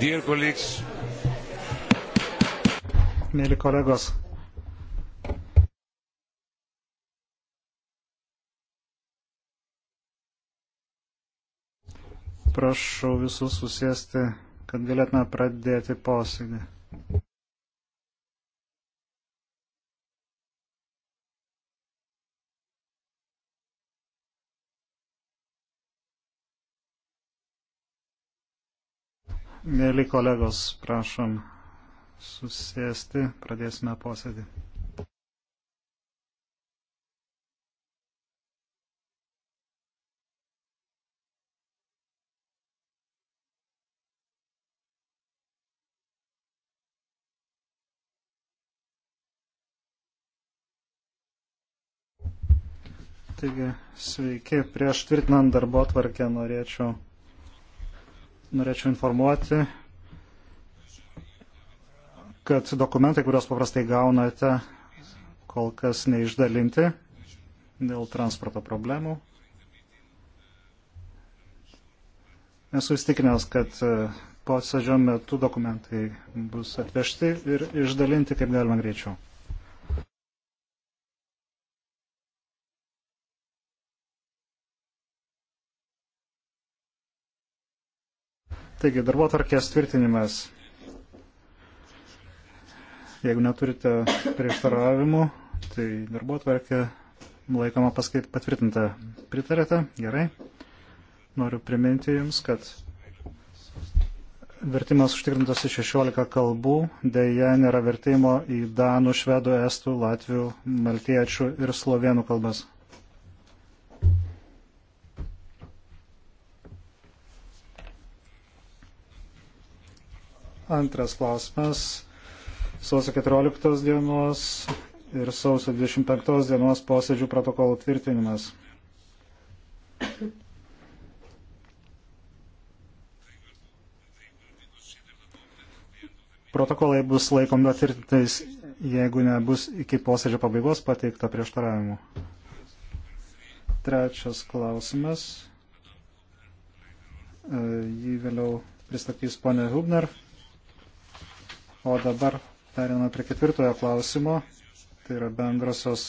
Dear colleagues. Mėly kolegos. Prašau visus susėsti, kad galėtume pradėti posėdį. Mėly kolegos, prašom susėsti, pradėsime posėdį. Taigi, sveiki, prieš tvirtinant darbo tvarkę norėčiau norėčiau informuoti, kad dokumentai, kuriuos paprastai gaunate, kol kas neišdalinti dėl transporto problemų. Esu įstikinęs, kad posėdžio metu dokumentai bus atvežti ir išdalinti kaip galima greičiau. Taigi, darbo tvarkės tvirtinimas. Jeigu neturite prieštaravimų, tai darbo tvarkė laikoma paskait patvirtinta. Pritarėte? Gerai. Noriu priminti Jums, kad vertimas užtikrintas į 16 kalbų, dėja nėra vertimo į danų, švedų, estų, latvių, maltiečių ir slovenų kalbas. Antras klausimas. Sausio 14 dienos ir sausio 25 dienos posėdžių protokolų tvirtinimas. Protokolai bus laikomi atvirtintais, jeigu nebus iki posėdžio pabaigos pateikta prieštaravimų. Trečias klausimas. E, jį vėliau pristatys ponė Hubner. O dabar periname prie ketvirtojo klausimo. Tai yra bendrosios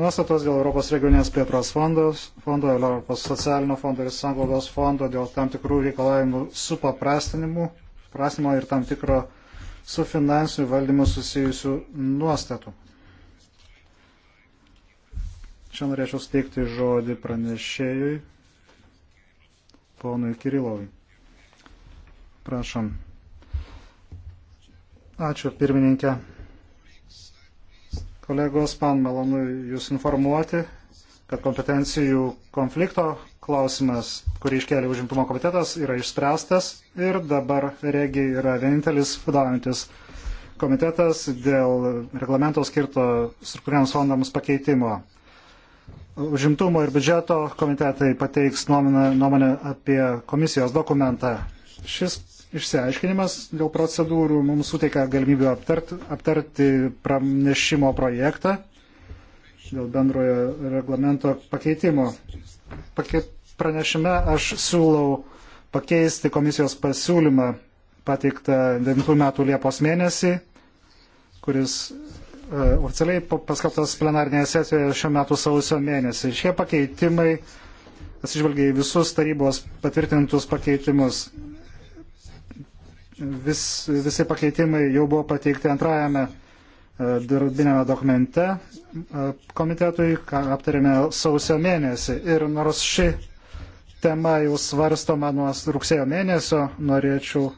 nuostatos dėl Europos regioninės plėtros fondos, fondo, Europos socialinio fondo ir sanglaudos fondo dėl tam tikrų reikalavimų supaprastinimų, prasnimo ir tam tikro su finansiniu valdymu susijusių nuostatų. Čia norėčiau steigti žodį pranešėjui, ponui Kirilovui. Prašom. Ačiū pirmininkė. Kolegos, man malonu Jūs informuoti, kad kompetencijų konflikto klausimas, kurį iškėlė užimtumo komitetas, yra išspręstas ir dabar regiai yra vienintelis vadovaujantis komitetas dėl reglamento skirto struktūriniams fondams pakeitimo. Užimtumo ir biudžeto komitetai pateiks nuomonę, nuomonę apie komisijos dokumentą. Šis Išsiaiškinimas dėl procedūrų mums suteikia galimybę aptart, aptarti pranešimo projektą dėl bendrojo reglamento pakeitimo. Pake, pranešime aš siūlau pakeisti komisijos pasiūlymą pateiktą 9 metų Liepos mėnesį, kuris uh, oficialiai paskelbtas plenarnėje sesijoje šiuo metu sausio mėnesį. Šie pakeitimai atsižvelgia į visus tarybos patvirtintus pakeitimus vis, visi pakeitimai jau buvo pateikti antrajame e, darbinėme dokumente e, komitetui, ką aptarėme sausio mėnesį. Ir nors ši tema jau svarstoma nuo rugsėjo mėnesio, norėčiau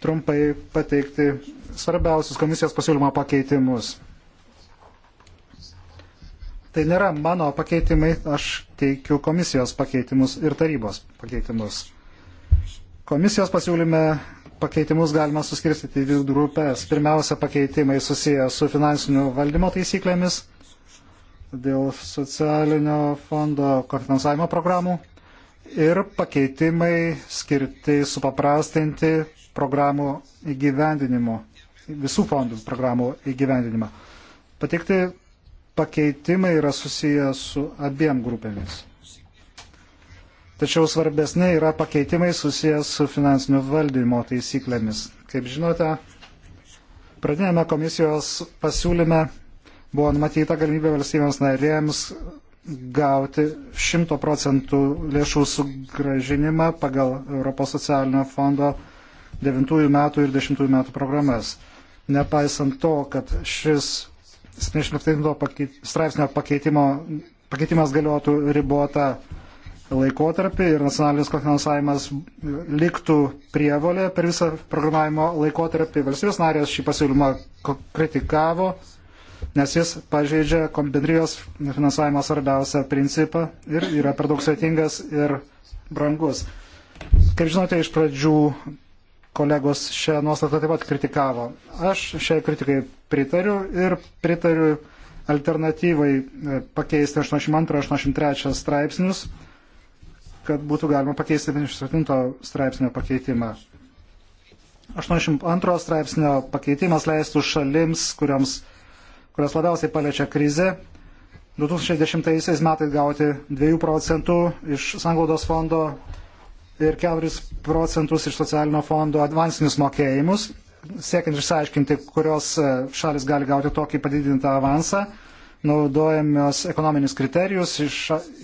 trumpai pateikti svarbiausius komisijos pasiūlymo pakeitimus. Tai nėra mano pakeitimai, aš teikiu komisijos pakeitimus ir tarybos pakeitimus. Komisijos pasiūlyme pakeitimus galima suskirstyti į dvi grupės. Pirmiausia, pakeitimai susiję su finansinių valdymo taisyklėmis dėl socialinio fondo kofinansavimo programų ir pakeitimai skirti supaprastinti programų įgyvendinimo, visų fondų programų įgyvendinimą. Pateikti pakeitimai yra susiję su abiem grupėmis. Tačiau svarbesnė yra pakeitimai susijęs su finansinio valdymo taisyklėmis. Kaip žinote, pradinėme komisijos pasiūlyme buvo numatyta galimybė valstybėms narėms gauti 100 procentų lėšų sugražinimą pagal Europos socialinio fondo 9 metų ir 10 metų programas. Nepaisant to, kad šis 75 straipsnio pakeitimo, pakeitimas galiotų ribota laikotarpį ir nacionalinis kofinansavimas liktų prievolė per visą programavimo laikotarpį. Valstybės narės šį pasiūlymą kritikavo, nes jis pažeidžia bendrijos finansavimo svarbiausią principą ir yra per daug sveitingas ir brangus. Kaip žinote, iš pradžių kolegos šią nuostatą taip pat kritikavo. Aš šiai kritikai pritariu ir pritariu alternatyvai e, pakeisti 82-83 straipsnius kad būtų galima pakeisti 57 straipsnio pakeitimą. 82 straipsnio pakeitimas leistų šalims, kurioms, kurios labiausiai paliečia krizė, 2010 metais gauti 2 procentų iš sanglaudos fondo ir 4 procentus iš socialinio fondo avansinius mokėjimus, siekiant išsiaiškinti, kurios e, šalis gali gauti tokį padidintą avansą naudojamios ekonominis kriterijus, iš,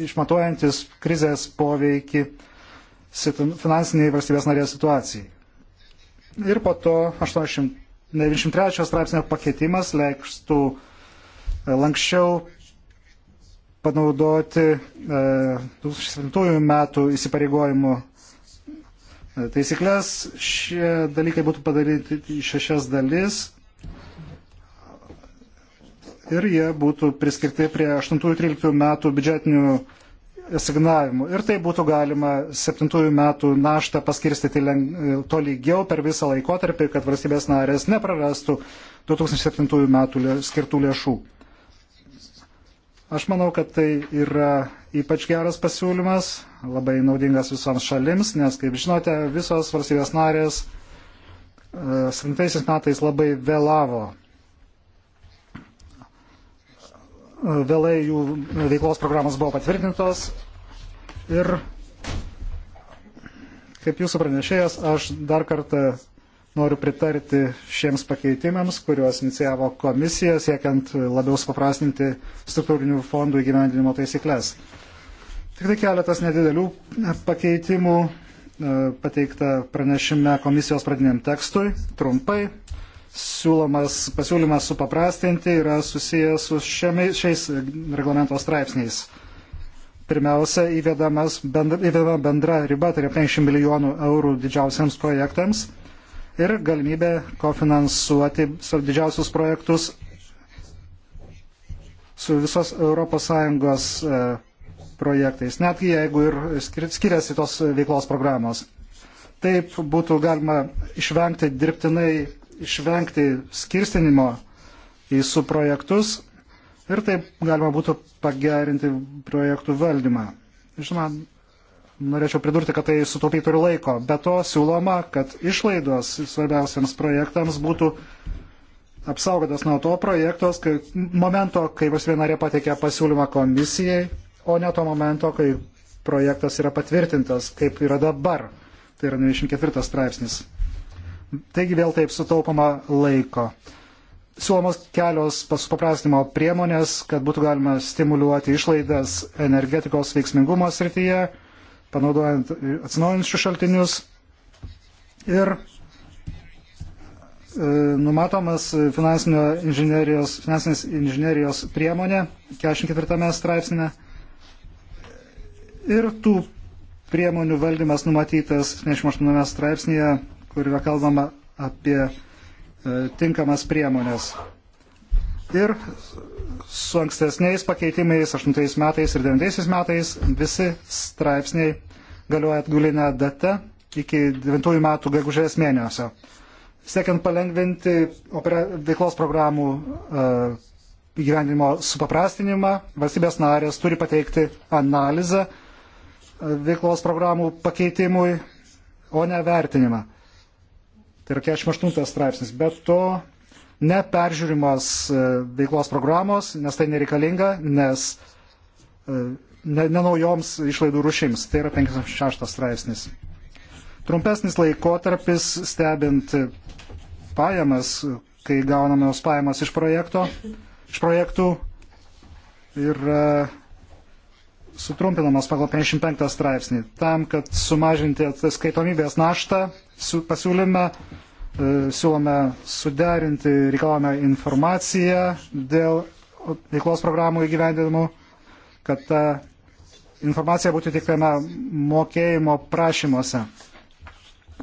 išmatuojantis krizės poveikį finansiniai valstybės narės situacijai. Ir po to 93 straipsnio pakeitimas leikštų e, lankščiau panaudoti 2007 e, metų įsipareigojimų e, taisyklės. Šie dalykai būtų padaryti į šešias dalis ir jie būtų priskirti prie 8-13 metų biudžetinių asignavimų. Ir tai būtų galima 7 metų naštą paskirstyti tolygiau per visą laikotarpį, kad valstybės narės neprarastų 2007 metų skirtų lėšų. Aš manau, kad tai yra ypač geras pasiūlymas, labai naudingas visoms šalims, nes, kaip žinote, visos valstybės narės 7 e, metais labai vėlavo vėlai jų veiklos programos buvo patvirtintos ir kaip jūsų pranešėjas aš dar kartą noriu pritarti šiems pakeitimams, kuriuos inicijavo komisija, siekiant labiau supaprastinti struktūrinių fondų įgyvendinimo taisyklės. Tik tai keletas nedidelių pakeitimų e, pateikta pranešime komisijos pradiniam tekstui, trumpai siūlomas pasiūlymas supaprastinti yra susijęs su šiame, šiais reglamento straipsniais. Pirmiausia, įvedamas bendra, įvedama bendra riba, tai yra 50 milijonų eurų didžiausiams projektams ir galimybė kofinansuoti didžiausius projektus su visos ES e, projektais, netgi jeigu ir skiriasi tos veiklos programos. Taip būtų galima išvengti dirbtinai išvengti skirstinimo į subprojektus ir taip galima būtų pagerinti projektų valdymą. Žinoma, norėčiau pridurti, kad tai sutaupytų ir laiko. Be to siūloma, kad išlaidos svarbiausiams projektams būtų apsaugotas nuo to projektos, kai, momento, kai valstybė narė pateikė pasiūlymą komisijai, o ne to momento, kai projektas yra patvirtintas, kaip yra dabar. Tai yra 94 straipsnis. Taigi vėl taip sutaupama laiko. Siūlomos kelios pasupaprastinimo priemonės, kad būtų galima stimuliuoti išlaidas energetikos veiksmingumo srityje, panaudojant e, atsinaujinčius šaltinius. Ir e, numatomas inžinerijos, finansinės inžinerijos priemonė 44 straipsnė ir tų priemonių valdymas numatytas 78 straipsnėje kur yra kalbama apie e, tinkamas priemonės. Ir su ankstesniais pakeitimais, 8 metais ir 9 metais, visi straipsniai galioja atgulinę datą iki 9 metų gegužės mėnesio. Siekiant palengvinti opera, veiklos programų uh, e, gyvenimo supaprastinimą, valstybės narės turi pateikti analizę e, veiklos programų pakeitimui, o ne vertinimą tai yra 48 straipsnis. Bet to neperžiūrimos e, veiklos programos, nes tai nereikalinga, nes e, ne, ne naujoms išlaidų rušims. Tai yra 56 straipsnis. Trumpesnis laikotarpis stebint pajamas, kai gaunamos pajamas iš, projekto, iš projektų ir sutrumpinamas pagal 55 straipsnį, tam, kad sumažinti atskaitomybės naštą su, pasiūlyme e, siūlome suderinti reikalavimą informaciją dėl veiklos programų įgyvendinimų, kad ta informacija būtų tikrama mokėjimo prašymuose.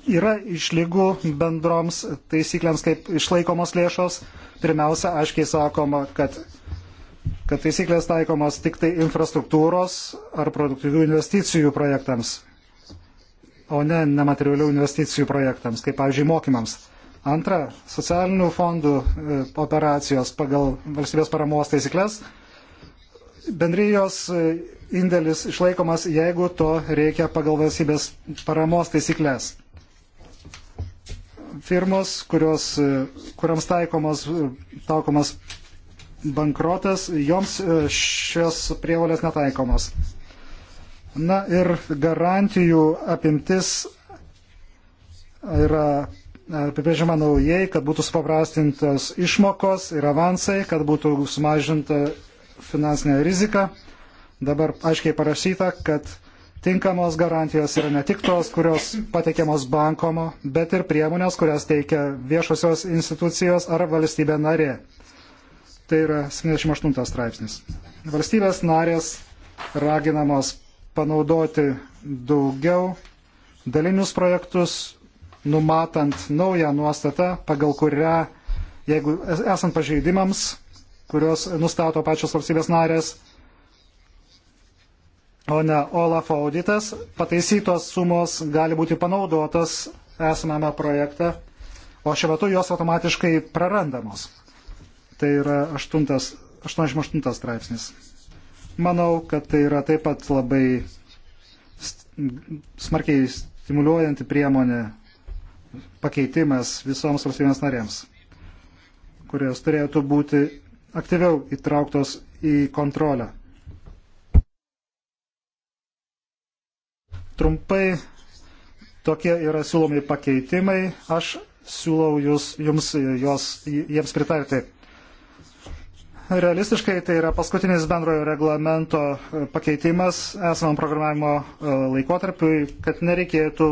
Yra išlygų bendroms taisyklėms, kaip išlaikomos lėšos. Pirmiausia, aiškiai sakoma, kad, kad taisyklės taikomos tik tai infrastruktūros ar produktyvių investicijų projektams o ne nematerialių investicijų projektams, kaip pavyzdžiui mokymams. Antra, socialinių fondų e, operacijos pagal valstybės paramos taisyklės. Bendrijos e, indėlis išlaikomas, jeigu to reikia pagal valstybės paramos taisyklės. Firmos, kurios, e, kuriams taikomas, taikomas bankrotas, joms šios prievalės netaikomos. Na ir garantijų apimtis yra apibrėžiama naujai, kad būtų supaprastintas išmokos ir avansai, kad būtų sumažinta finansinė rizika. Dabar aiškiai parašyta, kad tinkamos garantijos yra ne tik tos, kurios pateikiamos bankomo, bet ir priemonės, kurias teikia viešosios institucijos ar valstybė narė. Tai yra 78 straipsnis. Valstybės narės raginamos panaudoti daugiau dalinius projektus, numatant naują nuostatą, pagal kurią, jeigu esant pažeidimams, kurios nustato pačios valstybės narės, o ne Olafo auditas, pataisytos sumos gali būti panaudotas esamame projekte, o šiuo metu jos automatiškai prarandamos. Tai yra 8, 88 straipsnis. Manau, kad tai yra taip pat labai smarkiai stimuliuojanti priemonė pakeitimas visoms valstybėms narėms, kurios turėtų būti aktyviau įtrauktos į kontrolę. Trumpai tokie yra siūlomi pakeitimai. Aš siūlau jūs, jums jos, jiems pritarti realistiškai tai yra paskutinis bendrojo reglamento e, pakeitimas esamam programavimo e, laikotarpiui, kad nereikėtų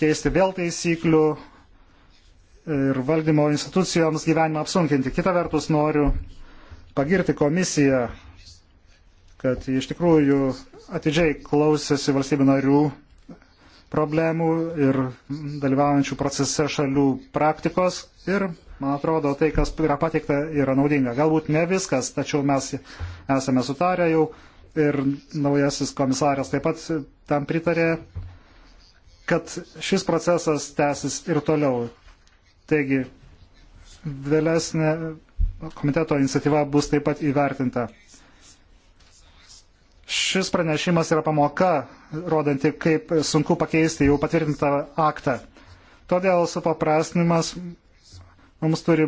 keisti vėl taisyklių ir valdymo institucijoms gyvenimą apsunkinti. Kita vertus noriu pagirti komisiją, kad iš tikrųjų atidžiai klausėsi valstybių narių problemų ir dalyvaujančių procese šalių praktikos ir Man atrodo, tai, kas yra pateikta, yra naudinga. Galbūt ne viskas, tačiau mes esame sutarę jau ir naujasis komisaras taip pat tam pritarė, kad šis procesas tęsis ir toliau. Taigi, vėlesnė komiteto iniciatyva bus taip pat įvertinta. Šis pranešimas yra pamoka, rodanti, kaip sunku pakeisti jau patvirtintą aktą. Todėl supaprastinimas Mums turi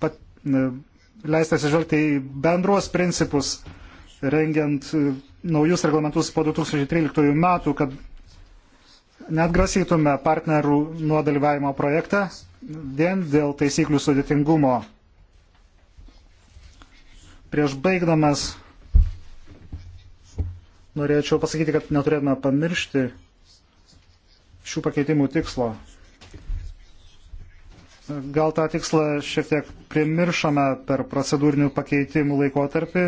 pat, leisti atsižvelgti į bendruos principus, rengiant e, naujus reglamentus po 2013 metų, kad net grasytume partnerų nuo dalyvavimo projektą vien dėl taisyklių sudėtingumo. Prieš baigdamas norėčiau pasakyti, kad neturėtume pamiršti šių pakeitimų tikslo. Gal tą tikslą šiek tiek primiršome per procedūrinių pakeitimų laikotarpį.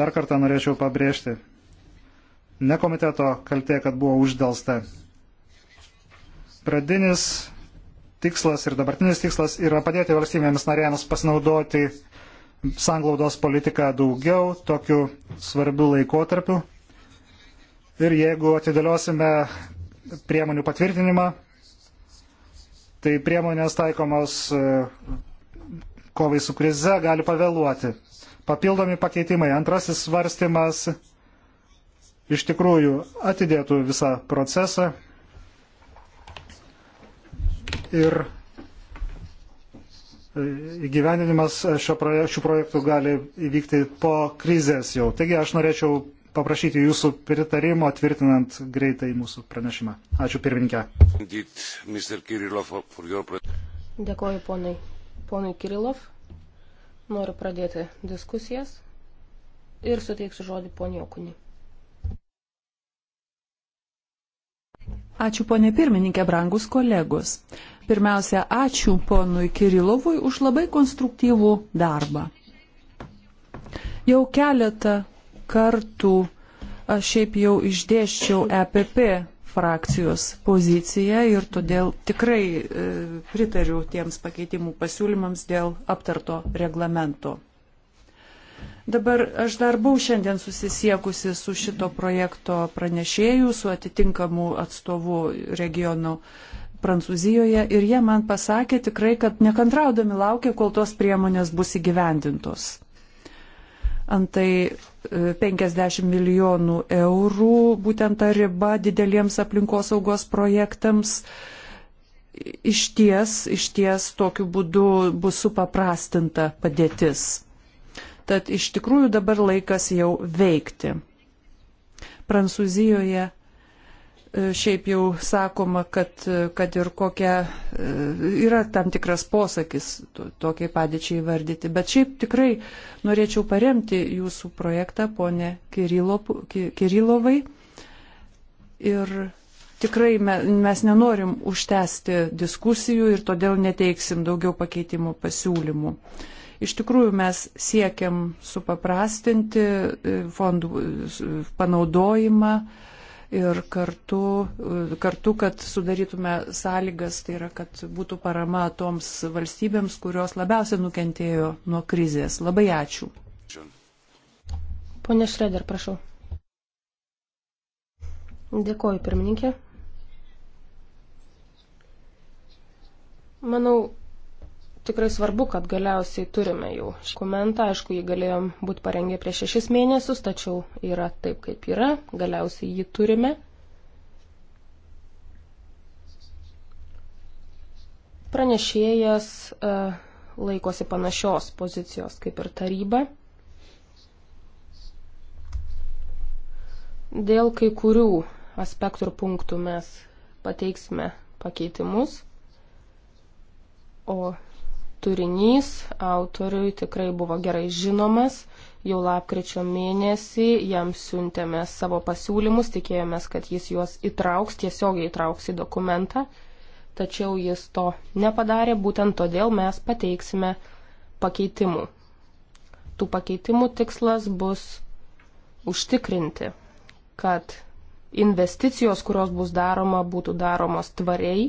Dar kartą norėčiau pabrėžti. Ne komiteto kaltė, kad buvo uždelsta. Pradinis tikslas ir dabartinis tikslas yra padėti valstybėms narėms pasinaudoti sanglaudos politiką daugiau tokiu svarbiu laikotarpiu. Ir jeigu atidėliosime priemonių patvirtinimą, tai priemonės taikomos e, kovai su krize gali pavėluoti. Papildomi pakeitimai. Antrasis svarstymas iš tikrųjų atidėtų visą procesą ir e, įgyvendinimas šio proje, šių projektų gali įvykti po krizės jau. Taigi aš norėčiau paprašyti jūsų pritarimo tvirtinant greitai mūsų pranešimą. Ačiū pirmininkė. Dėkoju ponai. Ponai Kirilov, noriu pradėti diskusijas ir suteiksiu žodį poniai Okunį. Ačiū ponė pirmininkė, brangus kolegos. Pirmiausia, ačiū ponui Kirilovui už labai konstruktyvų darbą. Jau keletą kartų aš šiaip jau išdėščiau EPP frakcijos poziciją ir todėl tikrai e, pritariu tiems pakeitimų pasiūlymams dėl aptarto reglamento. Dabar aš dar buvau šiandien susisiekusi su šito projekto pranešėjų, su atitinkamu atstovu regionu Prancūzijoje ir jie man pasakė tikrai, kad nekantraudami laukia, kol tos priemonės bus įgyvendintos. Antai 50 milijonų eurų, būtent ta riba dideliems aplinkosaugos projektams. Iš ties, iš ties tokiu būdu bus supaprastinta padėtis. Tad iš tikrųjų dabar laikas jau veikti. Prancūzijoje E, šiaip jau sakoma, kad, e, kad ir kokia e, yra tam tikras posakis tokiai padėčiai įvardyti. Bet šiaip tikrai norėčiau paremti jūsų projektą, ponė Kirilo, Kirilovai. Ir tikrai mes nenorim užtęsti diskusijų ir todėl neteiksim daugiau pakeitimo pasiūlymų. Iš tikrųjų mes siekiam supaprastinti fondų panaudojimą, uh, ir kartu, kartu, kad sudarytume sąlygas, tai yra, kad būtų parama toms valstybėms, kurios labiausiai nukentėjo nuo krizės. Labai ačiū. Pone Šreder, prašau. Dėkoju, pirmininkė. Manau, tikrai svarbu, kad galiausiai turime jau dokumentą. Aišku, jį galėjom būti parengę prieš šešis mėnesius, tačiau yra taip, kaip yra. Galiausiai jį turime. Pranešėjas uh, laikosi panašios pozicijos kaip ir taryba. Dėl kai kurių aspektų ir punktų mes pateiksime pakeitimus, o turinys autoriui tikrai buvo gerai žinomas. Jau lapkričio mėnesį jam siuntėme savo pasiūlymus, tikėjomės, kad jis juos įtrauks, tiesiogiai įtrauks į dokumentą, tačiau jis to nepadarė, būtent todėl mes pateiksime pakeitimų. Tų pakeitimų tikslas bus užtikrinti, kad investicijos, kurios bus daroma, būtų daromos tvariai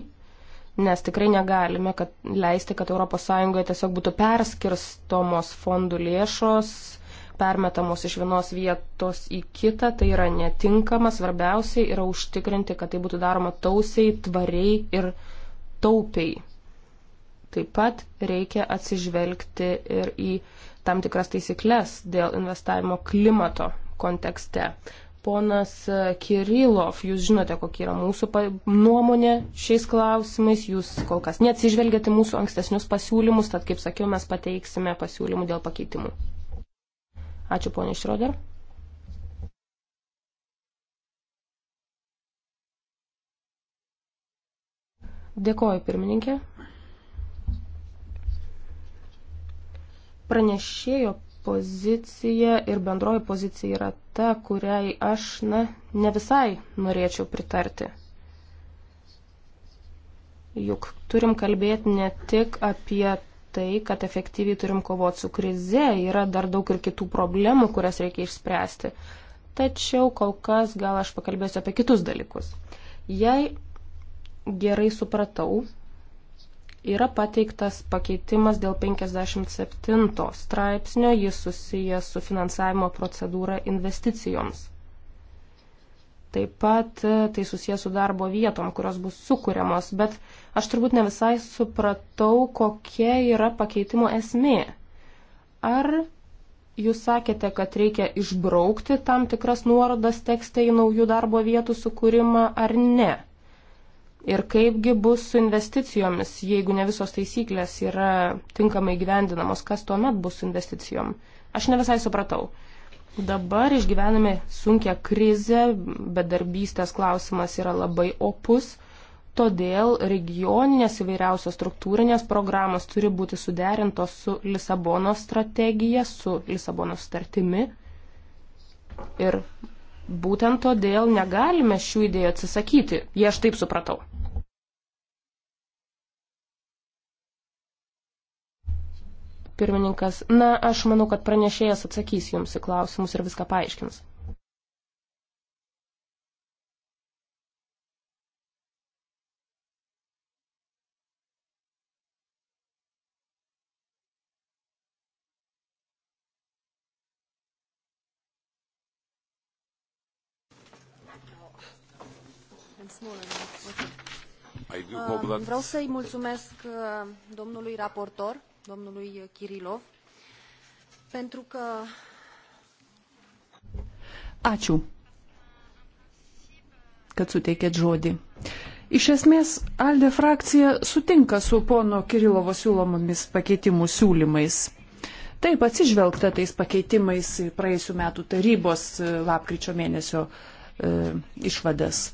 nes tikrai negalime kad, leisti, kad ES tiesiog būtų perskirstomos fondų lėšos, permetamos iš vienos vietos į kitą, tai yra netinkama, svarbiausiai yra užtikrinti, kad tai būtų daroma tausiai, tvariai ir taupiai. Taip pat reikia atsižvelgti ir į tam tikras taisyklės dėl investavimo klimato kontekste. Ponas Kirilov, jūs žinote, kokia yra mūsų nuomonė šiais klausimais, jūs kol kas neatsižvelgėte mūsų ankstesnius pasiūlymus, tad, kaip sakiau, mes pateiksime pasiūlymų dėl pakeitimų. Ačiū, ponė Šroder. Dėkoju, pirmininkė. Pranešėjo pozicija ir bendroji pozicija yra ta, kuriai aš, na, ne visai norėčiau pritarti. Juk turim kalbėti ne tik apie tai, kad efektyviai turim kovoti su krize, yra dar daug ir kitų problemų, kurias reikia išspręsti. Tačiau kol kas gal aš pakalbėsiu apie kitus dalykus. Jei gerai supratau, yra pateiktas pakeitimas dėl 57 straipsnio, jis susijęs su finansavimo procedūra investicijoms. Taip pat e, tai susijęs su darbo vietom, kurios bus sukūriamos, bet aš turbūt ne visai supratau, kokia yra pakeitimo esmė. Ar jūs sakėte, kad reikia išbraukti tam tikras nuorodas tekste į naujų darbo vietų sukūrimą ar ne? Ir kaipgi bus su investicijomis, jeigu ne visos taisyklės yra tinkamai gyvendinamos, kas tuomet bus su investicijom? Aš ne visai supratau. Dabar išgyvename sunkia krizė, bedarbystės klausimas yra labai opus, todėl regioninės įvairiausios struktūrinės programos turi būti suderintos su Lisabono strategija, su Lisabono startimi. Ir Būtent todėl negalime šių idėjų atsisakyti, jie aš taip supratau. Pirmininkas, na, aš manau, kad pranešėjas atsakys jums į klausimus ir viską paaiškins. Vă... Vreau să-i mulțumesc uh, domnului raportor, domnului Kirilov, pentru că... Ačiū, kad suteikėt žodį. Iš esmės, Alde frakcija sutinka su pono Kirilovo siūlomomis pakeitimų siūlymais. Taip atsižvelgta tais pakeitimais praėjusiu metu tarybos e, lapkričio mėnesio e, išvadas.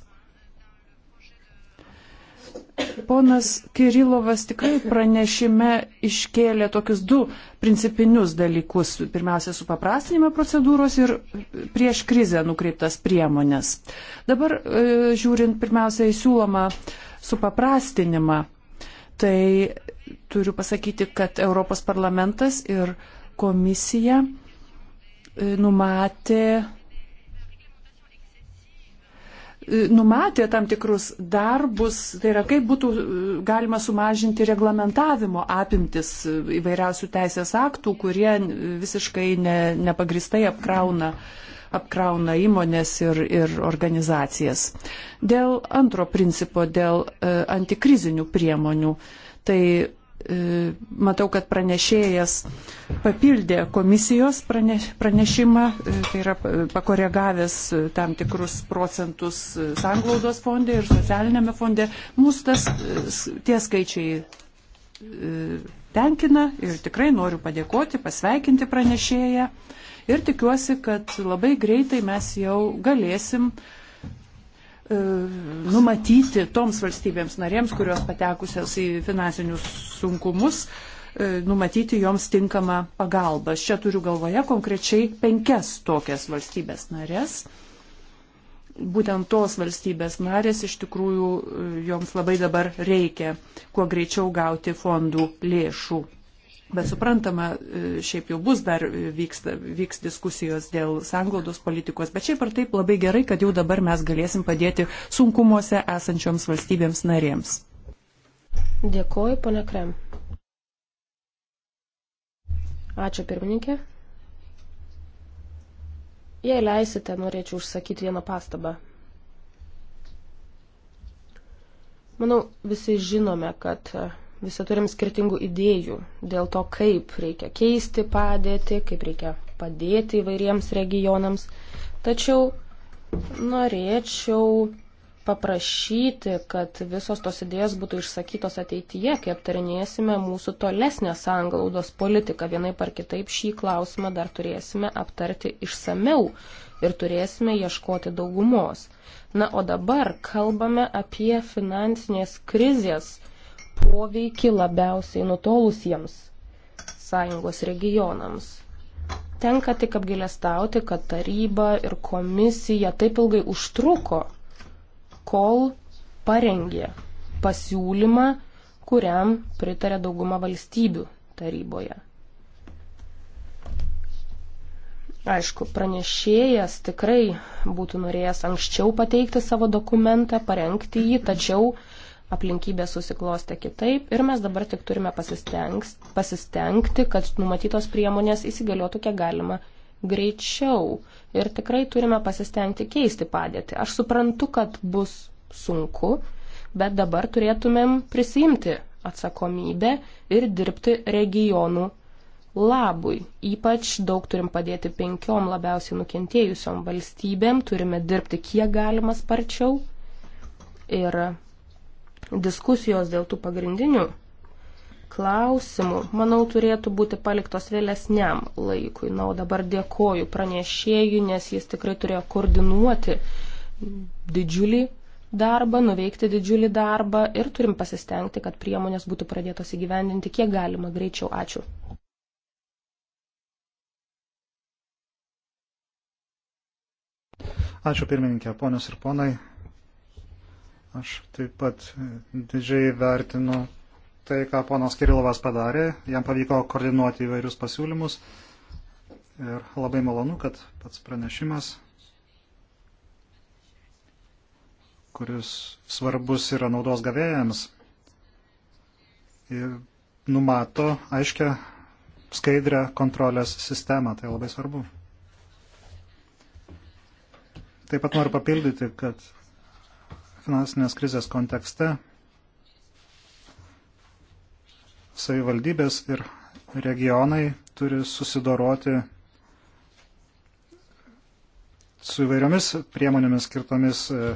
Ponas Kirilovas tikrai pranešime iškėlė tokius du principinius dalykus. Pirmiausia, supaprastinimą procedūros ir prieš krizę nukreiptas priemonės. Dabar e, žiūrint pirmiausia į siūlomą supaprastinimą, tai turiu pasakyti, kad Europos parlamentas ir komisija e, numatė E, numatė tam tikrus darbus, tai yra kaip būtų e, galima sumažinti reglamentavimo apimtis e, įvairiausių teisės aktų, kurie visiškai ne, nepagristai apkrauna, apkrauna įmonės ir, ir organizacijas. Dėl antro principo, dėl antikrizinių priemonių, tai E, matau, kad pranešėjas papildė komisijos pranešimą, e, tai yra pakoregavęs tam tikrus procentus sanglaudos fonde ir socialinėme fonde. Mūsų tas, e, tie skaičiai tenkina ir tikrai noriu padėkoti, pasveikinti pranešėją ir tikiuosi, kad labai greitai mes jau galėsim uh, E, numatyti toms valstybėms narėms, kurios patekusios į finansinius sunkumus, e, numatyti joms tinkamą pagalbą. Aš čia turiu galvoje konkrečiai penkias tokias valstybės narės. Būtent tos valstybės narės iš tikrųjų e, joms labai dabar reikia kuo greičiau gauti fondų lėšų Bet suprantama, e, šiaip jau bus dar e, vyksta, vyks diskusijos dėl sanglaudos politikos, bet šiaip ar taip labai gerai, kad jau dabar mes galėsim padėti sunkumuose esančioms valstybėms narėms. Dėkuoju, pone Krem. Ačiū, pirmininkė. Jei leisite, norėčiau užsakyti vieną pastabą. Manau, visi žinome, kad e, Visi turim skirtingų idėjų dėl to, kaip reikia keisti padėtį, kaip reikia padėti įvairiems regionams. Tačiau norėčiau paprašyti, kad visos tos idėjas būtų išsakytos ateityje, kai aptarinėsime mūsų tolesnę sanglaudos politiką. Vienaip ar kitaip šį klausimą dar turėsime aptarti išsameu ir turėsime ieškoti daugumos. Na, o dabar kalbame apie finansinės krizės poveikį labiausiai nutolusiems sąjungos regionams. Tenka tik apgailestauti, kad taryba ir komisija taip ilgai užtruko, kol parengė pasiūlymą, kuriam pritarė dauguma valstybių taryboje. Aišku, pranešėjas tikrai būtų norėjęs anksčiau pateikti savo dokumentą, parengti jį, tačiau aplinkybės susiklostė kitaip ir mes dabar tik turime pasistengti, kad numatytos priemonės įsigaliotų kiek galima greičiau. Ir tikrai turime pasistengti keisti padėtį. Aš suprantu, kad bus sunku, bet dabar turėtumėm prisimti atsakomybę ir dirbti regionų labui. Ypač daug turim padėti penkiom labiausiai nukentėjusiom valstybėm, turime dirbti kiek galima sparčiau. Ir diskusijos dėl tų pagrindinių klausimų, manau, turėtų būti paliktos vėlesniam laikui. Na, o dabar dėkoju pranešėjui, nes jis tikrai turėjo koordinuoti didžiulį darbą, nuveikti didžiulį darbą ir turim pasistengti, kad priemonės būtų pradėtos įgyvendinti kiek galima greičiau. Ačiū. Ačiū pirmininkė, ponios ir ponai. Aš taip pat didžiai vertinu tai, ką ponas Kirilovas padarė. Jam pavyko koordinuoti įvairius pasiūlymus. Ir labai malonu, kad pats pranešimas, kuris svarbus yra naudos gavėjams, numato aiškę skaidrę kontrolės sistemą. Tai labai svarbu. Taip pat noriu papildyti, kad finansinės krizės kontekste savivaldybės ir regionai turi susidoroti su įvairiomis priemonėmis skirtomis e,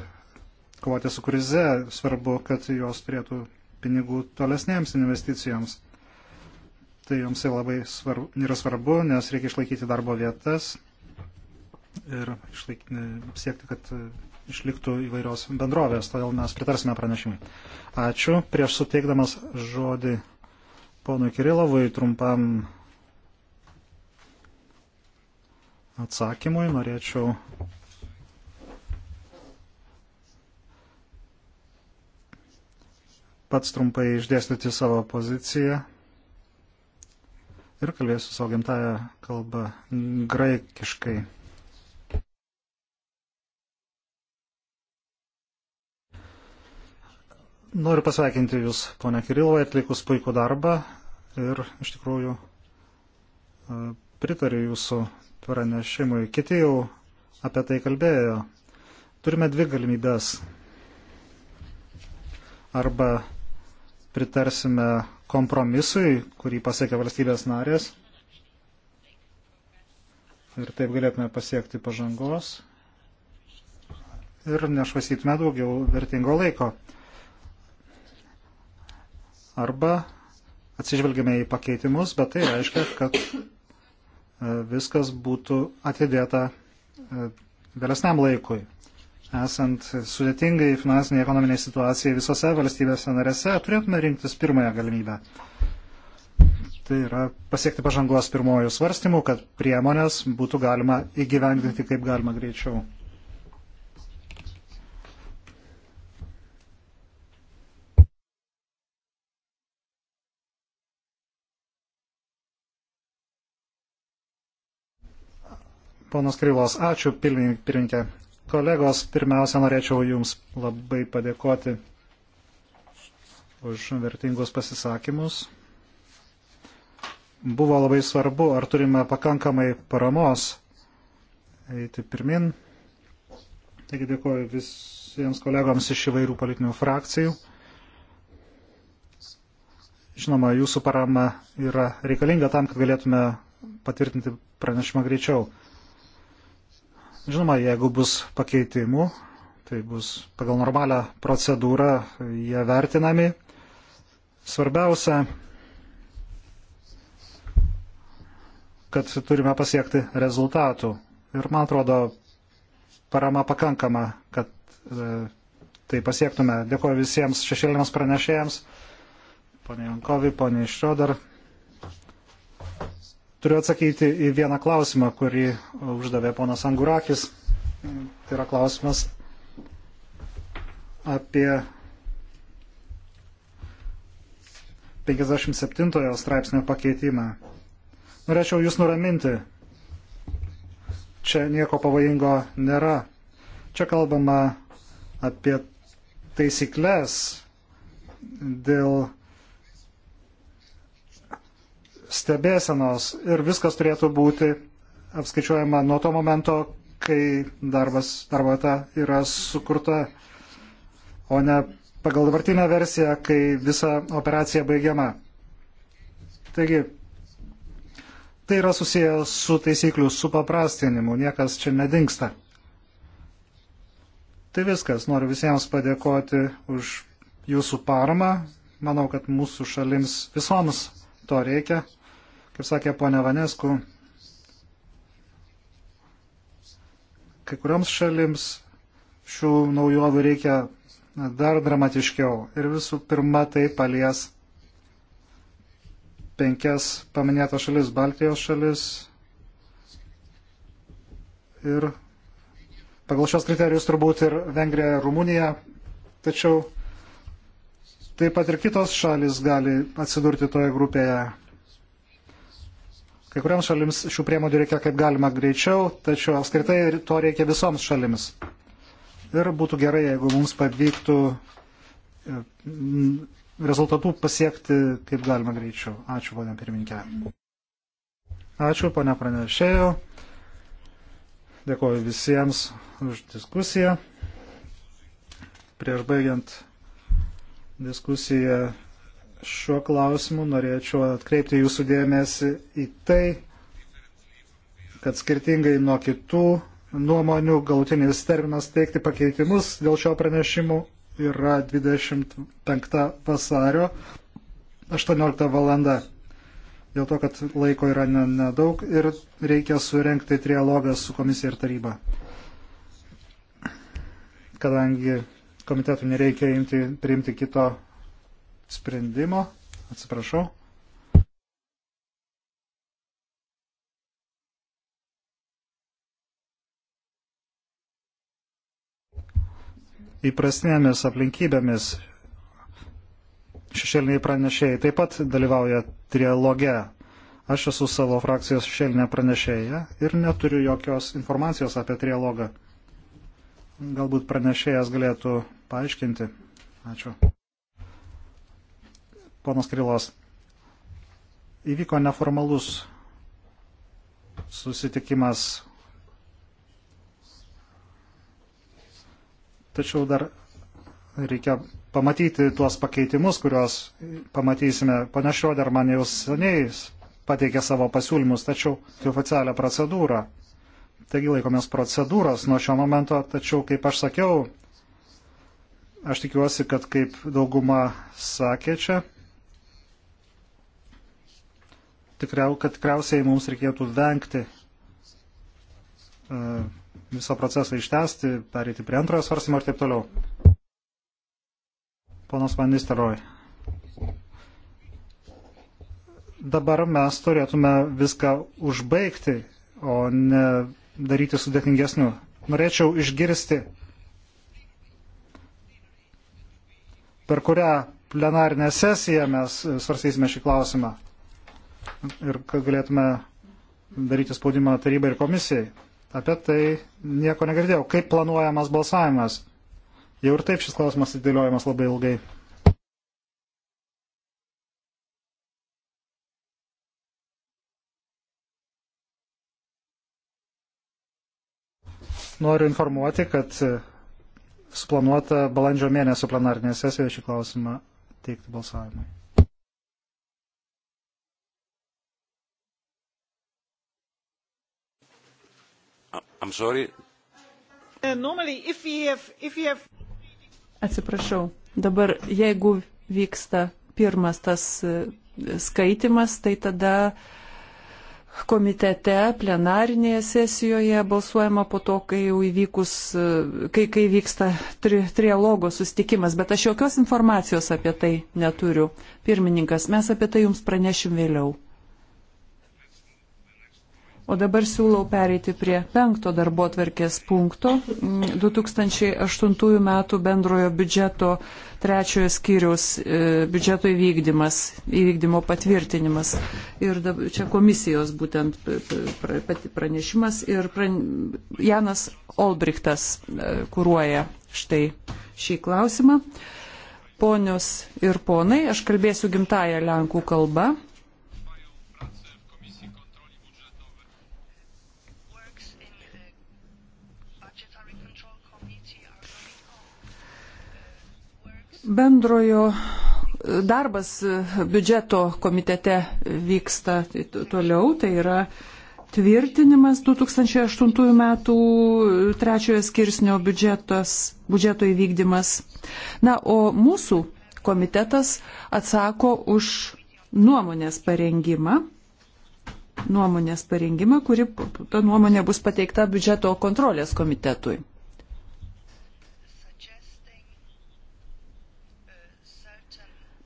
kovoti su krize. Svarbu, kad jos turėtų pinigų tolesnėms investicijoms. Tai joms labai svarbu, yra svarbu, nes reikia išlaikyti darbo vietas ir išlaikyti, e, siekti, kad e, išliktų įvairios bendrovės, todėl mes pritarsime pranešimui. Ačiū. Prieš suteikdamas žodį ponui Kirilovui trumpam atsakymui norėčiau pats trumpai išdėstyti savo poziciją ir kalbėsiu savo gimtają kalbą graikiškai. Noriu pasveikinti Jūs, ponia Kirilovai, atlikus puikų darbą ir iš tikrųjų e, pritariu Jūsų pranešimui. Kiti jau apie tai kalbėjo. Turime dvi galimybės. Arba pritarsime kompromisui, kurį pasiekė valstybės narės. Ir taip galėtume pasiekti pažangos. Ir nešvasytume daugiau vertingo laiko arba atsižvelgiame į pakeitimus, bet tai reiškia, kad e, viskas būtų atidėta e, vėlesniam laikui. Esant sudėtingai finansiniai ekonominiai situacijai visose valstybėse narėse, turėtume rinktis pirmąją galimybę. Tai yra pasiekti pažangos pirmojų svarstymų, kad priemonės būtų galima įgyvendinti kaip galima greičiau. Ponas Krylos, ačiū pirmininkė. Kolegos, pirmiausia, norėčiau Jums labai padėkoti už vertingus pasisakymus. Buvo labai svarbu, ar turime pakankamai paramos eiti pirmin. Taigi dėkoju visiems kolegoms iš įvairių politinių frakcijų. Žinoma, jūsų parama yra reikalinga tam, kad galėtume patvirtinti pranešimą greičiau. Žinoma, jeigu bus pakeitimų, tai bus pagal normalią procedūrą jie vertinami. Svarbiausia, kad turime pasiekti rezultatų. Ir man atrodo, parama pakankama, kad e, tai pasiektume. Dėkuoju visiems šešėliniams pranešėjams, poniai Jankovi, poniai Šrodar. Turiu atsakyti į vieną klausimą, kurį uždavė ponas Angurakis. Tai yra klausimas apie 57 straipsnio pakeitimą. Norėčiau Jūs nuraminti. Čia nieko pavojingo nėra. Čia kalbama apie taisyklės dėl stebėsenos ir viskas turėtų būti apskaičiuojama nuo to momento, kai darbas, darbo vieta yra sukurta, o ne pagal dabartinę versiją, kai visa operacija baigiama. Taigi, tai yra susijęs su taisyklių supaprastinimu, niekas čia nedingsta. Tai viskas, noriu visiems padėkoti už jūsų paramą, manau, kad mūsų šalims visoms to reikia. Kaip sakė ponia Vanesku, kai kurioms šalims šių naujovių reikia dar dramatiškiau. Ir visų pirma tai palies penkias paminėtas šalis - Baltijos šalis. Ir pagal šios kriterijus turbūt ir Vengrija, Rumunija. Tačiau taip pat ir kitos šalis gali atsidurti toje grupėje. Kai kuriams šalims šių priemonių reikia kaip galima greičiau, tačiau apskritai to reikia visoms šalims. Ir būtų gerai, jeigu mums pavyktų e, rezultatų pasiekti kaip galima greičiau. Ačiū, ponia pirmininkė. Ačiū, ponia pranešėjo. Dėkuoju visiems už diskusiją. Prieš baigiant diskusiją šiuo klausimu norėčiau atkreipti jūsų dėmesį į tai, kad skirtingai nuo kitų nuomonių galutinis terminas teikti pakeitimus dėl šio pranešimų yra 25 vasario 18 valanda. Dėl to, kad laiko yra nedaug ir reikia surenkti trialogą su komisija ir taryba. Kadangi komitetų nereikia imti, priimti kito sprendimo. Atsiprašau. Įprasnėmis aplinkybėmis šešėliniai pranešėjai taip pat dalyvauja trialoge. Aš esu savo frakcijos šešėlinė pranešėja ir neturiu jokios informacijos apie trialogą. Galbūt pranešėjas galėtų paaiškinti. Ačiū ponas Krilos, įvyko neformalus susitikimas. Tačiau dar reikia pamatyti tuos pakeitimus, kuriuos pamatysime. Pane Šroder man jau seniai pateikė savo pasiūlymus, tačiau tai oficialią procedūrą. Taigi laikomės procedūros nuo šio momento, tačiau, kaip aš sakiau, aš tikiuosi, kad kaip dauguma sakė čia, tikriau, kad tikriausiai mums reikėtų vengti e, visą procesą ištesti, perėti prie antrojo svarstymo ir taip toliau. Ponas Van Nistelrooy. Dabar mes turėtume viską užbaigti, o ne daryti sudėtingesnių. Norėčiau išgirsti, per kurią plenarinę sesiją mes svarstysime šį klausimą ir kad galėtume daryti spaudimą tarybai ir komisijai. Apie tai nieko negirdėjau. Kaip planuojamas balsavimas? Jau ir taip šis klausimas atidėliojamas labai ilgai. Noriu informuoti, kad suplanuota balandžio mėnesio plenarinė sesija šį klausimą teikti balsavimui. I'm sorry. Uh, Atsiprašau, dabar jeigu vyksta pirmas tas uh, skaitimas, tai tada komitete, plenarinėje sesijoje balsuojama po to, kai jau įvykus, uh, kai, kai vyksta tri, trialogo sustikimas, bet aš jokios informacijos apie tai neturiu. Pirmininkas, mes apie tai jums pranešim vėliau. O dabar siūlau pereiti prie penkto darbo tvarkės punkto 2008 mm, m. bendrojo biudžeto trečiojo skyriaus e, biudžeto įvykdymas, įvykdymo patvirtinimas. Ir čia komisijos būtent pranešimas ir pran... Janas Olbrichtas e, kūruoja štai šį klausimą. Ponios ir ponai, aš kalbėsiu gimtają lenkų kalbą. Bendrojo e, darbas e, biudžeto komitete vyksta toliau, tai yra tvirtinimas 2008 metų e, trečiojo skirsnio biudžetos, biudžeto įvykdymas. Na, o mūsų komitetas atsako už nuomonės parengimą, nuomonės parengimą, kuri ta nuomonė bus pateikta biudžeto kontrolės komitetui.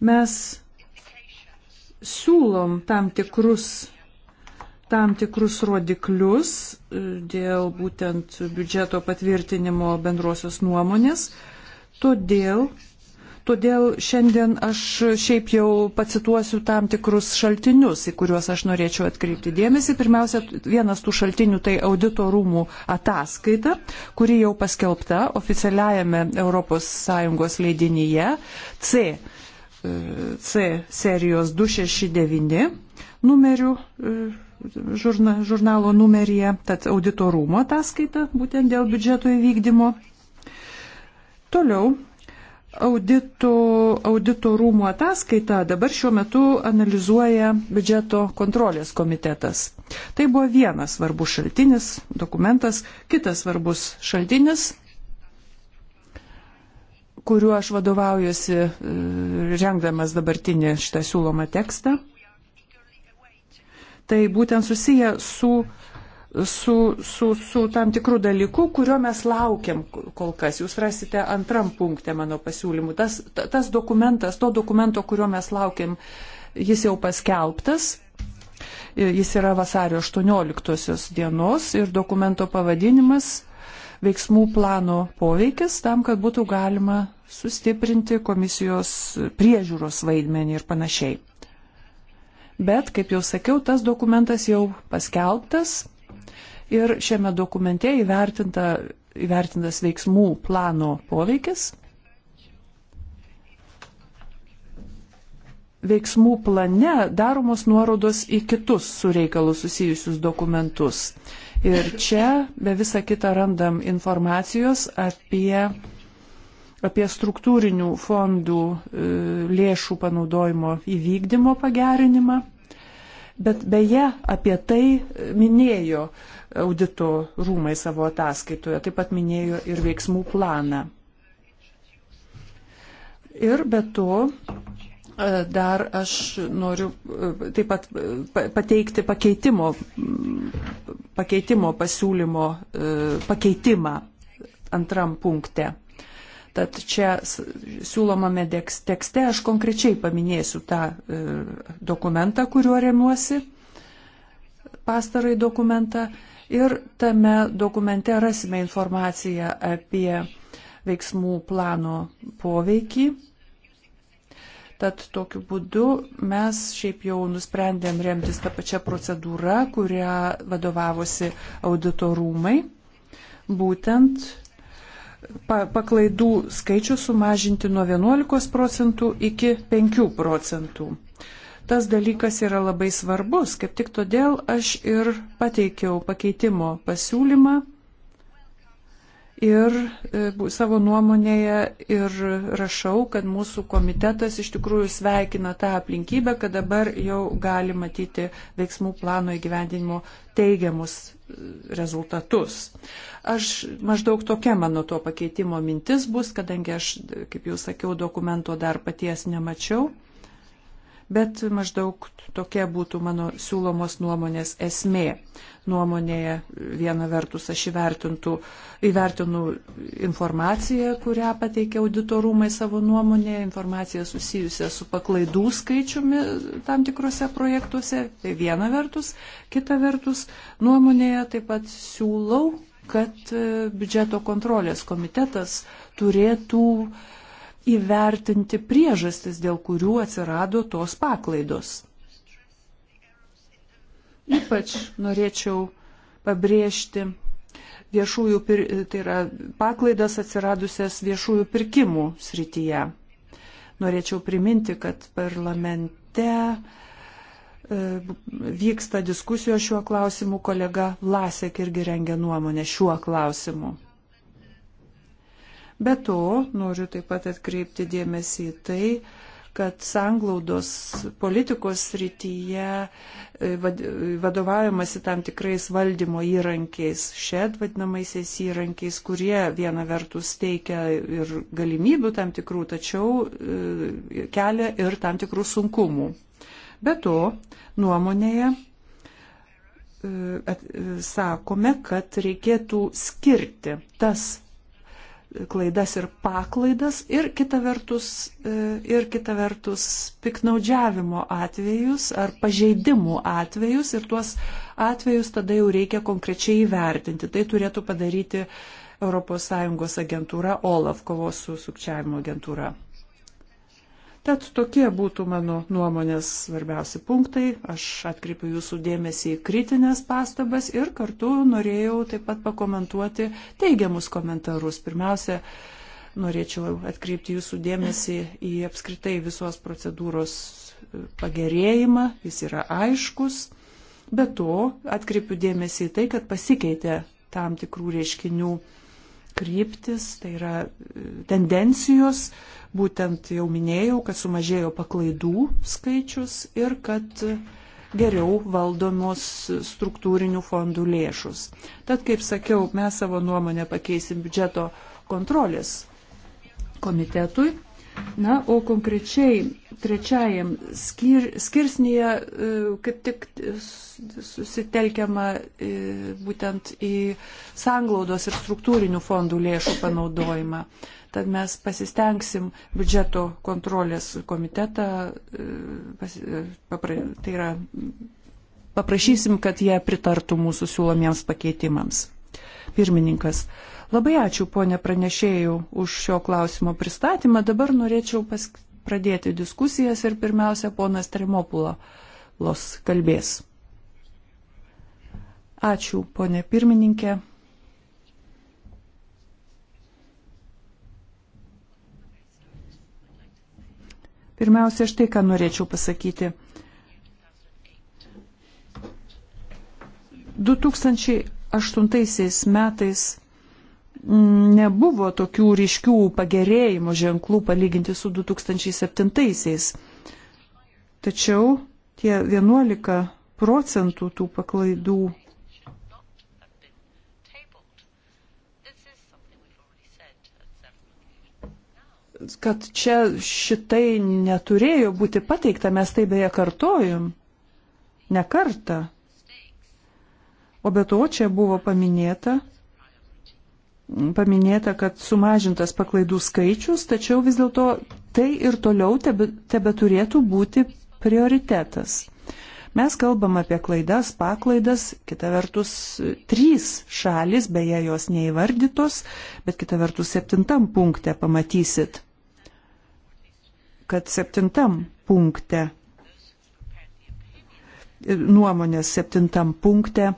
Mes siūlom tam tikrus tam tikrus rodiklius e, dėl būtent biudžeto patvirtinimo bendrosios nuomonės. Todėl, todėl šiandien aš šiaip jau pacituosiu tam tikrus šaltinius, į kuriuos aš norėčiau atkreipti dėmesį. Pirmiausia, vienas tų šaltinių tai audito rūmų ataskaita, kuri jau paskelbta oficialiajame ES leidinyje C C serijos 269 numerių e, žurna, žurnalo numeryje, tad auditorumo ataskaita būtent dėl biudžeto įvykdymo. Toliau audito, auditorumo ataskaitą dabar šiuo metu analizuoja biudžeto kontrolės komitetas. Tai buvo vienas svarbus šaltinis, dokumentas, kitas svarbus šaltinis kuriuo aš vadovaujuosi e, rengdamas dabartinį šitą siūlomą tekstą, tai būtent susiję su su, su, su tam tikrų dalykų, kurio mes laukiam kol kas. Jūs rasite antram punktė mano pasiūlymų. Tas, tas dokumentas, to dokumento, kurio mes laukiam, jis jau paskelbtas. E, jis yra vasario 18 dienos ir dokumento pavadinimas veiksmų plano poveikis tam, kad būtų galima sustiprinti komisijos priežiūros vaidmenį ir panašiai. Bet, kaip jau sakiau, tas dokumentas jau paskelbtas ir šiame dokumente įvertinta, įvertintas veiksmų plano poveikis. Veiksmų plane daromos nuorodos į kitus su reikalu susijusius dokumentus. Ir čia be visą kitą randam informacijos apie apie struktūrinių fondų e, lėšų panaudojimo įvykdymo pagerinimą. Bet beje, apie tai minėjo audito rūmai savo ataskaitoje, taip pat minėjo ir veiksmų planą. Ir be to, e, dar aš noriu e, taip pat pateikti pakeitimo, pakeitimo pasiūlymo pakeitimą antram punkte. Tad čia siūlomame tekste aš konkrečiai paminėsiu tą e, dokumentą, kuriuo remiuosi, pastarąjį dokumentą. Ir tame dokumente rasime informaciją apie veiksmų plano poveikį. Tad tokiu būdu mes šiaip jau nusprendėm remtis tą pačią procedūrą, kurią vadovavosi auditorumai. Būtent paklaidų skaičių sumažinti nuo 11 procentų iki 5 procentų. Tas dalykas yra labai svarbus, kaip tik todėl aš ir pateikiau pakeitimo pasiūlymą ir e, savo nuomonėje ir rašau, kad mūsų komitetas iš tikrųjų sveikina tą aplinkybę, kad dabar jau gali matyti veiksmų plano įgyvendinimo teigiamus e, rezultatus. Aš maždaug tokia mano to pakeitimo mintis bus, kadangi aš, kaip jau sakiau, dokumento dar paties nemačiau bet maždaug tokia būtų mano siūlomos nuomonės esmė. Nuomonėje viena vertus aš įvertintų, įvertinu informaciją, kurią pateikė auditorumai savo nuomonėje, informaciją susijusią su paklaidų skaičiumi tam tikrose projektuose, tai viena vertus, kita vertus nuomonėje taip pat siūlau, kad biudžeto kontrolės komitetas turėtų uh, įvertinti priežastis, dėl kurių atsirado tos paklaidos. Ypač norėčiau pabrėžti viešųjų, tai yra paklaidas atsiradusias viešųjų pirkimų srityje. Norėčiau priminti, kad parlamente e, vyksta diskusijos šiuo klausimu, kolega Lasek irgi rengia nuomonę šiuo klausimu. Be to, noriu taip pat atkreipti dėmesį į tai, kad sanglaudos politikos srityje e, e, vadovaujamasi tam tikrais valdymo įrankiais, šed vadinamaisiais įrankiais, kurie viena vertus teikia ir galimybių tam tikrų, tačiau e, kelia ir tam tikrų sunkumų. Be to, nuomonėje sakome, kad reikėtų skirti tas klaidas ir paklaidas ir kita vertus, e, ir kita vertus piknaudžiavimo atvejus ar pažeidimų atvejus ir tuos atvejus tada jau reikia konkrečiai įvertinti. Tai turėtų padaryti ES agentūra OLAF kovos su sukčiavimo agentūra. Tad tokie būtų mano nuomonės svarbiausi punktai. Aš atkreipiu jūsų dėmesį į kritinės pastabas ir kartu norėjau taip pat pakomentuoti teigiamus komentarus. Pirmiausia, norėčiau atkreipti jūsų dėmesį į apskritai visos procedūros e, pagerėjimą, jis yra aiškus. Be to, atkreipiu dėmesį į tai, kad pasikeitė tam tikrų reiškinių kryptis, tai yra e, tendencijos. Būtent jau minėjau, kad sumažėjo paklaidų skaičius ir kad geriau valdomos struktūrinių fondų lėšus. Tad, kaip sakiau, mes savo nuomonę pakeisim biudžeto kontrolės komitetui Na, o konkrečiai trečiajam skir, skirsnyje e, kaip tik susitelkiama e, būtent į sanglaudos ir struktūrinių fondų lėšų panaudojimą. Tad mes pasistengsim biudžeto kontrolės komitetą, e, pas, papra, tai yra paprašysim, kad jie pritartų mūsų siūlomiems pakeitimams. Pirmininkas. Labai ačiū, ponė pranešėjų, už šio klausimo pristatymą. Dabar norėčiau pas... pradėti diskusijas ir pirmiausia, ponas Tremopulos kalbės. Ačiū, ponė pirmininkė. Pirmiausia, štai ką norėčiau pasakyti. 2008 metais nebuvo tokių ryškių pagerėjimo ženklų palyginti su 2007-aisiais. Tačiau tie 11 procentų tų paklaidų kad čia šitai neturėjo būti pateikta, mes tai beje kartojom, ne kartą. O be to čia buvo paminėta, paminėta, kad sumažintas paklaidų skaičius, tačiau vis dėlto tai ir toliau tebe, tebe turėtų būti prioritetas. Mes kalbam apie klaidas, paklaidas, kita vertus trys šalis, beje jos neįvardytos, bet kita vertus septintam punkte pamatysit, kad septintam punkte nuomonės septintam punkte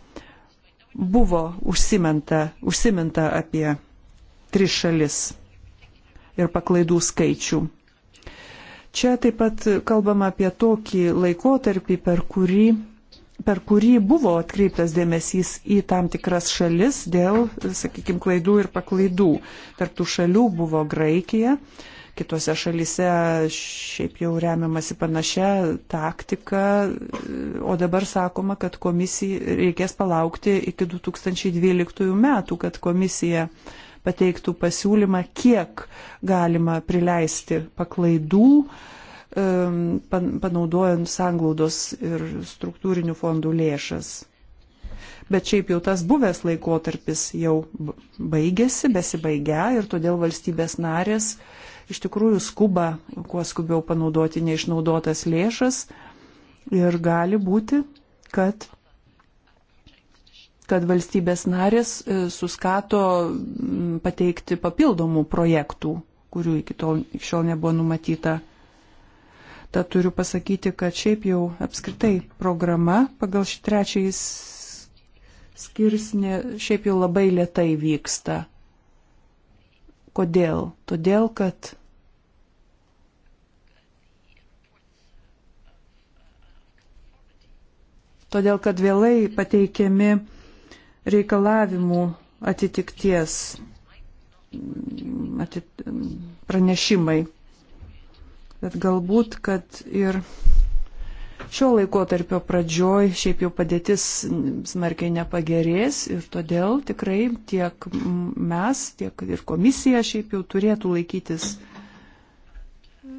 buvo užsiminta, užsiminta apie tris šalis ir paklaidų skaičių. Čia taip pat kalbama apie tokį laikotarpį, per kurį, per kurį buvo atkreiptas dėmesys į tam tikras šalis dėl, sakykime, klaidų ir paklaidų. Tarptų šalių buvo Graikija, Kitose šalise šiaip jau remiamasi panašia taktika, o dabar sakoma, kad komisija reikės palaukti iki 2012 metų, kad komisija pateiktų pasiūlymą, kiek galima prileisti paklaidų, panaudojant sanglaudos ir struktūrinių fondų lėšas. Bet šiaip jau tas buvęs laikotarpis jau baigėsi, besibaigia ir todėl valstybės narės uh, iš tikrųjų skuba, kuo skubiau panaudoti neišnaudotas lėšas ir gali būti, kad kad valstybės narės e, suskato pateikti papildomų projektų, kurių iki, tol, iki šiol nebuvo numatyta. Tad turiu pasakyti, kad šiaip jau apskritai programa pagal šį trečiąjį skirsnį šiaip jau labai lietai vyksta. Kodėl? Todėl, kad Todėl, kad vėlai pateikiami reikalavimų atitikties mm, atit, mm, pranešimai. Bet galbūt, kad ir šio laiko tarpio pradžioj šiaip jau padėtis smarkiai nepagerės ir todėl tikrai tiek mes, tiek ir komisija šiaip jau turėtų laikytis e,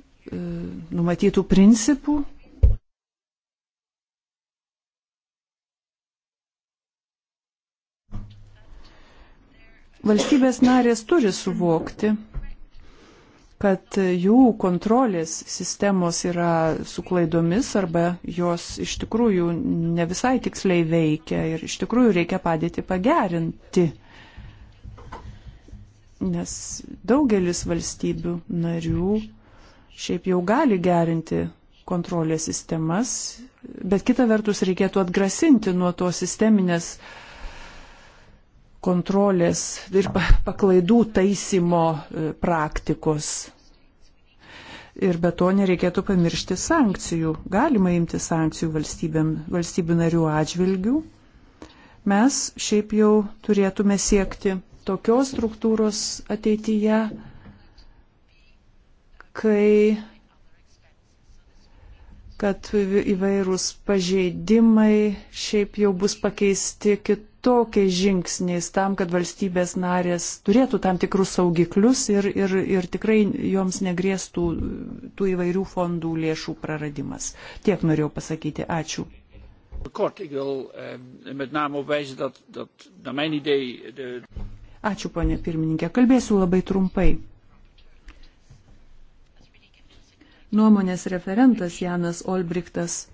numatytų principų. Valstybės narės turi suvokti, kad jų kontrolės sistemos yra su klaidomis arba jos iš tikrųjų ne visai tiksliai veikia ir iš tikrųjų reikia padėti pagerinti. Nes daugelis valstybių narių šiaip jau gali gerinti kontrolės sistemas, bet kita vertus reikėtų atgrasinti nuo to sisteminės uh, kontrolės ir paklaidų taisymo e, praktikos. Ir be to nereikėtų pamiršti sankcijų. Galima imti sankcijų valstybių narių atžvilgių. Mes šiaip jau turėtume siekti tokios struktūros ateityje, kai kad įvairūs pažeidimai šiaip jau bus pakeisti kitų kitokiais žingsniais tam, kad valstybės narės turėtų tam tikrus saugiklius ir, ir, ir tikrai joms negrėstų tų įvairių fondų lėšų praradimas. Tiek norėjau pasakyti. Ačiū. Eh, Ačiū, ponė pirmininkė. Kalbėsiu labai trumpai. Nuomonės referentas Janas Olbrichtas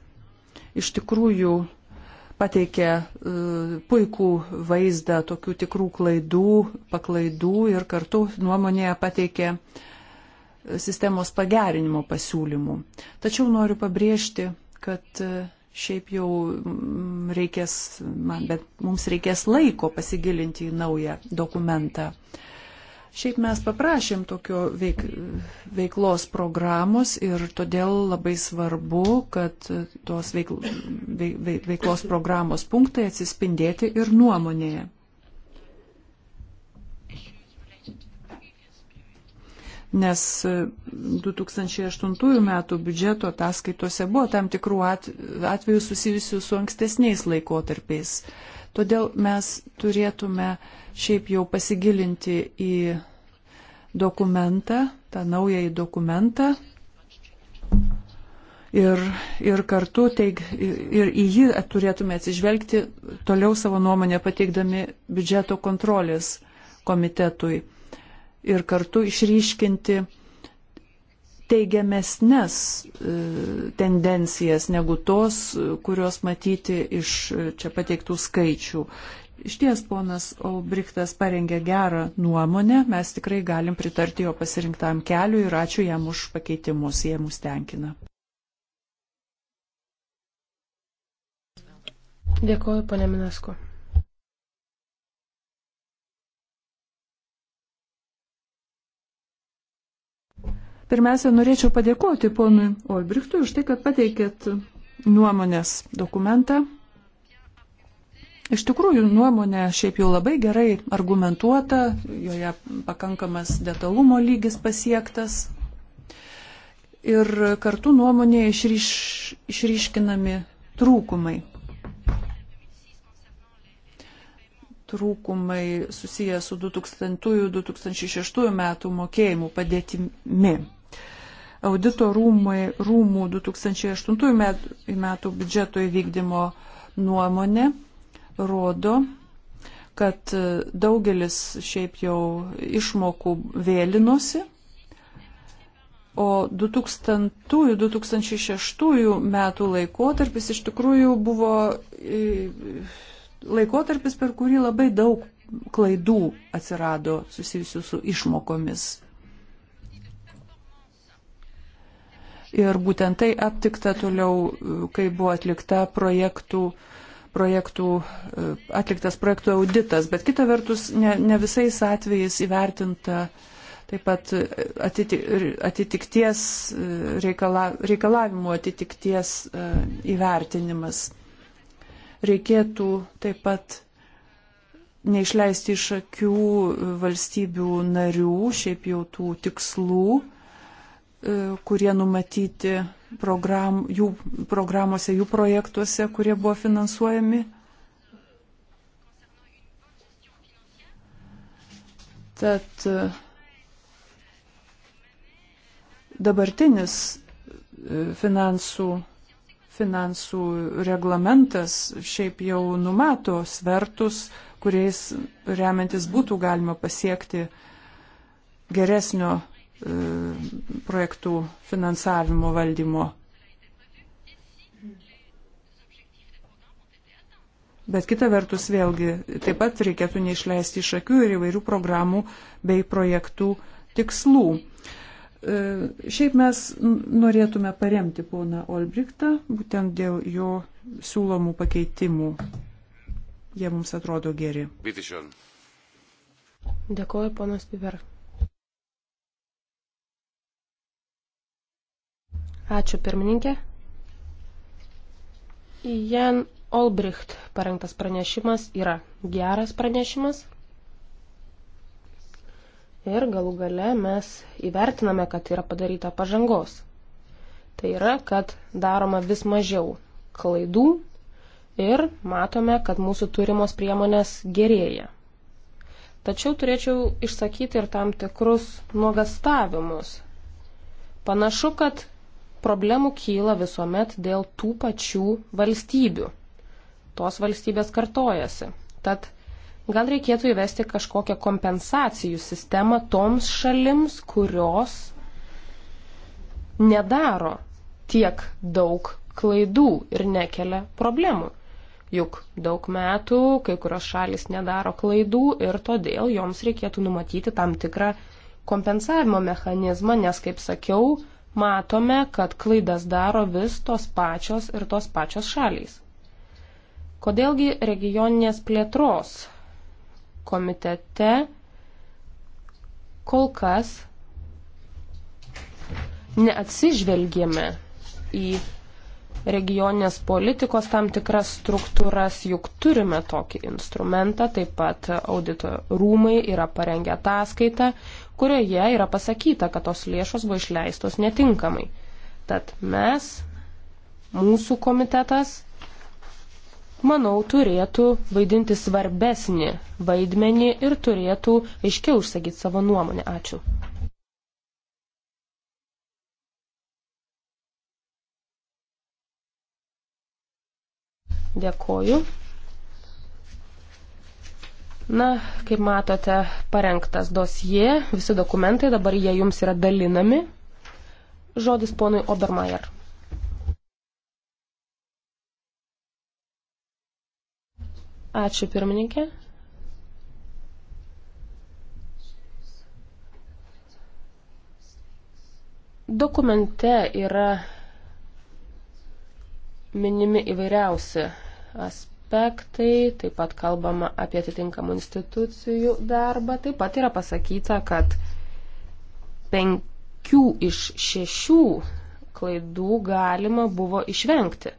iš tikrųjų pateikė e, puikų vaizdą tokių tikrų klaidų, paklaidų ir kartu nuomonėje pateikė e, sistemos pagerinimo pasiūlymų. Tačiau noriu pabrėžti, kad e, šiaip jau reikės, man, bet mums reikės laiko pasigilinti į naują dokumentą. Uh, Šiaip mes paprašėm tokio veik, veiklos programos ir todėl labai svarbu, kad tos veikl, veik, veiklos programos punktai atsispindėti ir nuomonėje. Nes 2008 metų biudžeto ataskaitose buvo tam tikrų atvejų susijusių su ankstesniais laikotarpiais. Todėl mes turėtume šiaip jau pasigilinti į dokumentą, tą naująjį dokumentą, ir, ir kartu teik, ir į jį turėtume atsižvelgti toliau savo nuomonę pateikdami biudžeto kontrolės komitetui ir kartu išryškinti teigiamesnės e, tendencijas negu tos, kurios matyti iš e, čia pateiktų skaičių. Iš ties ponas Olbrichtas parengė gerą nuomonę, mes tikrai galim pritarti jo pasirinktam keliu ir ačiū jam už pakeitimus, jie mus tenkina. Dėkuoju, ponė Minesku. Pirmiausia, norėčiau padėkoti ponui Olbrichtui už tai, kad pateikėt nuomonės dokumentą. Iš tikrųjų, nuomonė šiaip jau labai gerai argumentuota, joje pakankamas detalumo lygis pasiektas. Ir kartu nuomonėje išryš, išryškinami trūkumai. Trūkumai susiję su 2000-2006 metų mokėjimų padėtimi audito rūmai, rūmų 2008 metų, metų biudžeto įvykdymo nuomonė rodo, kad e, daugelis šiaip jau išmokų vėlinosi, o 2000-2006 metų laikotarpis iš tikrųjų buvo e, laikotarpis, per kurį labai daug klaidų atsirado susijusių su išmokomis Ir būtent tai aptikta toliau, kai buvo atlikta projektų, projektų, atliktas projektų auditas. Bet kita vertus, ne, ne visais atvejais įvertinta taip pat atiti, atitikties reikala, reikalavimų atitikties įvertinimas. Reikėtų taip pat neišleisti iš akių valstybių narių, šiaip jau tų tikslų, E, kurie numatyti program, jų programuose, jų projektuose, kurie buvo finansuojami. Tad e, dabartinis e, finansų, finansų reglamentas šiaip jau numato svertus, kuriais remiantis būtų galima pasiekti geresnio E, projektų finansavimo valdymo. Bet kita vertus vėlgi taip pat reikėtų neišleisti iš akių ir įvairių programų bei projektų tikslų. E, šiaip mes norėtume paremti poną Olbrichtą būtent dėl jo siūlomų pakeitimų. Jie mums atrodo geri. Dėkuoju, ponas Piver. Ačiū pirmininkė. Jan Olbricht parengtas pranešimas yra geras pranešimas. Ir galų gale mes įvertiname, kad yra padaryta pažangos. Tai yra, kad daroma vis mažiau klaidų ir matome, kad mūsų turimos priemonės gerėja. Tačiau turėčiau išsakyti ir tam tikrus nuogastavimus. Panašu, kad problemų kyla visuomet dėl tų pačių valstybių. Tos valstybės kartojasi. Tad gal reikėtų įvesti kažkokią kompensacijų sistemą toms šalims, kurios nedaro tiek daug klaidų ir nekelia problemų. Juk daug metų kai kurios šalis nedaro klaidų ir todėl joms reikėtų numatyti tam tikrą kompensavimo mechanizmą, nes, kaip sakiau, matome, kad klaidas daro vis tos pačios ir tos pačios šalys. Kodėlgi regioninės plėtros komitete kol kas neatsižvelgėme į regioninės politikos tam tikras struktūras, juk turime tokį instrumentą, taip pat audito rūmai yra parengę ataskaitą, kurioje yra pasakyta, kad tos lėšos buvo išleistos netinkamai. Tad mes, mūsų komitetas, manau, turėtų vaidinti svarbesnį vaidmenį ir turėtų aiškiau užsakyti savo nuomonę. Ačiū. Dėkoju. Na, kaip matote, parengtas dosie, visi dokumentai, dabar jie jums yra dalinami. Žodis ponui Obermeier. Ačiū pirmininkė. Dokumente yra minimi įvairiausi aspektai aspektai, taip pat kalbama apie atitinkamų institucijų darbą, taip pat yra pasakyta, kad penkių iš šešių klaidų galima buvo išvengti.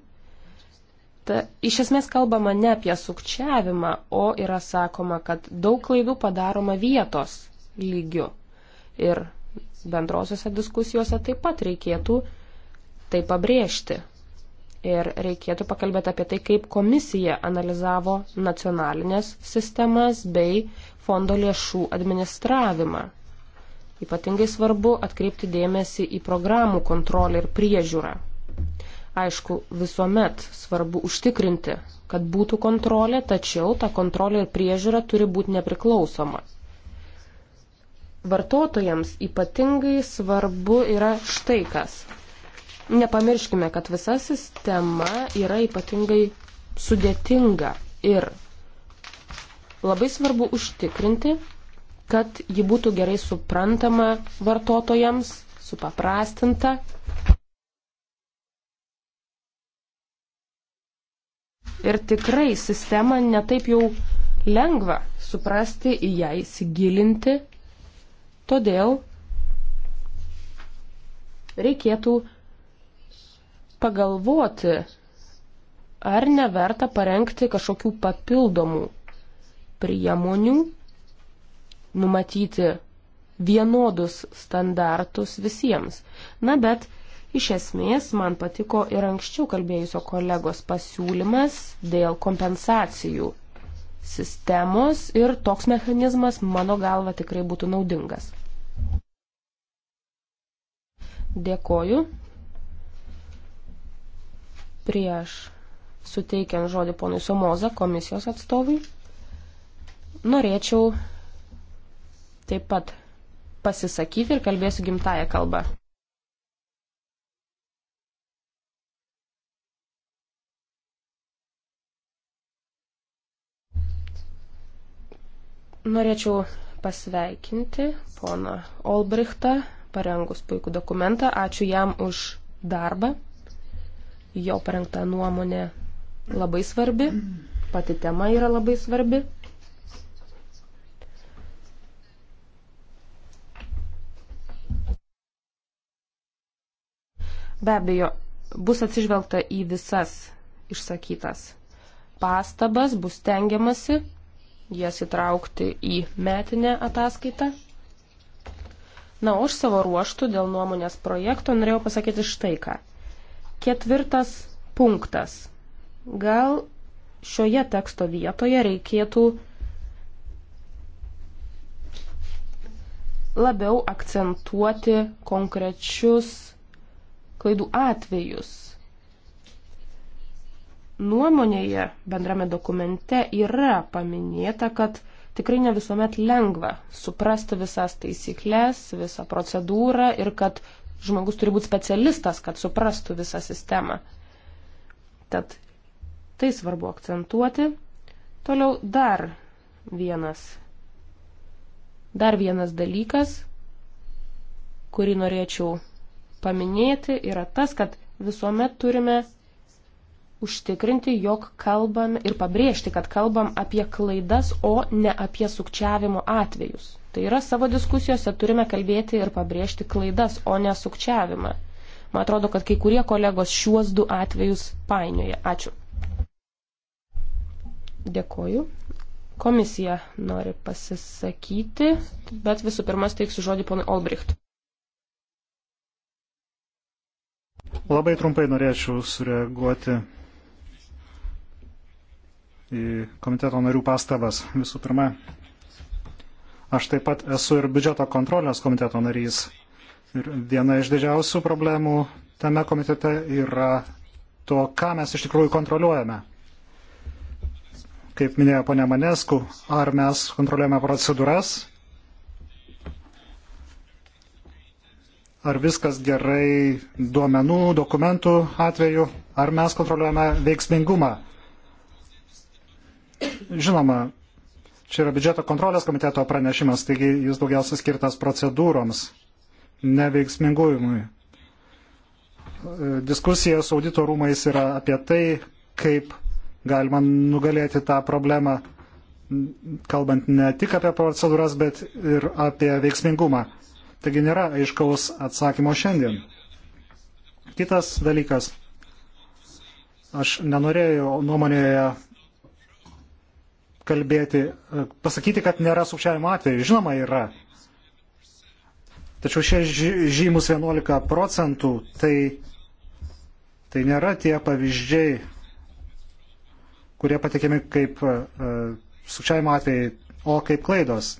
Ta, iš esmės kalbama ne apie sukčiavimą, o yra sakoma, kad daug klaidų padaroma vietos lygiu. Ir bendrosiuose diskusijose taip pat reikėtų tai pabrėžti ir reikėtų pakalbėti apie tai, kaip komisija analizavo nacionalinės sistemas bei fondo lėšų administravimą. Ypatingai svarbu atkreipti dėmesį į programų kontrolę ir priežiūrą. Aišku, visuomet svarbu užtikrinti, kad būtų kontrolė, tačiau ta kontrolė ir priežiūra turi būti nepriklausoma. Vartotojams ypatingai svarbu yra štai kas Nepamirškime, kad visa sistema yra ypatingai sudėtinga ir labai svarbu užtikrinti, kad ji būtų gerai suprantama vartotojams, supaprastinta. Ir tikrai sistemą netaip jau lengva suprasti, į ją įsigilinti. Todėl reikėtų pagalvoti, ar neverta parengti kažkokių papildomų priemonių, numatyti vienodus standartus visiems. Na bet iš esmės man patiko ir anksčiau kalbėjusio kolegos pasiūlymas dėl kompensacijų sistemos ir toks mechanizmas mano galva tikrai būtų naudingas. Dėkoju prieš suteikiant žodį ponui Somoza komisijos atstovui. Norėčiau taip pat pasisakyti ir kalbėsiu gimtają kalbą. Norėčiau pasveikinti poną Olbrichtą, parengus puikų dokumentą. Ačiū jam už darbą jo parengta nuomonė labai svarbi, pati tema yra labai svarbi. Be abejo, bus atsižvelgta į visas išsakytas pastabas, bus tengiamasi jas įtraukti į metinę ataskaitą. Na, o aš savo ruoštų dėl nuomonės projekto norėjau pasakyti štai ką. Ketvirtas punktas. Gal šioje teksto vietoje reikėtų labiau akcentuoti konkrečius klaidų atvejus. Nuomonėje bendrame dokumente yra paminėta, kad tikrai ne visuomet lengva suprasti visas taisyklės, visą procedūrą ir kad Žmogus turi būti specialistas, kad suprastų visą sistemą. Tad tai svarbu akcentuoti. Toliau dar vienas. Dar vienas dalykas, kurį norėčiau paminėti, yra tas, kad visuomet turime užtikrinti, jog kalbam ir pabrėžti, kad kalbam apie klaidas, o ne apie sukčiavimo atvejus. Tai yra savo diskusijose turime kalbėti ir pabrėžti klaidas, o ne sukčiavimą. Man atrodo, kad kai kurie kolegos šiuos du atvejus painioja. Ačiū. Dėkoju. Komisija nori pasisakyti, bet visų pirma teiksiu žodį ponui Olbricht. Labai trumpai norėčiau sureaguoti į komiteto narių pastabas. Visų pirma, aš taip pat esu ir biudžeto kontrolės komiteto narys. Ir viena iš didžiausių problemų tame komitete yra to, ką mes iš tikrųjų kontroliuojame. Kaip minėjo ponia Manesku, ar mes kontroliuojame procedūras, ar viskas gerai duomenų, dokumentų atveju, ar mes kontroliuojame veiksmingumą Žinoma, čia yra biudžeto kontrolės komiteto pranešimas, taigi jis daugiausia skirtas procedūroms, neveiksmingumui. E, Diskusija su audito rūmais yra apie tai, kaip galima nugalėti tą problemą, kalbant ne tik apie procedūras, bet ir apie veiksmingumą. Taigi nėra aiškaus atsakymo šiandien. Kitas dalykas. Aš nenorėjau nuomonėje kalbėti, e, pasakyti, kad nėra sukčiavimo atveju. Žinoma, yra. Tačiau šie žymus 11 procentų, tai, tai nėra tie pavyzdžiai, kurie patikimi kaip uh, sukčiavimo atvejai, o kaip klaidos.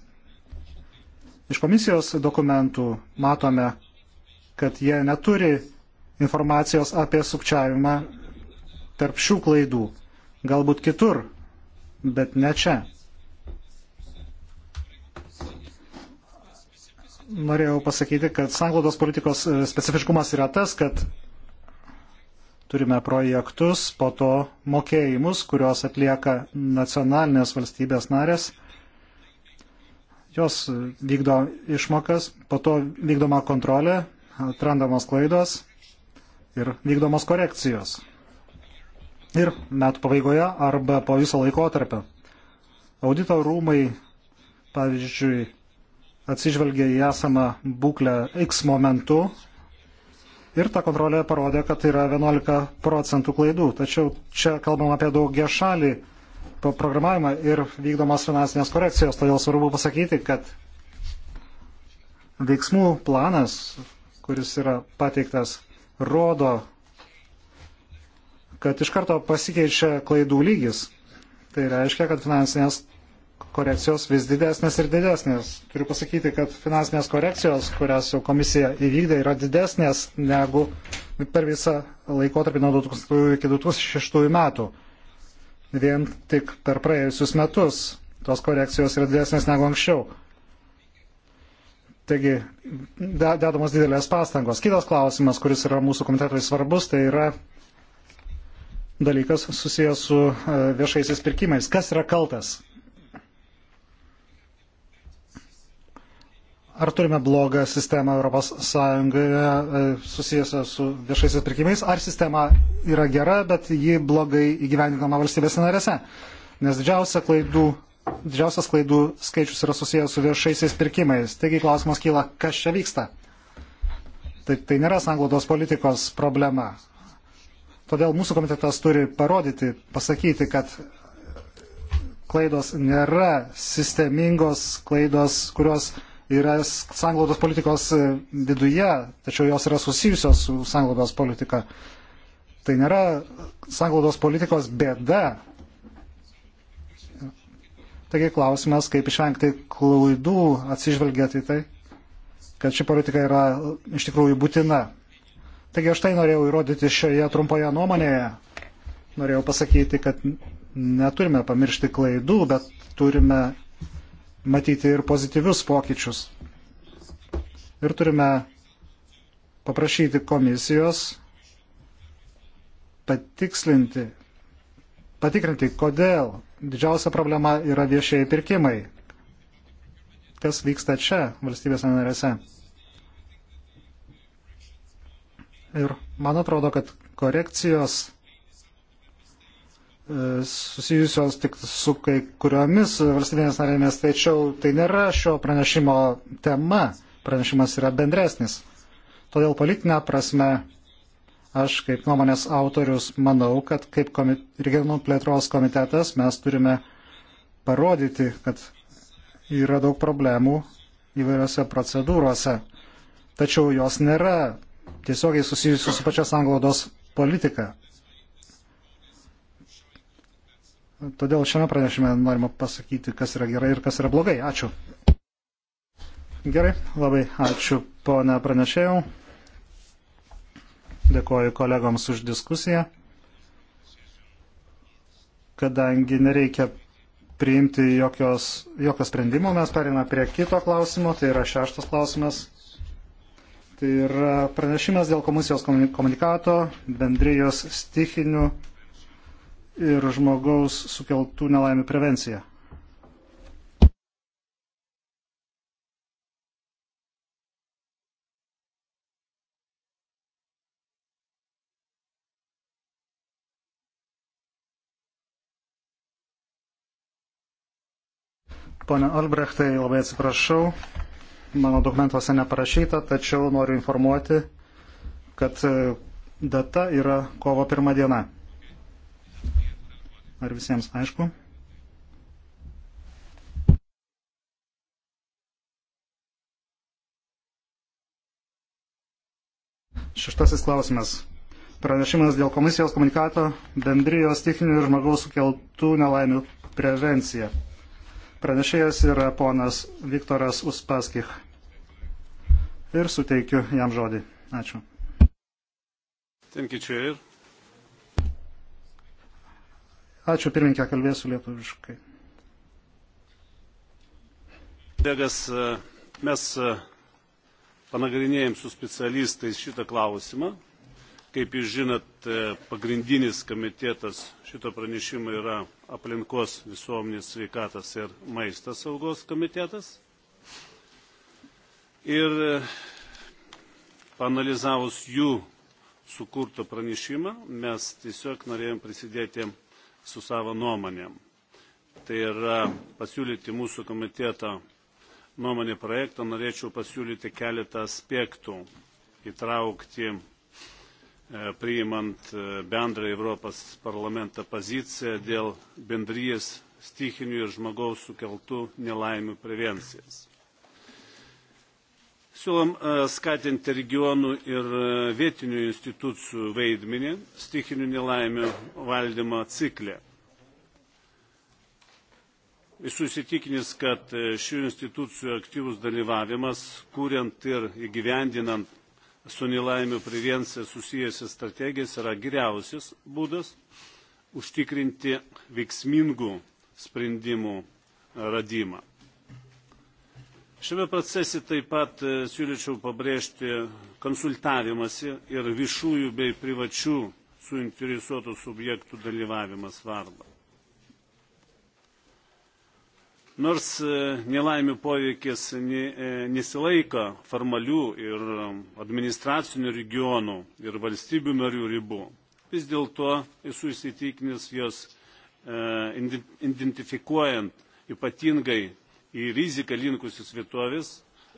Iš komisijos dokumentų matome, kad jie neturi informacijos apie sukčiavimą tarp šių klaidų. Galbūt kitur bet ne čia. Norėjau pasakyti, kad sanglaudos politikos e, specifiškumas yra tas, kad turime projektus, po to mokėjimus, kuriuos atlieka nacionalinės valstybės narės. Jos vykdo išmokas, po to vykdoma kontrolė, atrandamos klaidos ir vykdomos korekcijos ir metų pabaigoje arba po viso laikotarpio. Audito rūmai, pavyzdžiui, atsižvelgia į esamą būklę X momentu ir ta kontrolė parodė, kad tai yra 11 procentų klaidų. Tačiau čia kalbam apie daugia šalį programavimą ir vykdomas finansinės korekcijos, todėl svarbu pasakyti, kad veiksmų planas, kuris yra pateiktas, rodo, kad iš karto pasikeičia klaidų lygis. Tai reiškia, kad finansinės korekcijos vis didesnės ir didesnės. Turiu pasakyti, kad finansinės korekcijos, kurias jau komisija įvykdė, yra didesnės negu per visą laikotarpį nuo 2000 iki 2006 metų. Vien tik per praėjusius metus tos korekcijos yra didesnės negu anksčiau. Taigi, dedamos didelės pastangos. Kitas klausimas, kuris yra mūsų komitetui svarbus, tai yra dalykas susijęs su e, viešaisiais pirkimais. Kas yra kaltas? Ar turime blogą sistemą ES e, susijusią su viešaisiais pirkimais, ar sistema yra gera, bet ji blogai įgyvendinama valstybės narėse? Nes didžiausia klaidų, didžiausias klaidų skaičius yra susijęs su viešaisiais pirkimais. Taigi klausimas kyla, kas čia vyksta? Tai, tai nėra sanglaudos politikos problema. Todėl mūsų komitetas turi parodyti, pasakyti, kad klaidos nėra sistemingos klaidos, kurios yra sanglaudos politikos e, viduje, tačiau jos yra susijusios su sanglaudos politika. Tai nėra sanglaudos politikos bėda. Taigi klausimas, kaip išvengti klaidų atsižvelgiant į tai, kad ši politika yra iš tikrųjų būtina. Taigi aš tai norėjau įrodyti šioje trumpoje nuomonėje. Norėjau pasakyti, kad neturime pamiršti klaidų, bet turime matyti ir pozityvius pokyčius. Ir turime paprašyti komisijos patikslinti, patikrinti, kodėl didžiausia problema yra viešieji pirkimai. Kas vyksta čia, valstybės narėse? Ir man atrodo, kad korekcijos e, susijusios tik su kai kuriomis valstybinės narėmis, tačiau tai nėra šio pranešimo tema, pranešimas yra bendresnis. Todėl politinė prasme aš kaip nuomonės autorius manau, kad kaip komit, regionų plėtros komitetas mes turime parodyti, kad yra daug problemų įvairiose procedūrose. Tačiau jos nėra tiesiogiai susijusių su pačia sanglaudos politika. Todėl šiame pranešime norima pasakyti, kas yra gerai ir kas yra blogai. Ačiū. Gerai, labai ačiū ponę pranešėjau. Dėkoju kolegoms už diskusiją. Kadangi nereikia priimti jokios, jokio sprendimo, mes perėmame prie kito klausimo, tai yra šeštas klausimas. Tai yra pranešimas dėl komisijos komunikato bendrijos stichinių ir žmogaus sukeltų nelaimių prevencija. Pone Albrechtai, labai atsiprašau mano dokumentuose neparašyta, tačiau noriu informuoti, kad e, data yra kovo pirmą dieną. Ar visiems aišku? Šeštasis klausimas. Pranešimas dėl komisijos komunikato bendrijos stichinių ir žmogaus sukeltų nelaimių prevencija. Pranešėjas yra ponas Viktoras Uspaskich ir suteikiu jam žodį. Ačiū. Ačiū pirmininkė, kalbėsiu lietuviškai. Kolegas, e, mes e, panagrinėjom su specialistais šitą klausimą. Kaip jūs žinot, e, pagrindinis komitetas šito pranešimo yra aplinkos visuomenės sveikatas ir maistas saugos komitetas ir panalizavus e, jų sukurtą pranešimą, mes tiesiog norėjom prisidėti su savo nuomonėm. Tai yra pasiūlyti mūsų komiteto nuomonė projektą, norėčiau pasiūlyti keletą aspektų įtraukti e, priimant e, bendrą Europos parlamentą poziciją dėl bendrijos stichinių ir žmogaus sukeltų nelaimių prevencijos. Siūlom e, skatinti regionų ir e, vietinių institucijų vaidmenį stikinių nelaimių valdymo ciklę. Esu įsitikinęs, kad e, šių institucijų aktyvus dalyvavimas, kuriant ir įgyvendinant su nelaimių prevencija susijęs strategijas, yra geriausias būdas užtikrinti veiksmingų sprendimų radimą. Šiame procese taip pat e, siūlyčiau pabrėžti konsultavimasi ir viešųjų bei privačių suinteresuotų subjektų dalyvavimą svarbą. Nors e, nelaimių poveikis e, nesilaiko formalių ir administracinių regionų ir valstybių narių ribų, vis dėlto esu įsitikinęs jos identifikuojant ypatingai į riziką linkusius vietovės,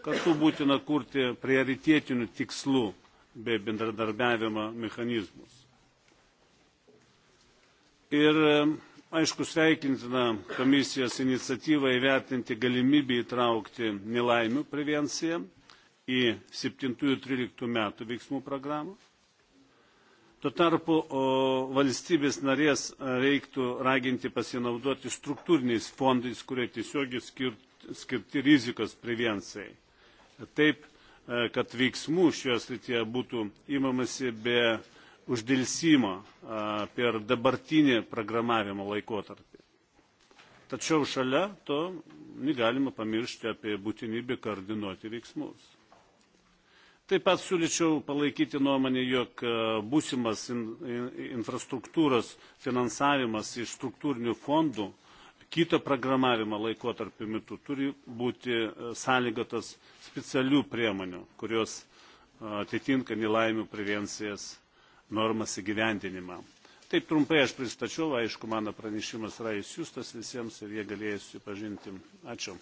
kartu būtina kurti prioritetinių tikslų bei bendradarbiavimo mechanizmus. Ir aišku sveikintina komisijos iniciatyva įvertinti galimybę įtraukti nelaimių prevenciją į 7-13 metų veiksmų programą. Tuo tarpu valstybės narės reiktų raginti pasinaudoti struktūriniais fondais, kurie tiesiogiai skirt, skirti rizikos prevencijai. Taip, e, kad veiksmų šioje srityje būtų imamasi be uždėlsimo e, per dabartinį programavimo laikotarpį. Tačiau šalia to negalima pamiršti apie būtinybę koordinuoti veiksmus. Taip pat siūlyčiau palaikyti nuomonę, jog e, būsimas infrastruktūros finansavimas iš struktūrinių fondų kito programavimo laikotarpiu metu turi būti e, sąlygotas specialių priemonių, kurios e, atitinka nelaimių prevencijas normas įgyvendinimą. Taip trumpai aš pristačiau, aišku, mano pranešimas yra įsiūstas visiems ir jie galėjo susipažinti. Ačiū.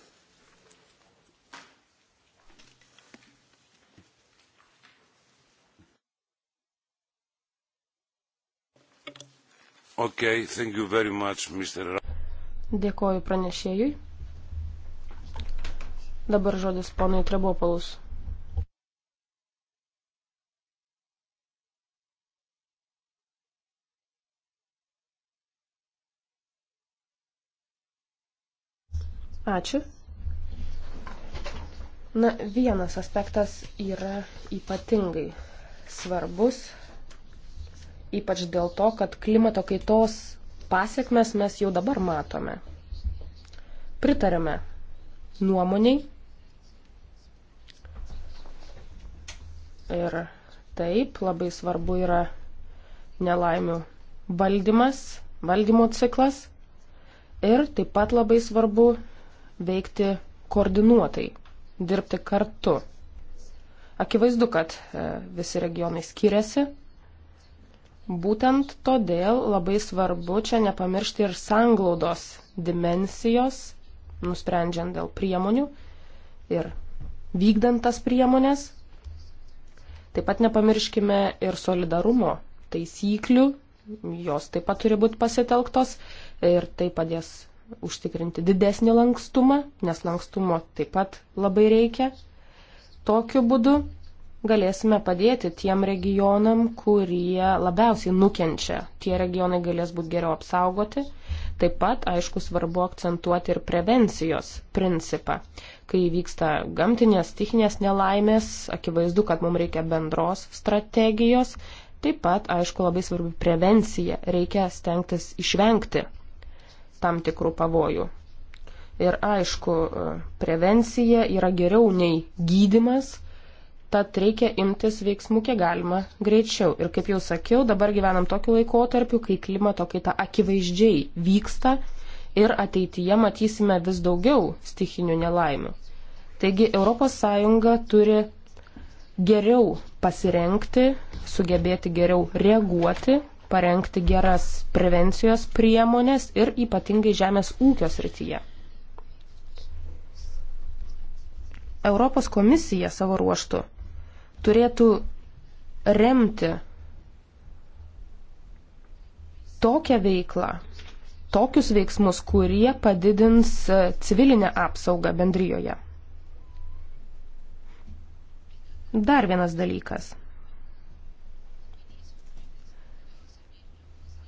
Okay, thank you very much, Mr. Dėkoju pranešėjui. Dabar žodis ponui Trebopolus. Ačiū. Na, vienas aspektas yra ypatingai svarbus, ypač dėl to, kad klimato kaitos pasiekmes mes jau dabar matome. Pritarėme nuomoniai ir taip labai svarbu yra nelaimių valdymas, valdymo ciklas ir taip pat labai svarbu veikti koordinuotai, dirbti kartu. Akivaizdu, kad e, visi regionai skiriasi Būtent todėl labai svarbu čia nepamiršti ir sanglaudos dimensijos, nusprendžiant dėl priemonių ir vykdant tas priemonės. Taip pat nepamirškime ir solidarumo taisyklių, jos taip pat turi būti pasitelktos ir tai padės užtikrinti didesnį lankstumą, nes lankstumo taip pat labai reikia. Tokiu būdu galėsime padėti tiem regionam, kurie labiausiai nukenčia. Tie regionai galės būti geriau apsaugoti. Taip pat, aišku, svarbu akcentuoti ir prevencijos principą. Kai vyksta gamtinės, stichinės nelaimės, akivaizdu, kad mums reikia bendros strategijos. Taip pat, aišku, labai svarbi prevencija. Reikia stengtis išvengti tam tikrų pavojų. Ir aišku, prevencija yra geriau nei gydimas, tad reikia imtis veiksmų kiek galima greičiau. Ir kaip jau sakiau, dabar gyvenam tokiu laikotarpiu, kai klimato kaita akivaizdžiai vyksta ir ateityje matysime vis daugiau stichinių nelaimių. Taigi ES turi geriau pasirenkti, sugebėti geriau reaguoti, parengti geras prevencijos priemonės ir ypatingai žemės ūkio srityje. Europos komisija savo ruoštų turėtų remti tokią veiklą, tokius veiksmus, kurie padidins e, civilinę apsaugą bendryjoje. Dar vienas dalykas.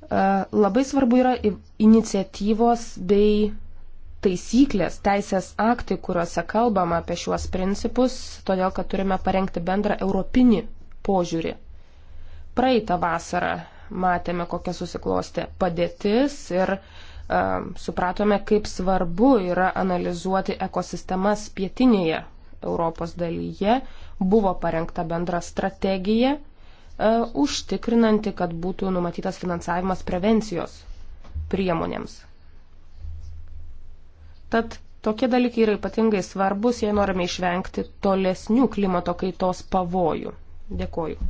E, labai svarbu yra iniciatyvos bei taisyklės, teisės aktai, kuriuose kalbama apie šiuos principus, todėl kad turime parengti bendrą europinį požiūrį. Praeitą vasarą matėme, kokia susiklostė padėtis ir e, supratome, kaip svarbu yra analizuoti ekosistemas pietinėje Europos dalyje. Buvo parengta bendra strategija, e, užtikrinanti, kad būtų numatytas finansavimas prevencijos priemonėms Tad tokie dalykai yra ypatingai svarbus, jei norime išvengti tolesnių klimato kaitos pavojų. Dėkoju.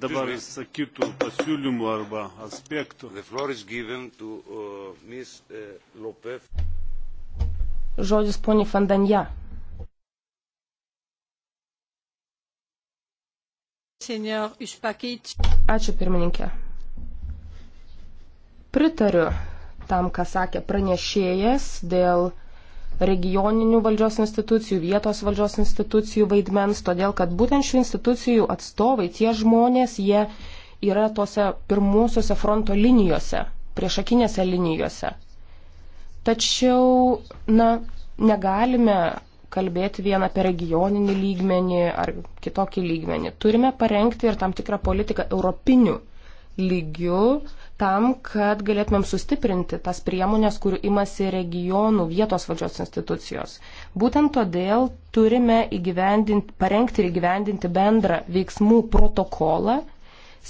dabar išsakytų pasiūlymų arba aspektų. Uh, uh, Žodis poniai Fandanja. Ačiū pirmininkė. Pritariu tam, ką sakė pranešėjas dėl regioninių valdžios institucijų, vietos valdžios institucijų vaidmens, todėl kad būtent šių institucijų atstovai, tie žmonės, jie yra tose pirmosiuose fronto linijose, priešakinėse linijose. Tačiau, na, negalime kalbėti vien apie regioninį lygmenį ar kitokį lygmenį. Turime parengti ir tam tikrą politiką europinių lygių tam, kad galėtumėm sustiprinti tas priemonės, kurių imasi regionų vietos valdžios institucijos. Būtent todėl turime parengti ir įgyvendinti bendrą veiksmų protokolą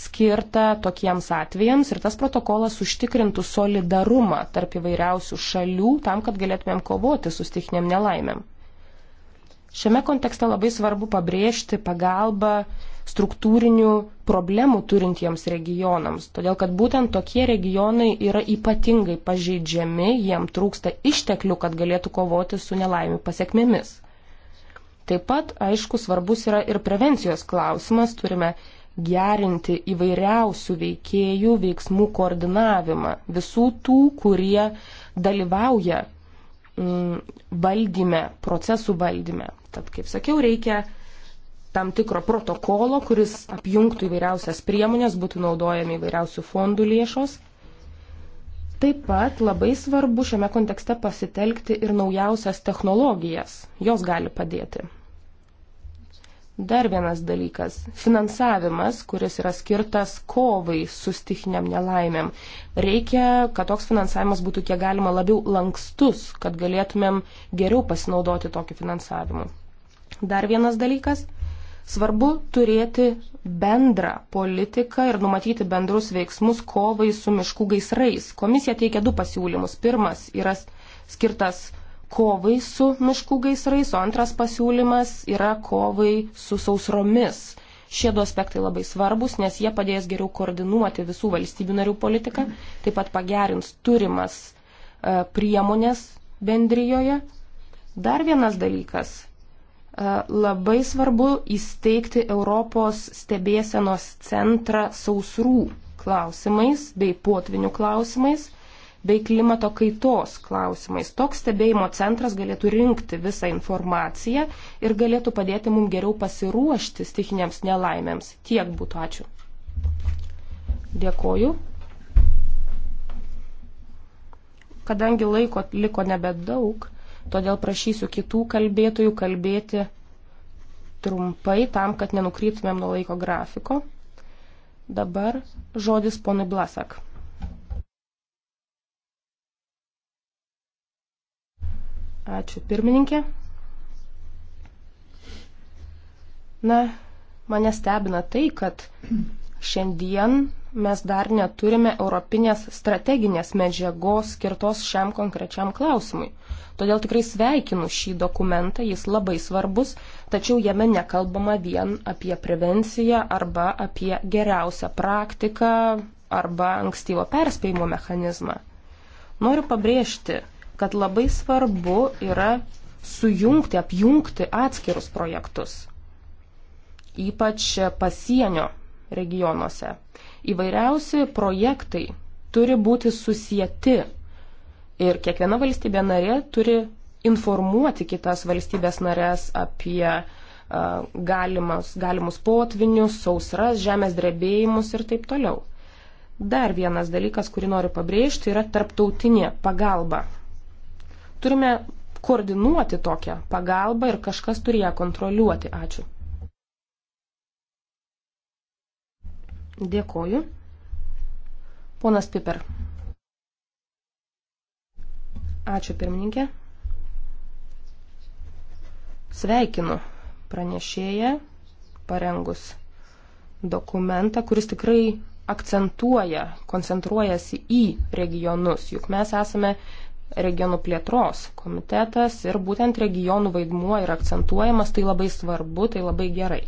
skirtą tokiems atvejams ir tas protokolas užtikrintų solidarumą tarp įvairiausių šalių tam, kad galėtumėm kovoti su stichiniam nelaimėm. Šiame kontekste labai svarbu pabrėžti pagalbą struktūrinių problemų turintiems regionams, todėl kad būtent tokie regionai yra ypatingai pažeidžiami, jiem trūksta išteklių, kad galėtų kovoti su nelaimių pasiekmėmis. Taip pat, aišku, svarbus yra ir prevencijos klausimas, turime gerinti įvairiausių veikėjų veiksmų koordinavimą, visų tų, kurie dalyvauja mm, valdyme, procesų valdyme. Tad, kaip sakiau, reikia tam tikro protokolo, kuris apjungtų įvairiausias priemonės, būtų naudojami įvairiausių fondų lėšos. Taip pat labai svarbu šiame kontekste pasitelkti ir naujausias technologijas. Jos gali padėti. Dar vienas dalykas - finansavimas, kuris yra skirtas kovai su stichiniam nelaimėm. Reikia, kad toks finansavimas būtų kiek galima labiau lankstus, kad galėtumėm geriau pasinaudoti tokiu finansavimu. Dar vienas dalykas. Svarbu turėti bendrą politiką ir numatyti bendrus veiksmus kovai su miškų gaisrais. Komisija teikia du pasiūlymus. Pirmas yra skirtas kovai su miškų gaisrais, o antras pasiūlymas yra kovai su sausromis. Šie du aspektai labai svarbus, nes jie padės geriau koordinuoti visų valstybių narių politiką, taip pat pagerins turimas e, priemonės bendrijoje. Dar vienas dalykas E, labai svarbu įsteigti Europos stebėsenos centrą sausrų klausimais bei potvinių klausimais bei klimato kaitos klausimais. Toks stebėjimo centras galėtų rinkti visą informaciją ir galėtų padėti mums geriau pasiruošti stichinėms nelaimėms. Tiek būtų ačiū. Dėkoju. Kadangi laiko liko nebedaug, todėl prašysiu kitų kalbėtojų kalbėti trumpai, tam, kad nenukryptumėm nuo laiko grafiko. Dabar žodis ponui Blasak. Ačiū pirmininkė. Na, mane stebina tai, kad šiandien mes dar neturime europinės strateginės medžiagos skirtos šiam konkrečiam klausimui. Todėl tikrai sveikinu šį dokumentą, jis labai svarbus, tačiau jame nekalbama vien apie prevenciją arba apie geriausią praktiką arba ankstyvo perspėjimo mechanizmą. Noriu pabrėžti, kad labai svarbu yra sujungti, apjungti atskirus projektus, ypač pasienio regionuose. Įvairiausi projektai turi būti susijęti Ir kiekviena valstybė narė turi informuoti kitas valstybės narės apie galimas, galimus potvinius, sausras, žemės drebėjimus ir taip toliau. Dar vienas dalykas, kurį noriu pabrėžti, yra tarptautinė pagalba. Turime koordinuoti tokią pagalbą ir kažkas turi ją kontroliuoti. Ačiū. Dėkoju. Ponas Piper. Ačiū pirmininkė. Sveikinu pranešėją parengus dokumentą, kuris tikrai akcentuoja, koncentruojasi į regionus, juk mes esame regionų plėtros komitetas ir būtent regionų vaidmuo yra akcentuojamas, tai labai svarbu, tai labai gerai.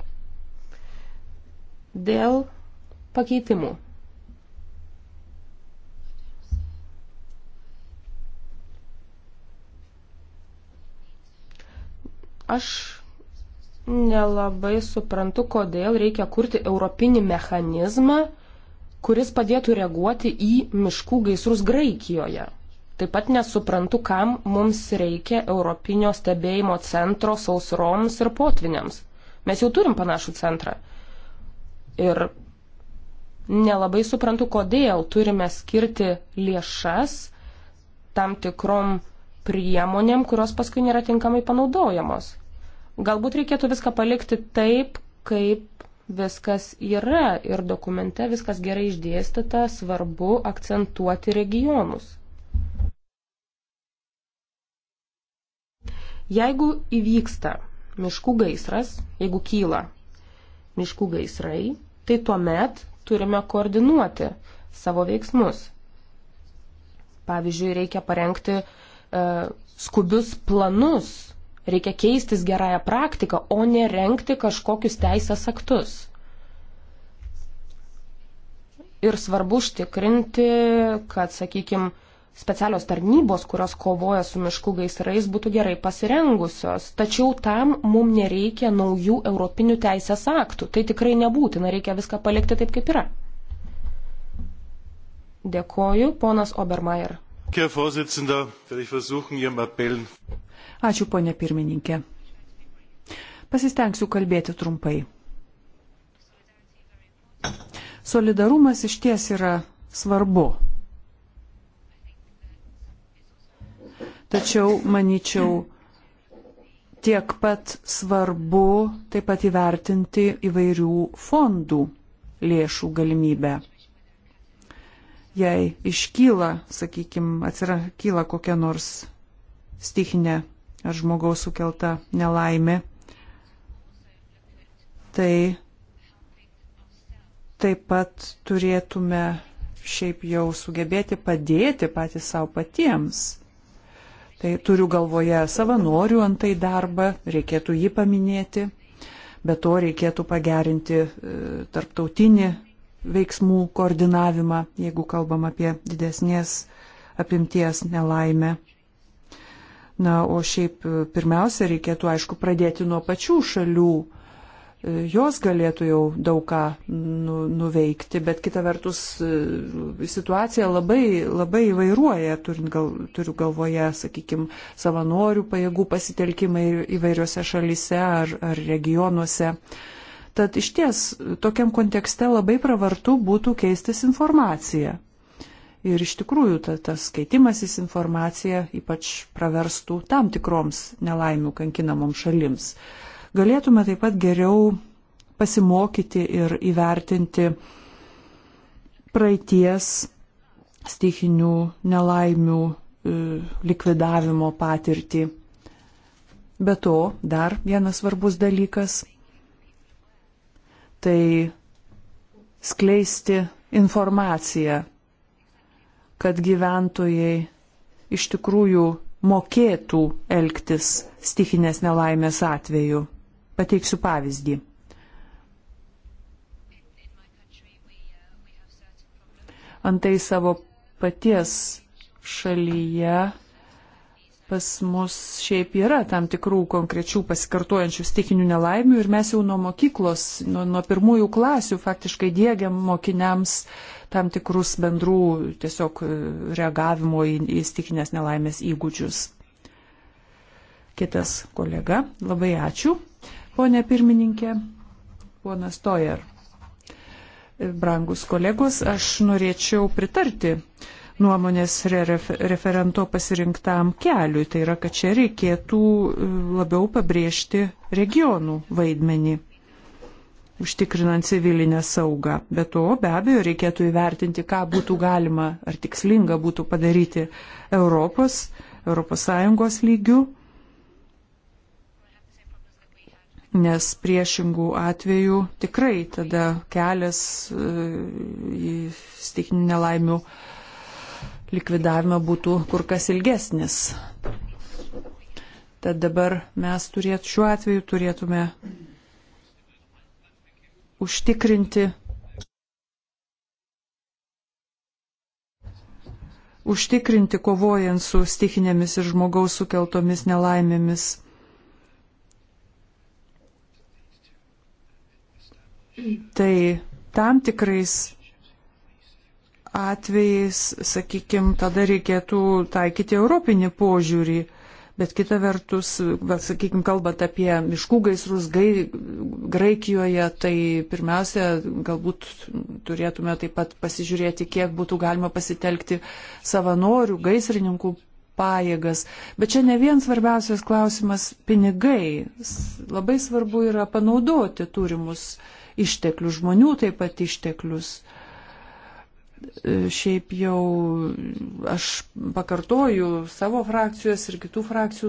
Dėl pakeitimų Aš nelabai suprantu, kodėl reikia kurti europinį mechanizmą, kuris padėtų reaguoti į miškų gaisrus Graikijoje. Taip pat nesuprantu, kam mums reikia Europinio stebėjimo centro sausroms ir potviniams. Mes jau turim panašų centrą. Ir nelabai suprantu, kodėl turime skirti lėšas tam tikrom priemonėm, kurios paskui nėra tinkamai panaudojamos. Galbūt reikėtų viską palikti taip, kaip viskas yra ir dokumente viskas gerai išdėstyta, svarbu akcentuoti regionus. Jeigu įvyksta miškų gaisras, jeigu kyla miškų gaisrai, tai tuomet turime koordinuoti savo veiksmus. Pavyzdžiui, reikia parengti e, skubius planus Reikia keistis gerąją praktiką, o ne renkti kažkokius teisės aktus. Ir svarbu užtikrinti, kad, sakykime, specialios tarnybos, kurios kovoja su miškų gaisrais, būtų gerai pasirengusios. Tačiau tam mums nereikia naujų europinių teisės aktų. Tai tikrai nebūtina, reikia viską palikti taip, kaip yra. Dėkoju, ponas Obermeier. Ačiū, ponė pirmininkė. Pasistengsiu kalbėti trumpai. Solidarumas iš ties yra svarbu. Tačiau, manyčiau, tiek pat svarbu taip pat įvertinti įvairių fondų lėšų galimybę. Jei iškyla, sakykime, atsira kyla kokia nors stichinė ar žmogaus sukelta nelaimė, tai taip pat turėtume šiaip jau sugebėti padėti patys savo patiems. Tai turiu galvoje savanorių antai darbą, reikėtų jį paminėti, bet to reikėtų pagerinti e, tarptautinį veiksmų koordinavimą, jeigu kalbam apie didesnės apimties nelaimę. Na, o šiaip e, pirmiausia, reikėtų, aišku, pradėti nuo pačių šalių. E, jos galėtų jau daug ką nu, nuveikti, bet kita vertus e, situacija labai, labai įvairuoja, turint gal, turiu galvoje, sakykime, savanorių pajėgų pasitelkimai įvairiose šalise ar, ar regionuose. Tad iš ties tokiam kontekste labai pravartu būtų keistis informacija. Ir iš tikrųjų ta, tas keitimasis informacija ypač praverstų tam tikroms nelaimių kankinamoms šalims. Galėtume taip pat geriau pasimokyti ir įvertinti praeities stichinių nelaimių e, likvidavimo patirtį. Be to, dar vienas svarbus dalykas - tai skleisti informaciją kad gyventojai iš tikrųjų mokėtų elgtis stikinės nelaimės atveju. Pateiksiu pavyzdį. Antai savo paties šalyje pas mus šiaip yra tam tikrų konkrečių pasikartojančių stikinių nelaimių ir mes jau nuo mokyklos, nuo, nuo pirmųjų klasių faktiškai dėgiam mokiniams tam tikrus bendrų tiesiog e, reagavimo į, į stikinės nelaimės įgūdžius. Kitas kolega, labai ačiū, ponė pirmininkė, ponas Tojer. E, brangus kolegos, aš norėčiau pritarti uh, nuomonės referento pasirinktam keliui. Tai yra, kad čia reikėtų e, labiau pabrėžti regionų vaidmenį, užtikrinant civilinę saugą. Be to, be abejo, reikėtų įvertinti, ką būtų galima ar tikslinga būtų padaryti Europos, ES lygių. nes priešingų atvejų tikrai tada kelias e, į stikinių nelaimių likvidavime būtų kur kas ilgesnis. Tad dabar mes turėt, šiuo atveju turėtume užtikrinti, užtikrinti kovojant su stichinėmis ir žmogaus sukeltomis nelaimėmis. Tai tam tikrais atvejais, sakykime, tada reikėtų taikyti europinį požiūrį. Bet kita vertus, bet, sakykime, kalbant apie miškų gaisrus gai, Graikijoje, tai pirmiausia, galbūt turėtume taip pat pasižiūrėti, kiek būtų galima pasitelkti savanorių, gaisrininkų pajėgas. Bet čia ne vien svarbiausias klausimas - pinigai. Labai svarbu yra panaudoti turimus išteklius, žmonių taip pat išteklius. Uh, E, šiaip jau aš pakartoju savo frakcijos ir kitų frakcijų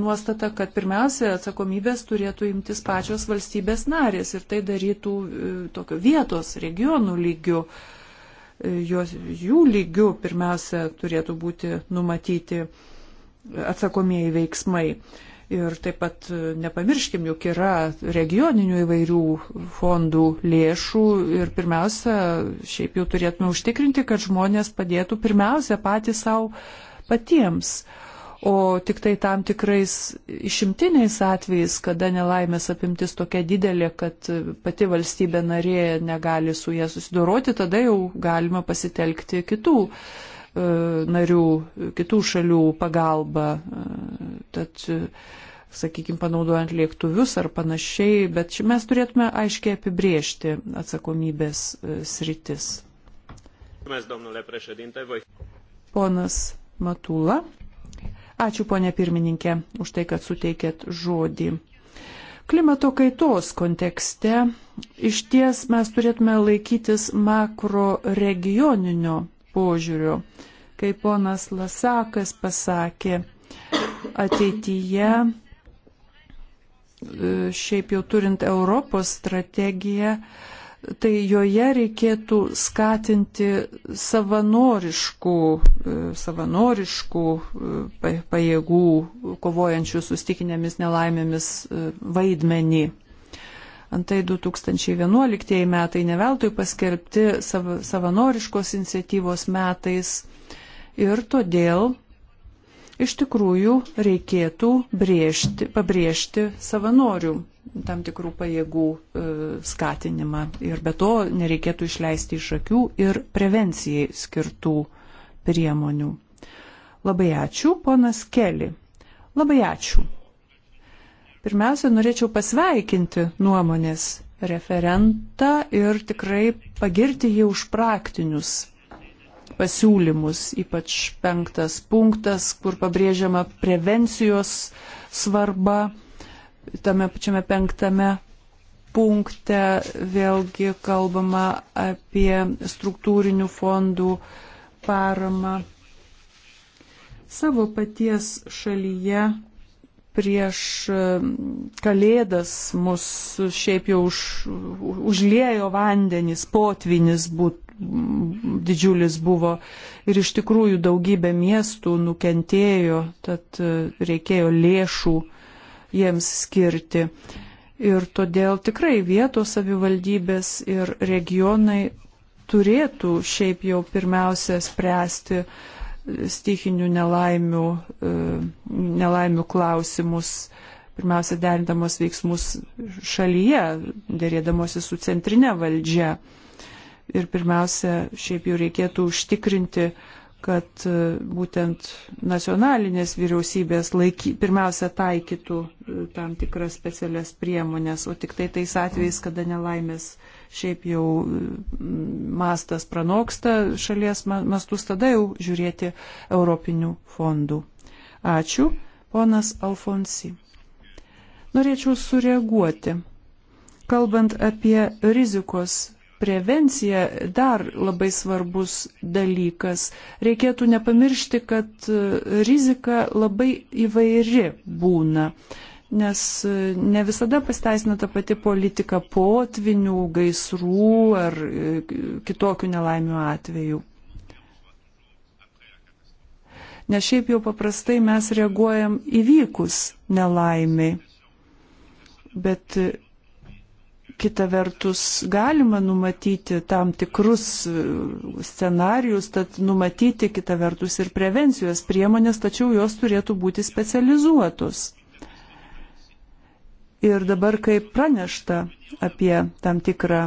nuostatą, kad pirmiausia atsakomybės turėtų imtis pačios valstybės narės ir tai darytų e, tokio vietos regionų lygių. E, jos, jų lygių pirmiausia turėtų būti numatyti atsakomieji veiksmai. Uh, Ir taip pat e, nepamirškim, juk yra regioninių įvairių fondų lėšų ir pirmiausia, šiaip jau turėtume užtikrinti, kad žmonės padėtų pirmiausia patys savo patiems. O tik tai tam tikrais išimtiniais atvejais, kada nelaimės apimtis tokia didelė, kad e, pati valstybė narė negali su jie susidoroti, tada jau galima pasitelkti kitų uh, E, narių, kitų šalių pagalba. E, tad, e, sakykime, panaudojant lėktuvius ar panašiai, bet mes turėtume aiškiai apibriežti atsakomybės sritis. Ponas Matula. Ačiū, ponė pirmininkė, už tai, kad suteikėt žodį. Klimato kaitos kontekste iš ties mes turėtume laikytis makro regioninio požiūriu. Kaip ponas Lasakas pasakė, ateityje, e, šiaip jau turint Europos strategiją, tai joje reikėtų skatinti savanoriškų, e, savanoriškų e, pajėgų kovojančių su stikinėmis nelaimėmis vaidmenį. Antai 2011 metai neveltui paskelbti sav, savanoriškos iniciatyvos metais ir todėl iš tikrųjų reikėtų brėžti, pabrėžti savanorių tam tikrų pajėgų e, skatinimą ir be to nereikėtų išleisti iš akių ir prevencijai skirtų priemonių. Labai ačiū, ponas Keli. Labai ačiū. Pirmiausia, norėčiau pasveikinti nuomonės referentą ir tikrai pagirti jį už praktinius pasiūlymus, ypač penktas punktas, kur pabrėžiama prevencijos svarba. Tame pačiame penktame punkte vėlgi kalbama apie struktūrinių fondų paramą. Savo paties šalyje prieš e, kalėdas mus šiaip jau už, užliejo vandenis, potvinis būt, didžiulis buvo ir iš tikrųjų daugybė miestų nukentėjo, tad e, reikėjo lėšų jiems skirti. Ir todėl tikrai vietos savivaldybės ir regionai turėtų šiaip jau pirmiausia spręsti uh, stichinių nelaimių, e, nelaimių klausimus, pirmiausia, derindamos veiksmus šalyje, dėrėdamosi su centrinė valdžia. Ir pirmiausia, šiaip jau reikėtų užtikrinti, kad e, būtent nacionalinės vyriausybės laiky, pirmiausia taikytų e, tam tikras specialias priemonės, o tik tai tais atvejais, kada nelaimės uh, šiaip jau mm, mastas pranoksta šalies mastus, tada jau žiūrėti Europinių fondų. Ačiū, ponas Alfonsi. Norėčiau sureaguoti. Kalbant apie rizikos prevencija dar labai svarbus dalykas. Reikėtų nepamiršti, kad e, rizika labai įvairi būna nes e, ne visada pasiteisina ta pati politika potvinių, gaisrų ar e, kitokių nelaimių atveju. Nes šiaip jau paprastai mes reaguojam įvykus nelaimiai, bet e, kita vertus galima numatyti tam tikrus scenarius, tad numatyti kita vertus ir prevencijos priemonės, tačiau jos turėtų būti specializuotos. Ir dabar, kai pranešta apie tam tikrą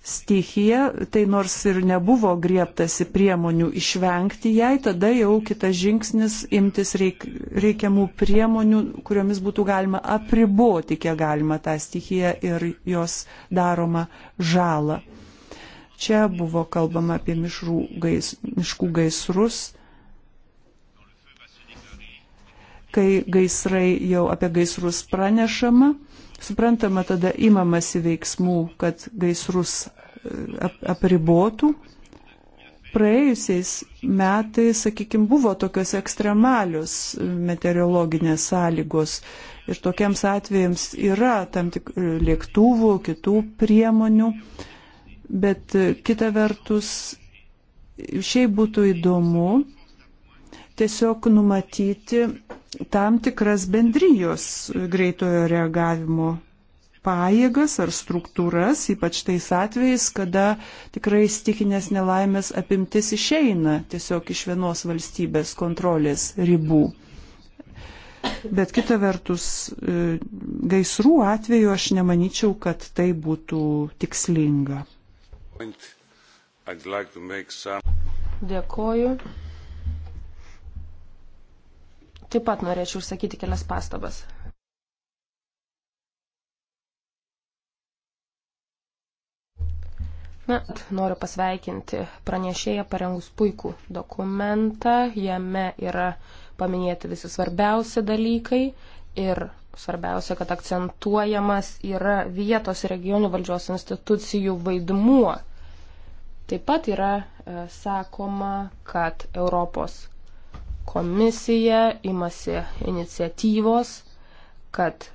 stichiją, tai nors ir nebuvo grieptasi priemonių išvengti jai, tada jau kitas žingsnis imtis reik, reikiamų priemonių, kuriomis būtų galima apriboti, kiek galima tą stichiją ir jos daromą žalą. Čia buvo kalbama apie gais, miškų gaisrus, kai gaisrai jau apie gaisrus pranešama Suprantama, tada imamasi veiksmų, kad gaisrus e, ap apribotų. Praėjusiais metais, sakykime, buvo tokios ekstremalios e, meteorologinės sąlygos ir tokiems atvejams yra tam tik e, lėktuvų, kitų priemonių, bet kita vertus, šiaip būtų įdomu tiesiog numatyti tam tikras bendrijos greitojo reagavimo pajėgas ar struktūras, ypač tais atvejais, kada tikrai stikinės nelaimės apimtis išeina tiesiog iš vienos valstybės kontrolės ribų. Bet kita vertus, e, gaisrų atveju aš nemanyčiau, kad tai būtų tikslinga. Dėkoju taip pat norėčiau išsakyti kelias pastabas. Na, noriu pasveikinti pranešėją parengus puikų dokumentą. Jame yra paminėti visi svarbiausi dalykai ir svarbiausia, kad akcentuojamas yra vietos ir regionių valdžios institucijų vaidmuo. Taip pat yra e, sakoma, kad Europos Komisija imasi iniciatyvos, kad e,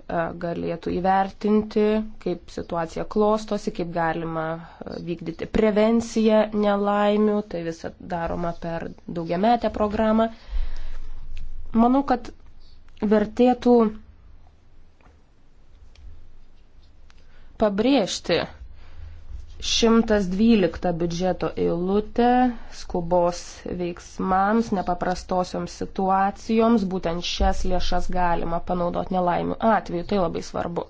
galėtų įvertinti, kaip situacija klostosi, kaip galima e, vykdyti prevenciją nelaimių, tai visą daroma per daugiametę programą. Manau, kad vertėtų pabrėžti, 112 biudžeto eilutė skubos veiksmams, nepaprastosioms situacijoms, būtent šias lėšas galima panaudoti nelaimių atveju, tai labai svarbu.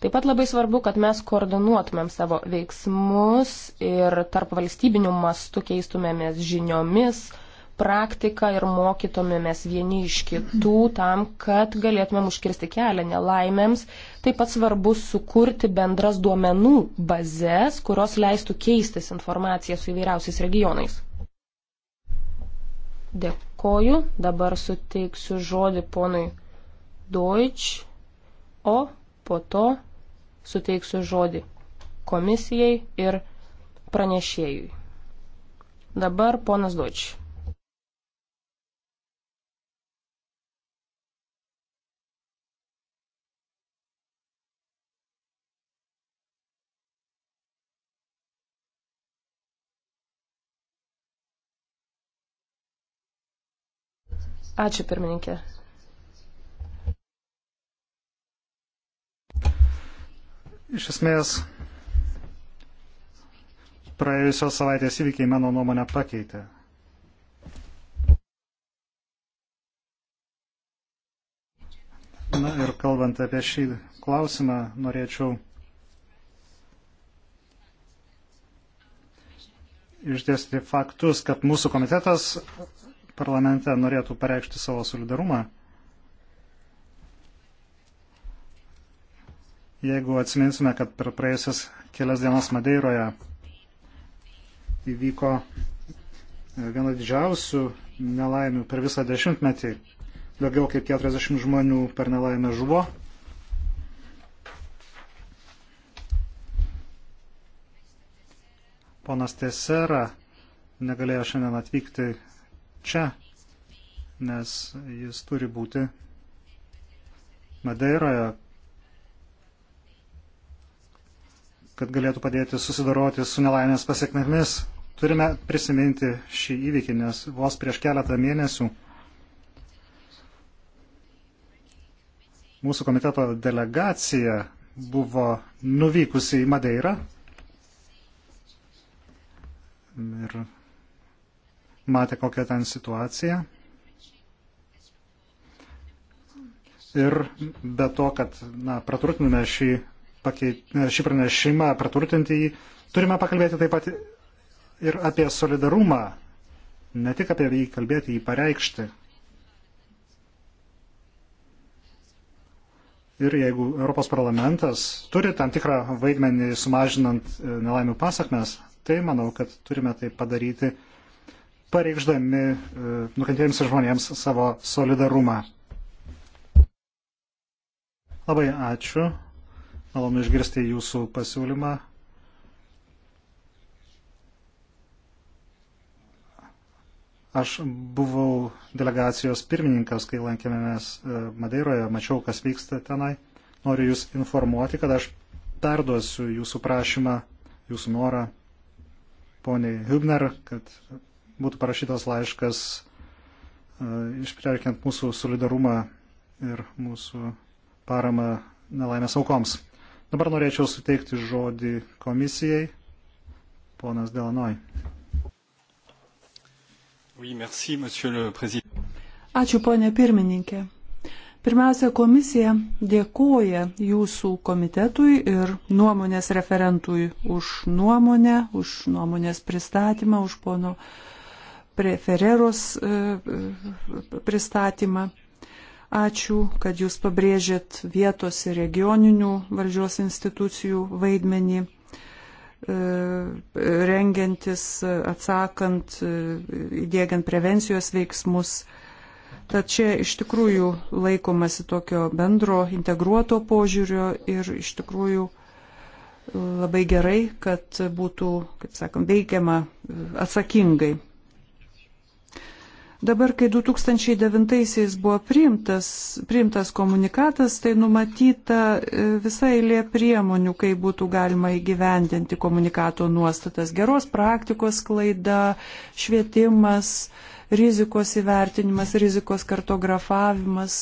Taip pat labai svarbu, kad mes koordinuotumėm savo veiksmus ir tarp valstybinių mastų keistumėmės žiniomis, praktiką ir mokytumėmės vieni iš kitų tam, kad galėtumėm užkirsti kelią nelaimėms. Taip pat svarbu sukurti bendras duomenų bazės, kurios leistų keistis informaciją su įvairiausiais regionais. Dėkoju. Dabar suteiksiu žodį ponui Deutsch, o po to suteiksiu žodį komisijai ir pranešėjui. Dabar ponas Deutsch. Ačiū pirmininkė. Iš esmės, praėjusios savaitės įvykiai mano nuomonę pakeitė. Na ir kalbant apie šį klausimą, norėčiau išdėsti faktus, kad mūsų komitetas parlamente norėtų pareikšti savo solidarumą. Jeigu atsiminsime, kad per praėjusias kelias dienas Madeiroje įvyko e, viena didžiausių nelaimių per visą dešimtmetį, daugiau kaip 40 žmonių per nelaimę žuvo. Ponas Tesera negalėjo šiandien atvykti čia, nes jis turi būti Madeiroje, kad galėtų padėti susidoroti su nelaimės pasiekmėmis. Turime prisiminti šį įvykį, nes vos prieš keletą mėnesių mūsų komiteto delegacija buvo nuvykusi į Madeirą ir matė kokią ten situaciją. Ir be to, kad na, praturtinime šį, pakeit, šį pranešimą, praturtinti jį, turime pakalbėti taip pat ir apie solidarumą, ne tik apie jį kalbėti, jį pareikšti. Ir jeigu Europos parlamentas turi tam tikrą vaidmenį sumažinant e, nelaimių pasakmes, tai manau, kad turime tai padaryti pareikšdami e, nukentėjams žmonėms savo solidarumą. Labai ačiū. Malonu išgirsti jūsų pasiūlymą. Aš buvau delegacijos pirmininkas, kai lankėmės e, Madeiroje, mačiau, kas vyksta tenai. Noriu jūs informuoti, kad aš perduosiu jūsų prašymą, jūsų norą poniai Hübner, kad būtų parašytas laiškas e, išpreikiant mūsų solidarumą ir mūsų paramą nelaimės aukoms. Dabar norėčiau suteikti žodį komisijai. Ponas Delanoj. Ačiū, ponė pirmininkė. Pirmiausia, komisija dėkoja jūsų komitetui ir nuomonės referentui už nuomonę, už nuomonės pristatymą, už pono uh, Ferreros e, e, pristatymą. Ačiū, kad jūs pabrėžėt vietos ir regioninių valdžios institucijų vaidmenį, e, rengiantis, atsakant, įdėgiant prevencijos veiksmus. Tad čia iš tikrųjų laikomasi tokio bendro integruoto požiūrio ir iš tikrųjų labai gerai, kad būtų, kaip sakom, veikiama atsakingai. Dabar, kai 2009-aisiais buvo priimtas, priimtas komunikatas, tai numatyta e, visai lė priemonių, kaip būtų galima įgyvendinti komunikato nuostatas. Geros praktikos klaida, švietimas, rizikos įvertinimas, rizikos kartografavimas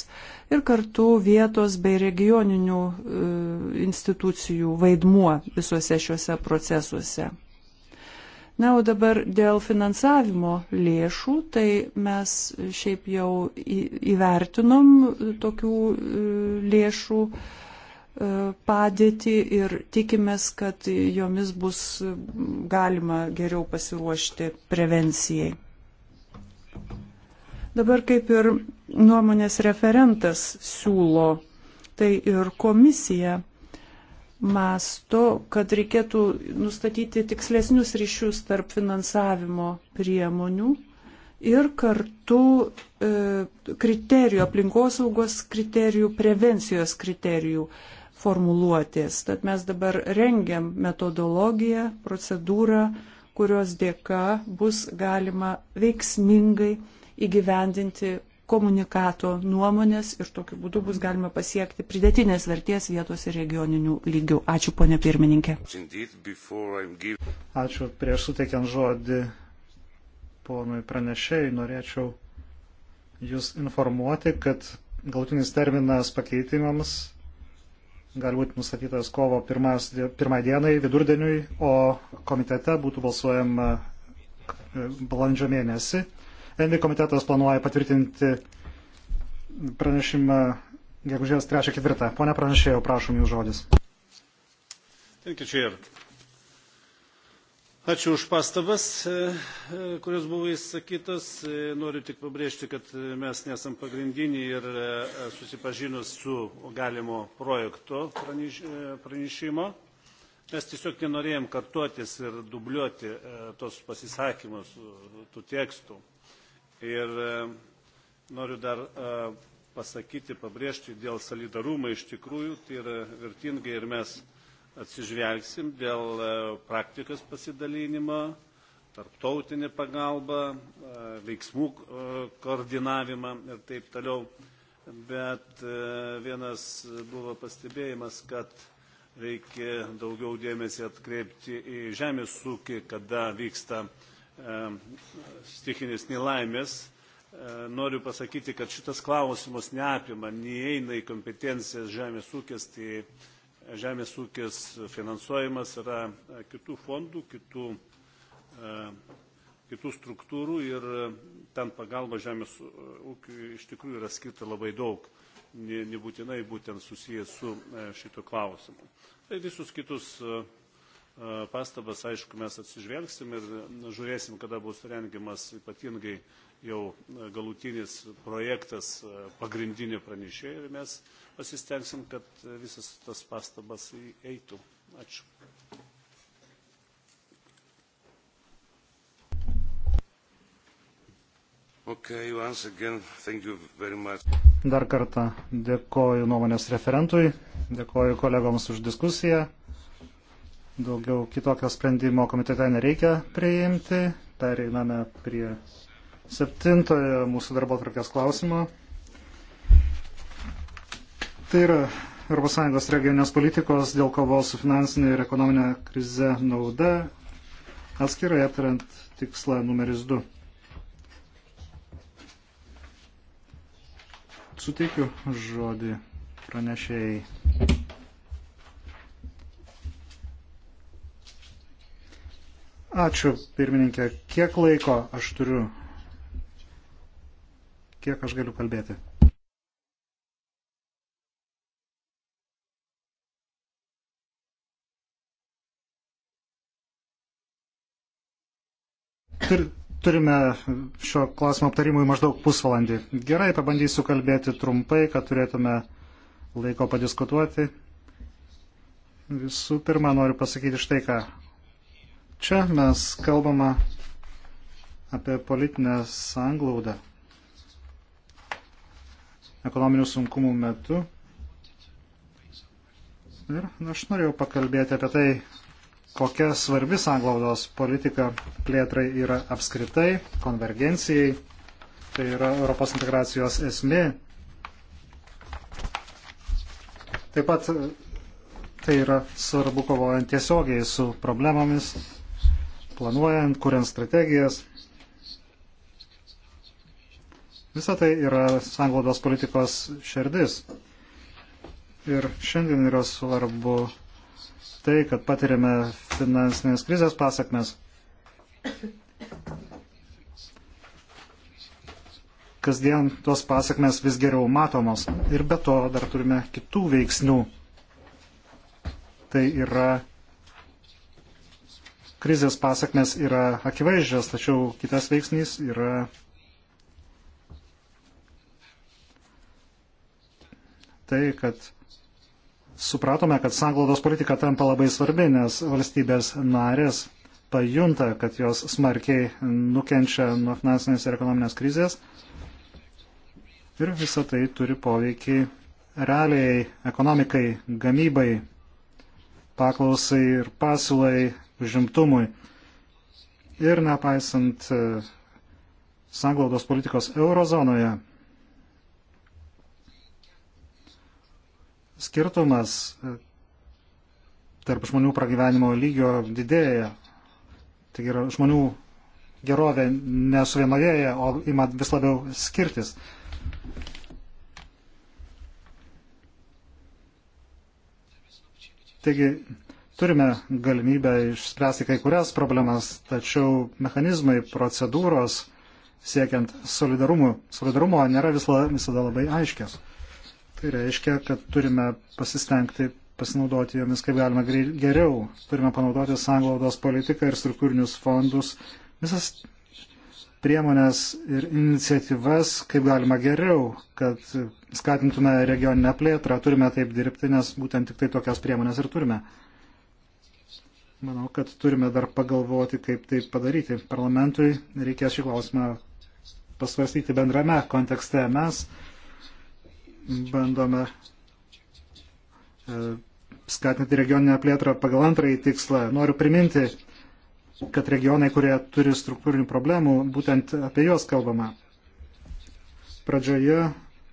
ir kartu vietos bei regioninių e, institucijų vaidmuo visuose šiuose procesuose. Na, o dabar dėl finansavimo lėšų, tai mes šiaip jau įvertinom tokių e, lėšų e, padėtį ir tikimės, kad jomis bus galima geriau pasiruošti prevencijai. Dabar kaip ir nuomonės referentas siūlo, tai ir komisija masto, kad reikėtų nustatyti tikslesnius ryšius tarp finansavimo priemonių ir kartu e, kriterijų, aplinkosaugos kriterijų, prevencijos kriterijų formuluotės. Tad mes dabar rengiam metodologiją, procedūrą, kurios dėka bus galima veiksmingai įgyvendinti komunikato nuomonės ir tokiu būdu bus galima pasiekti pridėtinės vertės vietos ir regioninių lygių. Ačiū, ponė pirmininkė. Ačiū. Prieš suteikiant žodį ponui pranešėjai, norėčiau Jūs informuoti, kad galutinis terminas pakeitimams gali būti nustatytas kovo pirmas, pirmą dienai, vidurdieniui, o komitete būtų balsuojama e, balandžio mėnesį. Envi komitetas planuoja patvirtinti pranešimą gegužės 3-4. Pone pranešėjau, prašom jūs žodis. Ačiū už pastabas, e, e, kurios buvo įsakytas. E, noriu tik pabrėžti, kad mes nesam pagrindiniai ir susipažinus su galimo projekto pranešimo. Mes tiesiog nenorėjom kartuotis ir dubliuoti tos pasisakymus, tų tekstų. Ir e, noriu dar e, pasakyti, pabrėžti dėl solidarumo iš tikrųjų, tai yra vertingai ir mes atsižvelgsim dėl e, praktikos pasidalinimo, tarptautinį pagalbą, veiksmų koordinavimą ir taip toliau. Bet vienas buvo pastebėjimas, kad reikia daugiau dėmesį atkreipti į žemės ūkį, kada vyksta stikinės nelaimės. E, noriu pasakyti, kad šitas klausimas neapima, neįeina į kompetencijas žemės ūkės, tai e, žemės ūkės finansuojimas yra e, kitų fondų, kitų, kitų struktūrų ir ten pagalba žemės ūkiui iš tikrųjų yra skirta labai daug, nebūtinai būtent susijęs su šito klausimu. Tai visus kitus pastabas, aišku, mes atsižvelgsim ir žiūrėsim, kada bus rengiamas ypatingai jau galutinis projektas pagrindinio pranešėjo ir mes pasistengsim, kad visas tas pastabas eitų. Ačiū. Okay, again, Dar kartą dėkoju nuomonės referentui, dėkoju kolegoms už diskusiją. Daugiau kitokio sprendimo komitete nereikia priimti. Pereiname prie septintojo mūsų darbo tvarkės klausimo. Tai yra ES regioninės politikos dėl kovos su finansinė ir ekonominė krize nauda, atskirai atrant tikslą numeris 2. Suteikiu žodį pranešėjai. Ačiū, pirmininkė. Kiek laiko aš turiu? Kiek aš galiu kalbėti? Tur, turime šio klausimo aptarimui maždaug pusvalandį. Gerai, pabandysiu kalbėti trumpai, kad turėtume laiko padiskutuoti. Visų pirma, noriu pasakyti štai ką. Čia mes kalbame apie politinę sanglaudą ekonominių sunkumų metu. Ir aš norėjau pakalbėti apie tai, kokia svarbi sanglaudos politika plėtrai yra apskritai, konvergencijai. Tai yra Europos integracijos esmė. Taip pat tai yra svarbu kovojant tiesiogiai su problemomis planuojant, kuriant strategijas. Visa tai yra sanglaudos politikos šerdis. Ir šiandien yra svarbu tai, kad patiriame finansinės krizės pasakmes. Kasdien tos pasakmes vis geriau matomos. Ir be to dar turime kitų veiksnių. Tai yra krizės pasakmes yra akivaizdžios, tačiau kitas veiksnys yra tai, kad supratome, kad sanglaudos politika tampa labai svarbi, nes valstybės narės pajunta, kad jos smarkiai nukenčia nuo finansinės ir ekonominės krizės. Ir visa tai turi poveikį realiai ekonomikai, gamybai, paklausai ir pasiūlai žimtumui. Ir nepaisant e, sanglaudos politikos eurozonoje, skirtumas e, tarp žmonių pragyvenimo lygio didėja. Taigi yra žmonių gerovė nesuvienodėja, o ima vis labiau skirtis. Taigi turime galimybę išspręsti kai kurias problemas, tačiau mechanizmai, procedūros siekiant solidarumo, solidarumo nėra visla, visada labai aiškios. Tai reiškia, kad turime pasistengti pasinaudoti jomis kaip galima geriau. Turime panaudoti sanglaudos politiką ir struktūrinius fondus, visas priemonės ir iniciatyvas kaip galima geriau, kad skatintume regioninę plėtrą. Turime taip dirbti, nes būtent tik tai tokias priemonės ir turime. Manau, kad turime dar pagalvoti, kaip tai padaryti. Parlamentui reikės šį klausimą pasvarstyti bendrame kontekste. Mes bandome e, skatinti regioninę plėtrą pagal antrąjį tikslą. Noriu priminti, kad regionai, kurie turi struktūrinių problemų, būtent apie juos kalbama. Pradžioje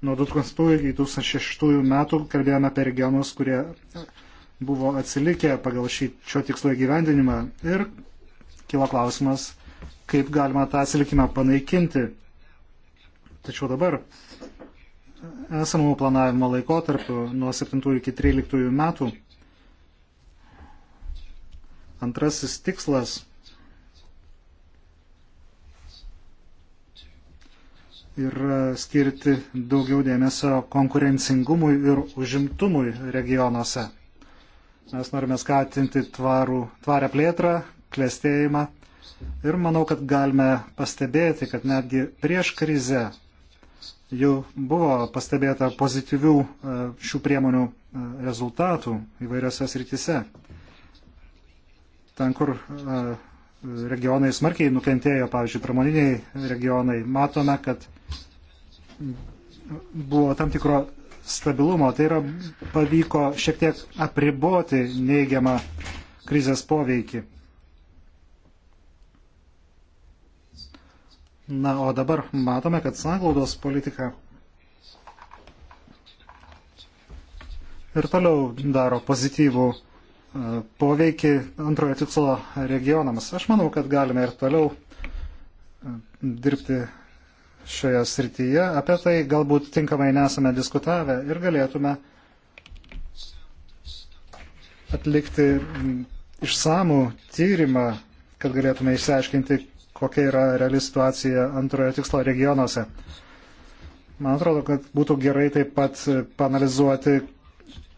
nuo 2006 metų kalbėjome apie regionus, kurie buvo atsilikę pagal šį, šio tikslo įgyvendinimą ir kilo klausimas, kaip galima tą atsilikimą panaikinti. Tačiau dabar esamų planavimo laikotarpiu nuo 7 iki 13 metų antrasis tikslas yra skirti daugiau dėmesio konkurencingumui ir užimtumui regionuose. Mes norime skatinti tvarų, tvarę plėtrą, klėstėjimą. Ir manau, kad galime pastebėti, kad netgi prieš krizę jau buvo pastebėta pozityvių e, šių priemonių e, rezultatų įvairiose srityse. Ten, kur e, regionai smarkiai nukentėjo, pavyzdžiui, pramoniniai regionai, matome, kad buvo tam tikro stabilumo. Tai yra pavyko šiek tiek apriboti neigiamą krizės poveikį. Na, o dabar matome, kad sanglaudos politika ir toliau daro pozityvų e, poveikį antrojo tikslo regionams. Aš manau, kad galime ir toliau e, dirbti šioje srityje. Apie tai galbūt tinkamai nesame diskutavę ir galėtume atlikti išsamų tyrimą, kad galėtume išsiaiškinti, kokia yra reali situacija antrojo tikslo regionuose. Man atrodo, kad būtų gerai taip pat panalizuoti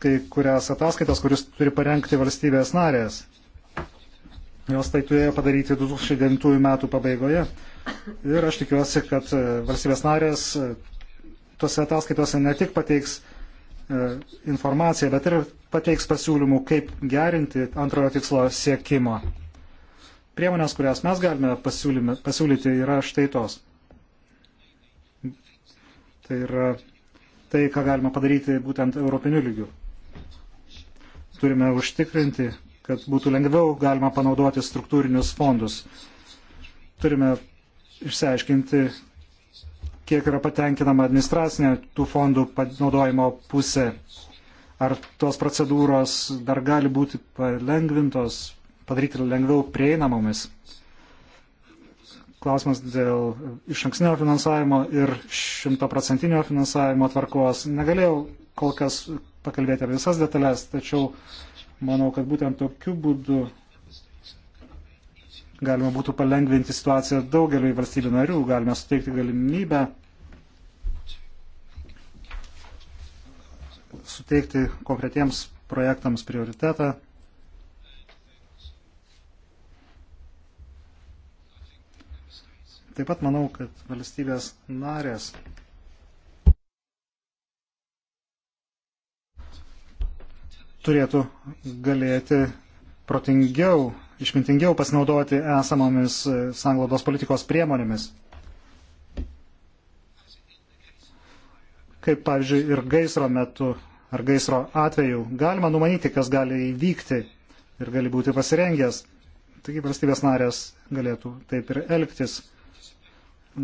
kai kurias ataskaitas, kuris turi parengti valstybės narės. Jos tai turėjo padaryti 2009 metų pabaigoje. Ir aš tikiuosi, kad e, valstybės narės e, tuose ataskaitose ne tik pateiks e, informaciją, bet ir pateiks pasiūlymų, kaip gerinti antrojo tikslo siekimą. Priemonės, kurias mes galime pasiūlyti, yra štai tos. Tai yra tai, ką galima padaryti būtent europiniu lygiu. Turime užtikrinti, kad būtų lengviau galima panaudoti struktūrinius fondus. Turime išsiaiškinti, kiek yra patenkinama administracinė tų fondų panaudojimo pusė. Ar tos procedūros dar gali būti palengvintos, padaryti lengviau prieinamomis. Klausimas dėl iš ankstinio finansavimo ir šimtaprocentinio finansavimo tvarkos. Negalėjau kol kas pakalbėti apie visas detalės, tačiau manau, kad būtent tokiu būdu galima būtų palengvinti situaciją daugeliu valstybių narių, galime suteikti galimybę suteikti konkretiems projektams prioritetą. Taip pat manau, kad valstybės narės turėtų galėti protingiau išmintingiau pasinaudoti esamomis e, sanglaudos politikos priemonėmis. Kaip pavyzdžiui ir gaisro metu ar gaisro atveju galima numanyti, kas gali įvykti ir gali būti pasirengęs. Taigi valstybės narės galėtų taip ir elgtis,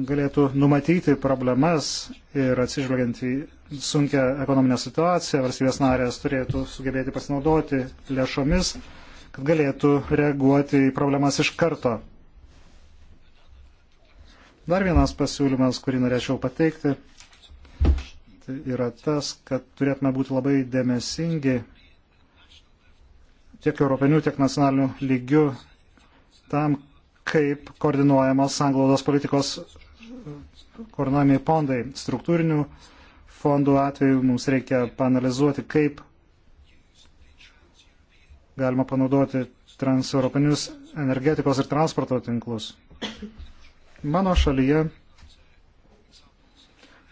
galėtų numatyti problemas ir atsižvelgiant į sunkę ekonominę situaciją, valstybės narės turėtų sugebėti pasinaudoti lėšomis kad galėtų reaguoti į problemas iš karto. Dar vienas pasiūlymas, kurį norėčiau pateikti, tai yra tas, kad turėtume būti labai dėmesingi tiek europinių, tiek nacionalinių lygių tam, kaip koordinuojamos sanglaudos politikos e, koordinavimai fondai. Struktūrinių fondų atveju mums reikia panalizuoti, kaip galima panaudoti transeuropinius energetikos ir transporto tinklus. Mano šalyje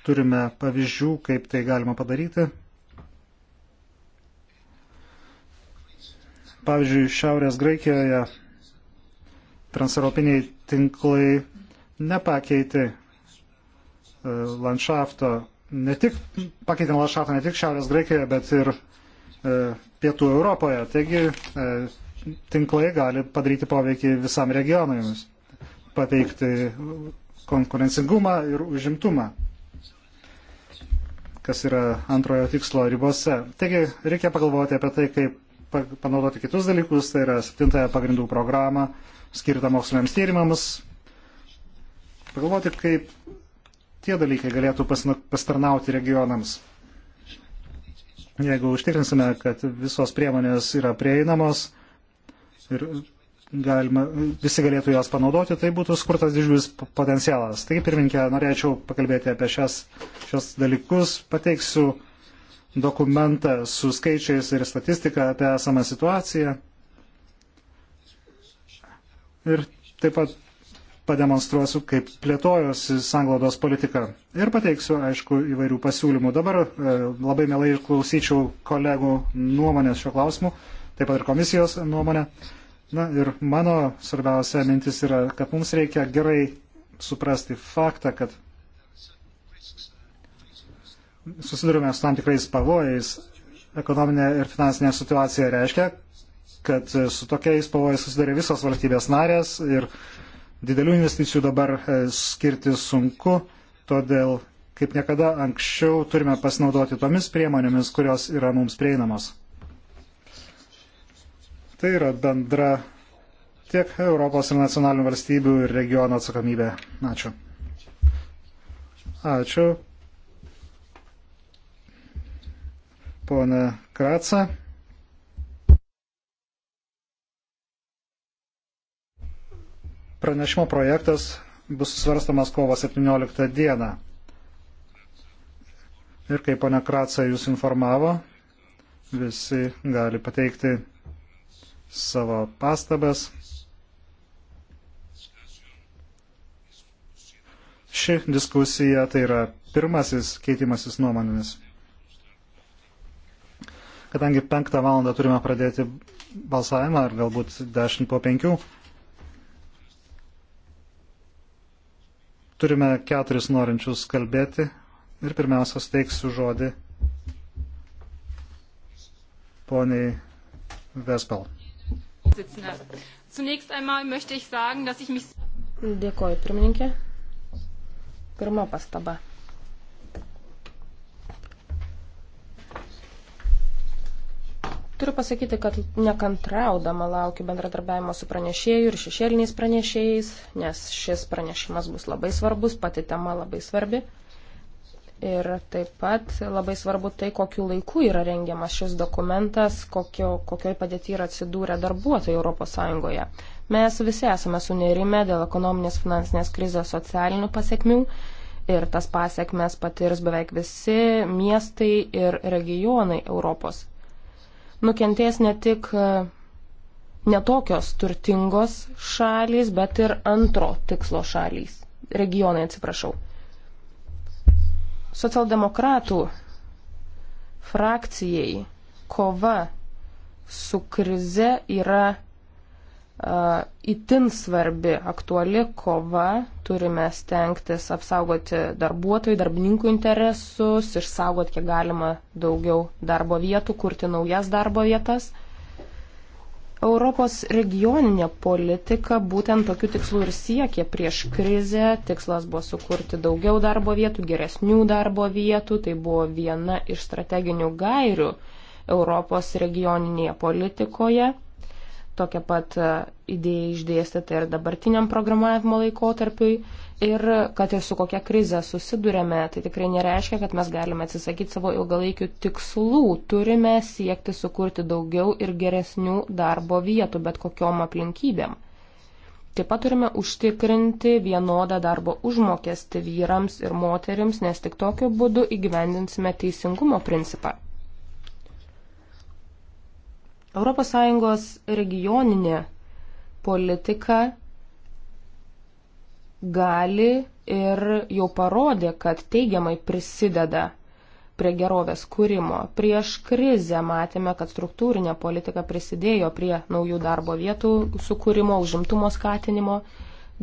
turime pavyzdžių, kaip tai galima padaryti. Pavyzdžiui, Šiaurės Graikijoje transeuropiniai tinklai nepakeitė e, landšafto, ne tik pakeitė landšaftą ne tik Šiaurės Graikijoje, bet ir E, pietų Europoje. Taigi e, tinklai gali padaryti poveikį visam regionui, paveikti konkurencingumą ir užimtumą, kas yra antrojo tikslo ribose. Taigi reikia pagalvoti apie tai, kaip panaudoti kitus dalykus, tai yra septintąją pagrindų programą skirtą moksliniams tyrimams. Pagalvoti, kaip tie dalykai galėtų pasitarnauti regionams. Jeigu užtikrinsime, kad visos priemonės yra prieinamos ir galima, visi galėtų jas panaudoti, tai būtų skurtas didžiulis potencialas. Taigi, pirminkė, norėčiau pakalbėti apie šias, šias dalykus. Pateiksiu dokumentą su skaičiais ir statistika apie esamą situaciją. Ir taip pat pademonstruosiu, kaip plėtojosi sanglaudos politika. Ir pateiksiu, aišku, įvairių pasiūlymų. Dabar e, labai mielai klausyčiau kolegų nuomonės šio klausimu, taip pat ir komisijos nuomonę. Na ir mano svarbiausia mintis yra, kad mums reikia gerai suprasti faktą, kad susidurime su tam tikrais pavojais. Ekonominė ir finansinė situacija reiškia, kad su tokiais pavojais susidarė visos valstybės narės ir uh, Didelių investicijų dabar e, skirti sunku, todėl kaip niekada anksčiau turime pasinaudoti tomis priemonėmis, kurios yra mums prieinamos. Tai yra bendra tiek Europos ir nacionalinių valstybių ir regiono atsakomybė. Ačiū. Ačiū. Pone Kratsa. Pranešimo projektas bus svarstamas kovo 17 dieną. Ir kaip ponia Kratsa jūs informavo, visi gali pateikti savo pastabas. Ši diskusija tai yra pirmasis keitimasis nuomonėmis. Kadangi penktą valandą turime pradėti balsavimą, ar galbūt dešimt po penkių, Turime keturis norinčius kalbėti ir pirmiausia steiksiu žodį poniai Vespel. Dėkoju, pirmininkė. Pirma pastaba. Turiu pasakyti, kad nekantraudama laukiu bendradarbiavimo su pranešėju ir šešėliniais pranešėjais, nes šis pranešimas bus labai svarbus, pati tema labai svarbi. Ir taip pat labai svarbu tai, kokiu laiku yra rengiamas šis dokumentas, kokio, kokioj padėtyje yra atsidūrę darbuotojai ES. Mes visi esame sunerime dėl ekonominės finansinės krizės socialinių pasiekmių ir tas pasiekmes patirs beveik visi miestai ir regionai Europos nukentės ne tik e, netokios turtingos šalys, bet ir antro tikslo šalys. Regionai, atsiprašau. Socialdemokratų frakcijai kova su krize yra itin svarbi, aktuali kova. Turime stengtis apsaugoti darbuotojų, darbininkų interesus, išsaugoti kiek galima daugiau darbo vietų, kurti naujas darbo vietas. Europos regioninė politika būtent tokių tikslų ir siekė prieš krizę. Tikslas buvo sukurti daugiau darbo vietų, geresnių darbo vietų. Tai buvo viena iš strateginių gairių Europos regioninėje politikoje tokią pat e, idėją išdėstyti ir dabartiniam programavimo laikotarpiui. Ir kad ir su kokia krize susidurėme, tai tikrai nereiškia, kad mes galime atsisakyti savo ilgalaikių tikslų. Turime siekti sukurti daugiau ir geresnių darbo vietų, bet kokiom aplinkybėm. Taip pat turime užtikrinti vienodą darbo užmokestį vyrams ir moterims, nes tik tokiu būdu įgyvendinsime teisingumo principą. ES regioninė politika gali ir jau parodė, kad teigiamai prisideda prie gerovės kūrimo. Prieš krizę matėme, kad struktūrinė politika prisidėjo prie naujų darbo vietų sukūrimo, užimtumo skatinimo.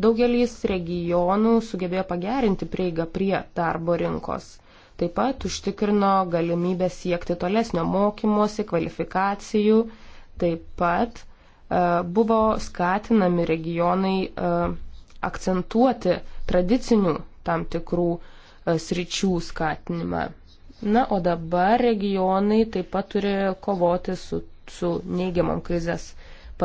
Daugelis regionų sugebėjo pagerinti prieigą prie darbo rinkos. Taip pat užtikrino galimybę siekti tolesnio mokymosi, kvalifikacijų. Taip pat e, buvo skatinami regionai e, akcentuoti tradicinių tam tikrų e, sričių skatinimą. Na, o dabar regionai taip pat turi kovoti su, su neigiamam krizės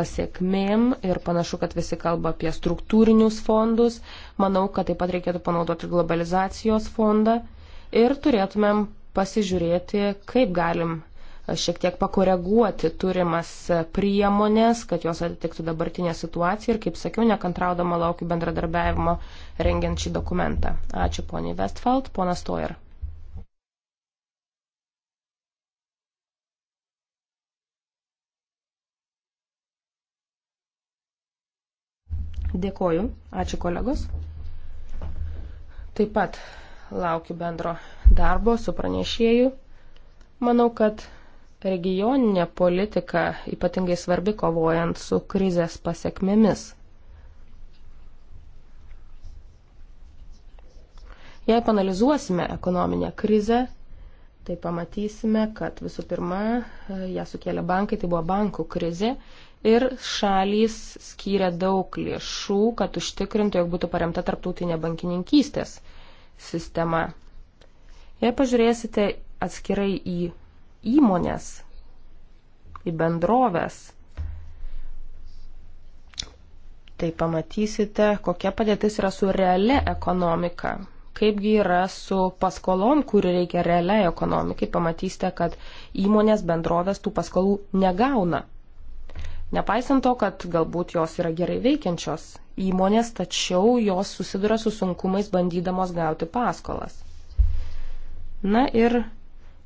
pasiekmėm ir panašu, kad visi kalba apie struktūrinius fondus. Manau, kad taip pat reikėtų panaudoti globalizacijos fondą. Uh, ir turėtumėm pasižiūrėti, kaip galim e, šiek tiek pakoreguoti turimas e, priemonės, kad jos atitiktų dabartinę situaciją ir, kaip sakiau, nekantraudama laukiu bendradarbiavimo rengiant šį dokumentą. Ačiū poniai Westfeld, ponas Toyer. Dėkoju. Ačiū kolegos. Taip pat laukiu bendro darbo su pranešėju. Manau, kad regioninė politika ypatingai svarbi kovojant su krizės pasiekmėmis. Jei panalizuosime ekonominę krizę, tai pamatysime, kad visų pirma, ją sukėlė bankai, tai buvo bankų krizė ir šalys skyrė daug lėšų, kad užtikrintų, jog būtų paremta tarptautinė bankininkystės sistema. Jei pažiūrėsite atskirai į įmonės, į bendrovės, tai pamatysite, kokia padėtis yra su realia ekonomika, kaipgi yra su paskolom, kuri reikia realiai ekonomikai, pamatysite, kad įmonės bendrovės tų paskolų negauna. Nepaisant to, kad galbūt jos yra gerai veikiančios įmonės, tačiau jos susiduria su sunkumais bandydamos gauti paskolas. Na ir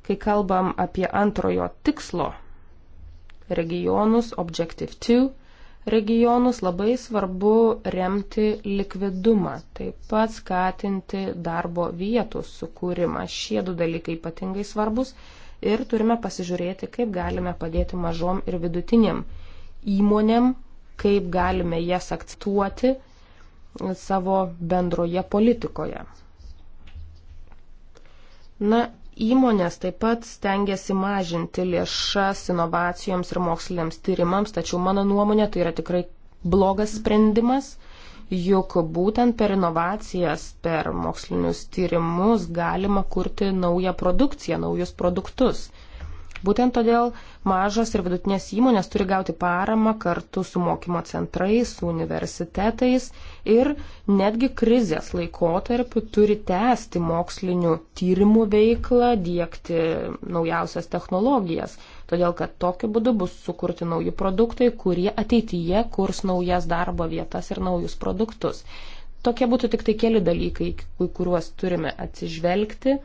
kai kalbam apie antrojo tikslo regionus, Objective 2 regionus, labai svarbu remti likvidumą, taip pat skatinti darbo vietų sukūrimą. Šie du dalykai ypatingai svarbus ir turime pasižiūrėti, kaip galime padėti mažom ir vidutiniam įmonėm kaip galime jas akcentuoti savo bendroje politikoje. Na, Įmonės taip pat stengiasi mažinti lėšas inovacijoms ir moksliniams tyrimams, tačiau mano nuomonė tai yra tikrai blogas sprendimas, juk būtent per inovacijas, per mokslinius tyrimus galima kurti naują produkciją, naujus produktus. Būtent todėl mažos ir vidutinės įmonės turi gauti paramą kartu su mokymo centrais, su universitetais ir netgi krizės laikotarpiu turi tęsti mokslinių tyrimų veiklą, dėkti naujausias technologijas, todėl kad tokiu būdu bus sukurti nauji produktai, kurie ateityje kurs naujas darbo vietas ir naujus produktus. Tokie būtų tik tai keli dalykai, į kuriuos turime atsižvelgti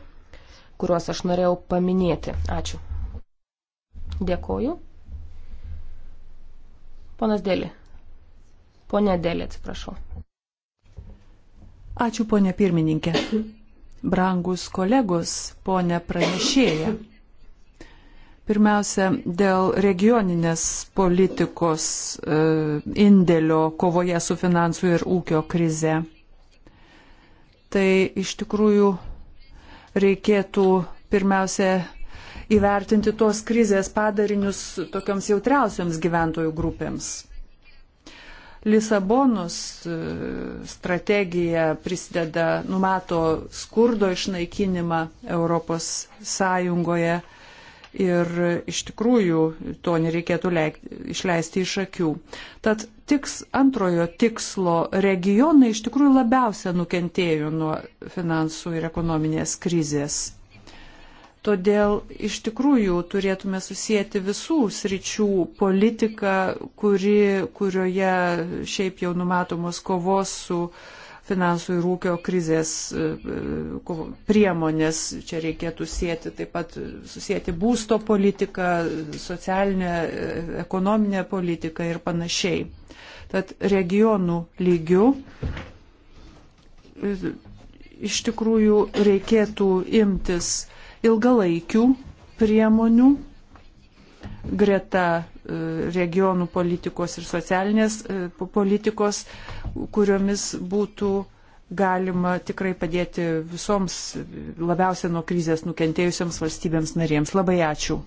kuriuos aš norėjau paminėti. Ačiū. Dėkoju. Ponas Dėlį. Pone Dėlį, atsiprašau. Ačiū, ponė pirmininkė. Brangus kolegos, ponė pranešėja. Pirmiausia, dėl regioninės politikos e, indėlio kovoje su finansų ir ūkio krize. Tai iš tikrųjų reikėtų pirmiausia įvertinti tos krizės padarinius tokioms jautriausiams gyventojų grupėms. Lisabonos e, strategija prisideda, numato skurdo išnaikinimą Europos Sąjungoje ir iš tikrųjų to nereikėtų leik, išleisti iš akių. Tad tiks, antrojo tikslo regionai iš tikrųjų labiausia nukentėjo nuo finansų ir ekonominės krizės. Todėl iš tikrųjų turėtume susijęti visų sričių politiką, kuri, kurioje šiaip jau numatomos kovos su finansų ir ūkio krizės e, priemonės. Čia reikėtų sėti taip pat susijęti būsto politiką, socialinę, e, ekonominę politiką ir panašiai. Tad regionų lygių e, iš tikrųjų reikėtų imtis ilgalaikių priemonių greta e, regionų politikos ir socialinės e, politikos, kuriomis būtų galima tikrai padėti visoms labiausiai nuo krizės nukentėjusiams valstybėms narėms. Labai ačiū.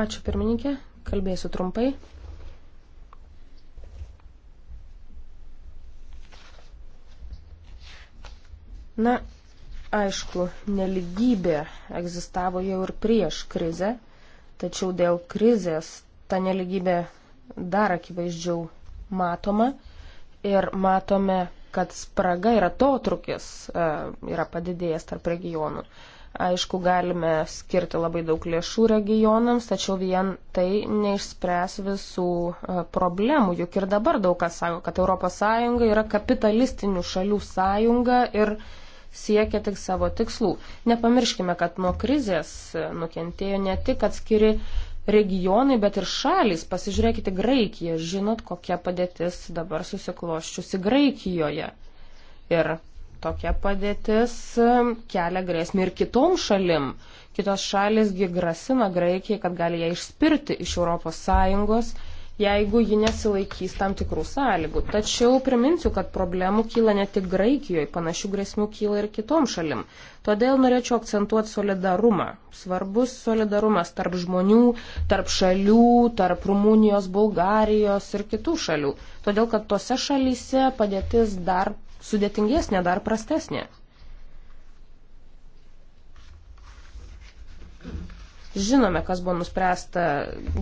Ačiū pirmininkė, kalbėsiu trumpai. Na, aišku, neligybė egzistavo jau ir prieš krizę, tačiau dėl krizės ta neligybė dar akivaizdžiau matoma ir matome, kad spraga ir atotrukis e, yra padidėjęs tarp regionų. Aišku, galime skirti labai daug lėšų regionams, tačiau vien tai neišspręs visų e, problemų. Juk ir dabar daug kas sako, kad ES yra kapitalistinių šalių sąjunga ir uh, siekia tik savo tikslų. Nepamirškime, kad nuo krizės e, nukentėjo ne tik atskiri regionai, bet ir šalis. Pasižiūrėkite Graikiją. Žinot, kokia padėtis dabar susikloščiusi Graikijoje. Ir tokia padėtis e, kelia grėsmį ir kitom šalim. Kitos šalisgi grasina Graikijai, kad gali ją išspirti iš ES jeigu ji nesilaikys tam tikrų sąlygų. Tačiau priminsiu, kad problemų kyla ne tik Graikijoje, panašių grėsmių kyla ir kitom šalim. Todėl norėčiau akcentuoti solidarumą. Svarbus solidarumas tarp žmonių, tarp šalių, tarp Rumunijos, Bulgarijos ir kitų šalių. Todėl, kad tose šalyse padėtis dar sudėtingesnė, dar prastesnė. Žinome, kas buvo nuspręsta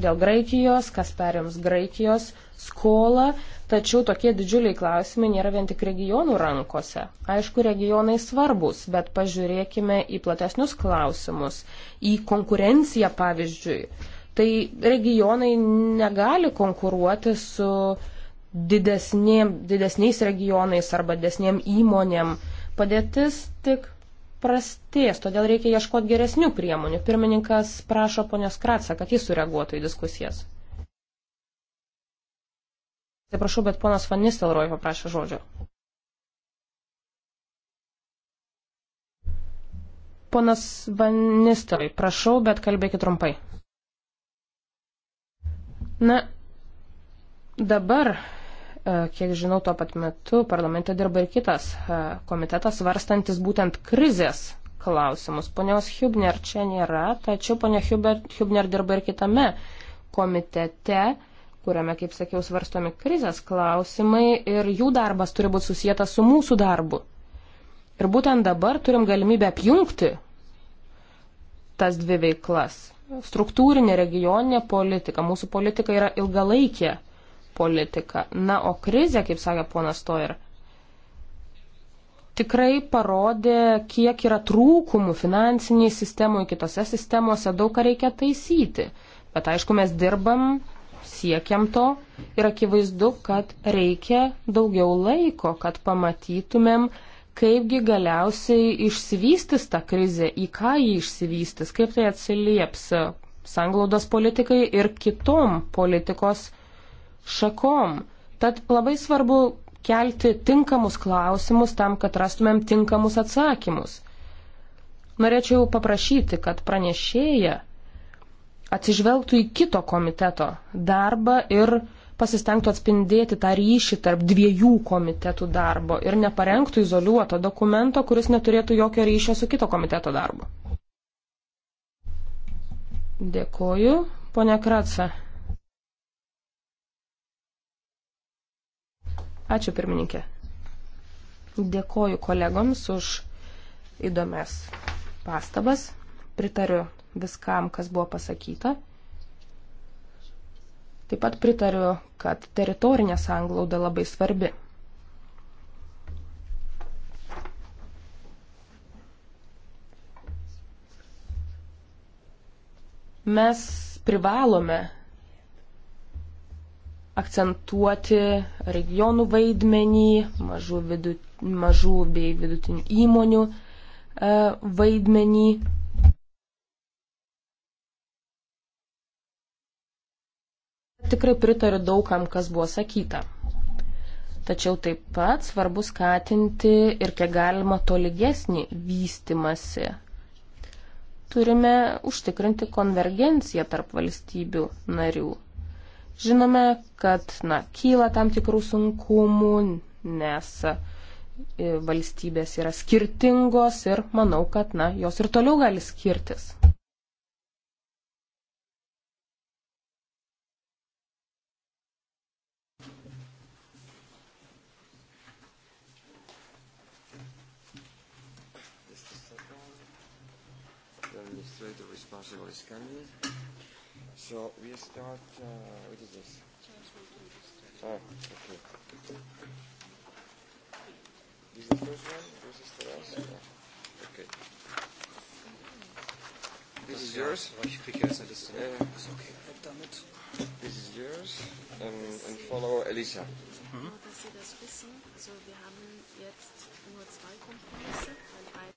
dėl Graikijos, kas perims Graikijos skolą, tačiau tokie didžiuliai klausimai nėra vien tik regionų rankose. Aišku, regionai svarbus, bet pažiūrėkime į platesnius klausimus, į konkurenciją pavyzdžiui. Tai regionai negali konkuruoti su didesnėm, didesniais regionais arba didesnėm įmonėm. Padėtis tik prastės, todėl reikia ieškoti geresnių priemonių. Pirmininkas prašo ponios Kratsa, kad jis sureaguotų į diskusijas. Atsiprašau, bet ponas Van Nistelrooy paprašė žodžio. Ponas Van Nistelrooy, prašau, bet kalbėkit trumpai. Na, dabar E, kiek žinau, tuo pat metu parlamente dirba ir kitas e, komitetas, varstantis būtent krizės klausimus. Ponios Hubner čia nėra, tačiau ponia Hubner dirba ir kitame komitete, kuriame, kaip sakiau, svarstomi krizės klausimai ir jų darbas turi būti susijęta su mūsų darbu. Ir būtent dabar turim galimybę apjungti tas dvi veiklas. Struktūrinė regioninė politika, mūsų politika yra ilgalaikė politiką. Na, o krizė, kaip sakė ponas Toir, tikrai parodė, kiek yra trūkumų finansiniai sistemoje, kitose sistemose, daug ką reikia taisyti. Bet aišku, mes dirbam, siekiam to ir akivaizdu, kad reikia daugiau laiko, kad pamatytumėm, kaipgi galiausiai išsivystys ta krizė, į ką ji išsivystys, kaip tai atsilieps sanglaudos politikai ir kitom politikos politikos šakom. Tad labai svarbu kelti tinkamus klausimus tam, kad rastumėm tinkamus atsakymus. Norėčiau paprašyti, kad pranešėja atsižvelgtų į kito komiteto darbą ir pasistengtų atspindėti tą ryšį tarp dviejų komitetų darbo ir neparengtų izoliuoto dokumento, kuris neturėtų jokio ryšio su kito komiteto darbu. Dėkoju, ponia Kratsa. Ačiū pirmininkė. Dėkoju kolegoms už įdomias pastabas. Pritariu viskam, kas buvo pasakyta. Taip pat pritariu, kad teritorinė sanglauda labai svarbi. Mes privalome akcentuoti regionų vaidmenį, mažų, vidu, mažų bei vidutinių įmonių e, vaidmenį. Tikrai pritariu daugam, kas buvo sakyta. Tačiau taip pat svarbu skatinti ir kiek galima tolygesnį vystimasi. Turime užtikrinti konvergenciją tarp valstybių narių Žinome, kad na, kyla tam tikrų sunkumų, nes e, valstybės yra skirtingos ir manau, kad na, jos ir toliau gali skirtis. Administrator responsible is candidate. So we start. Uh, what is this? Ah, okay. This is the first one. This is the last. Yeah. Okay. This is yours. Ich kriege jetzt eine Liste. Uh, ist okay. Bleib damit. This is yours. And, and follow Elisa. Mhm. Nur, dass Sie das wissen. Also wir haben jetzt nur zwei Kompromisse, weil ein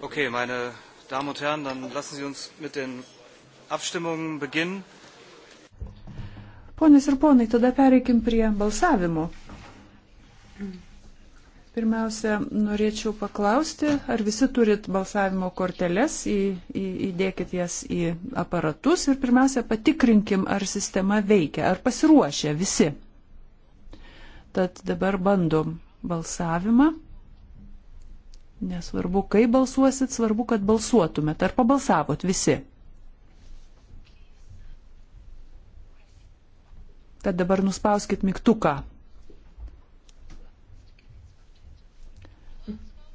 Okay, meine Damen und Herren, dann lassen Sie uns mit den Abstimmungen beginnen. Ponios ir ponai, tada pereikim prie balsavimo. Pirmiausia, norėčiau paklausti, ar visi turit balsavimo korteles, į, į, įdėkit jas į aparatus ir pirmiausia, patikrinkim, ar sistema veikia, ar pasiruošę visi. Tad dabar bandom balsavimą. Nesvarbu, kaip balsuosit, svarbu, kad balsuotumėt. Ar pabalsavot visi? Tad dabar nuspauskit mygtuką.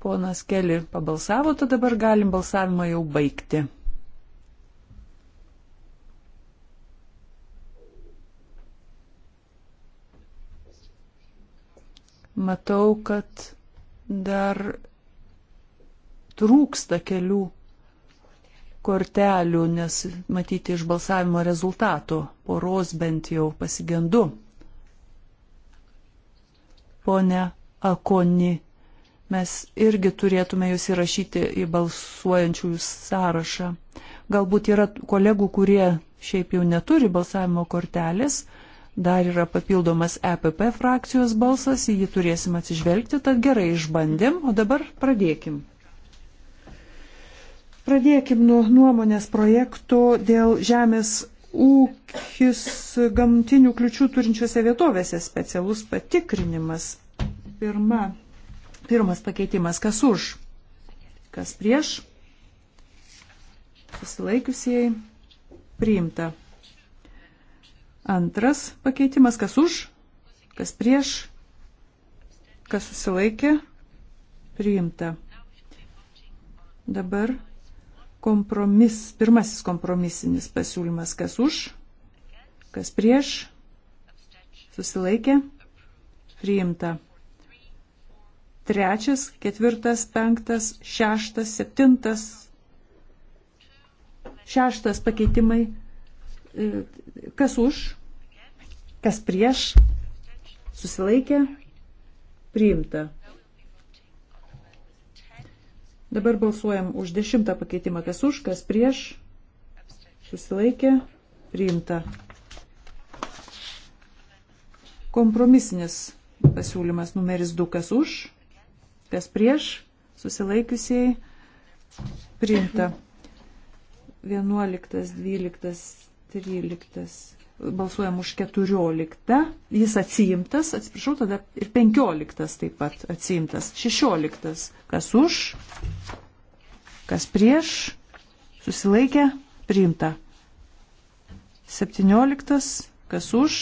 Ponas Keli pabalsavo, tad dabar galim balsavimą jau baigti. Matau, kad dar trūksta kelių kortelių, nes matyti iš balsavimo rezultato poros bent jau pasigendu. Pone Akoni, mes irgi turėtume jūs įrašyti į balsuojančiųjų sąrašą. Galbūt yra kolegų, kurie šiaip jau neturi balsavimo kortelės, dar yra papildomas EPP frakcijos balsas, į jį turėsim atsižvelgti, tad gerai išbandėm, o dabar pradėkim. Pradėkim nuo nuomonės projektų dėl žemės ūkis gamtinių kliučių turinčiose vietovėse specialus patikrinimas. Pirma, pirmas pakeitimas, kas už, kas prieš, susilaikiusieji, priimta. Antras pakeitimas, kas už, kas prieš, kas susilaikė, priimta. Dabar Kompromis, pirmasis kompromisinis pasiūlymas, kas už, kas prieš, susilaikė, priimta. Trečias, ketvirtas, penktas, šeštas, septintas, šeštas pakeitimai, e, kas už, kas prieš, susilaikė, priimta. Dabar balsuojam už dešimtą pakeitimą. Kas už, kas prieš, susilaikė, priimta. Kompromisinis pasiūlymas numeris 2, kas už, kas prieš, susilaikiusiai, priimta. 11, 12, 13 balsuojam už 14, jis atsiimtas, atsiprašau, tada ir 15 taip pat atsiimtas, 16, kas už, kas prieš, susilaikė, priimta. 17, kas už,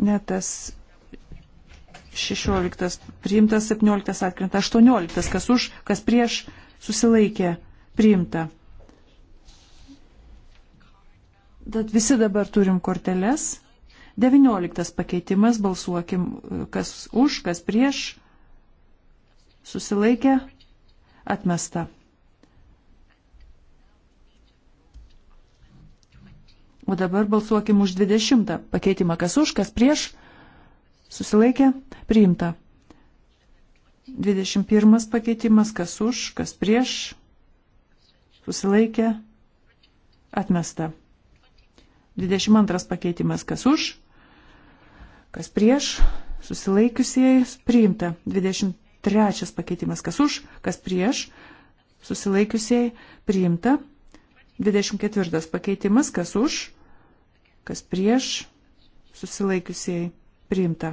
netas 16, priimtas 17, atkrenta 18, kas už, kas prieš, susilaikė, priimta. Tad visi dabar turim korteles. 19 pakeitimas, balsuokim, kas už, kas prieš. Susilaikė, atmesta. O dabar balsuokim už 20 pakeitimą, kas už, kas prieš. Susilaikė, priimta. 21 pakeitimas, kas už, kas prieš. Susilaikė, atmesta. 22 pakeitimas kas už, kas prieš, susilaikiusieji priimta. 23 pakeitimas kas už, kas prieš, susilaikiusieji priimta. 24 pakeitimas kas už, kas prieš, susilaikiusieji priimta.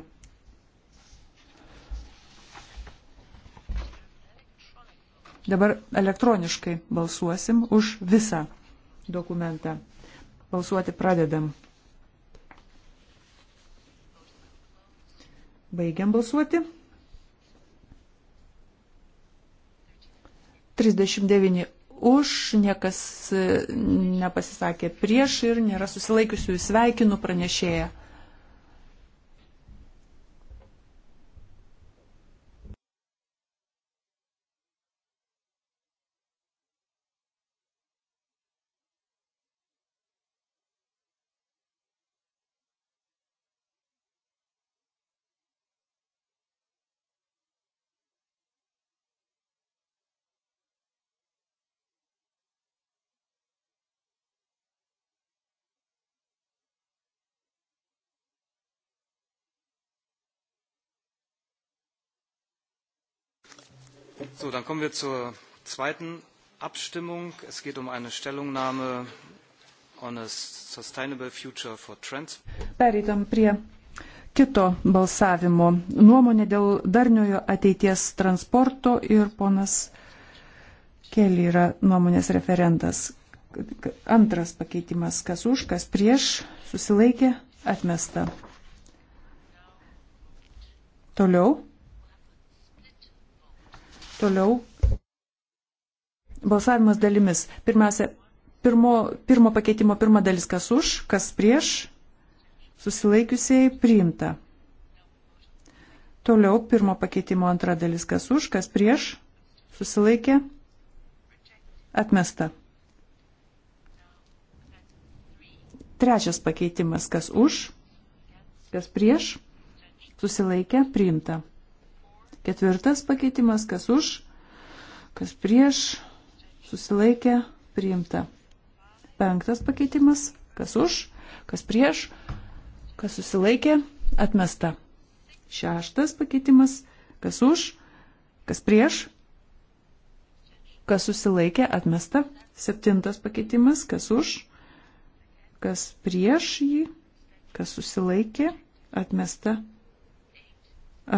Dabar elektroniškai balsuosim už visą dokumentą. Balsuoti pradedam. Baigiam balsuoti. 39 už, niekas e, nepasisakė prieš ir nėra susilaikiusių, sveikinu pranešėją. So, dann kommen wir zur zweiten Abstimmung. Es geht um eine Stellungnahme on a sustainable future for trans. Pereitam prie kito balsavimo. Nuomonė dėl darniojo ateities transporto ir ponas Keli yra nuomonės referentas. Antras pakeitimas, kas už, kas prieš, susilaikė, atmesta. Toliau. Toliau. Balsavimas dalimis. Pirmiausia, pirmo, pirmo pakeitimo pirma dalis kas už, kas prieš, susilaikiusiai priimta. Toliau pirmo pakeitimo antra dalis kas už, kas prieš, susilaikė, atmesta. Trečias pakeitimas kas už, kas prieš, susilaikė, priimta. Ketvirtas pakeitimas, kas už, kas prieš, susilaikė, priimta. Penktas pakeitimas, kas už, kas prieš, kas susilaikė, atmesta. Šeštas pakeitimas, kas už, kas prieš, kas susilaikė, atmesta. Septintas pakeitimas, kas už, kas prieš jį, kas susilaikė, atmesta.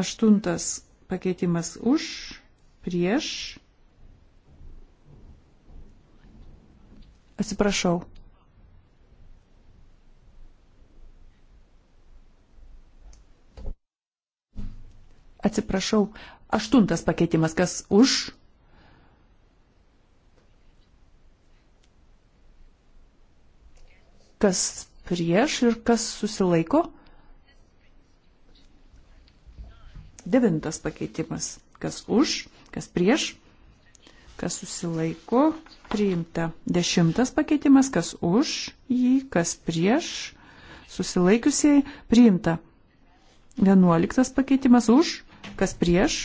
Aštuntas, pakeitimas už, prieš. Atsiprašau. Atsiprašau. Aštuntas pakeitimas, kas už, kas prieš ir kas susilaiko. Devintas pakeitimas. Kas už, kas prieš, kas susilaiko, priimta. Dešimtas pakeitimas. Kas už jį, kas prieš, susilaikiusiai, priimta. Vienuoliktas pakeitimas už, kas prieš,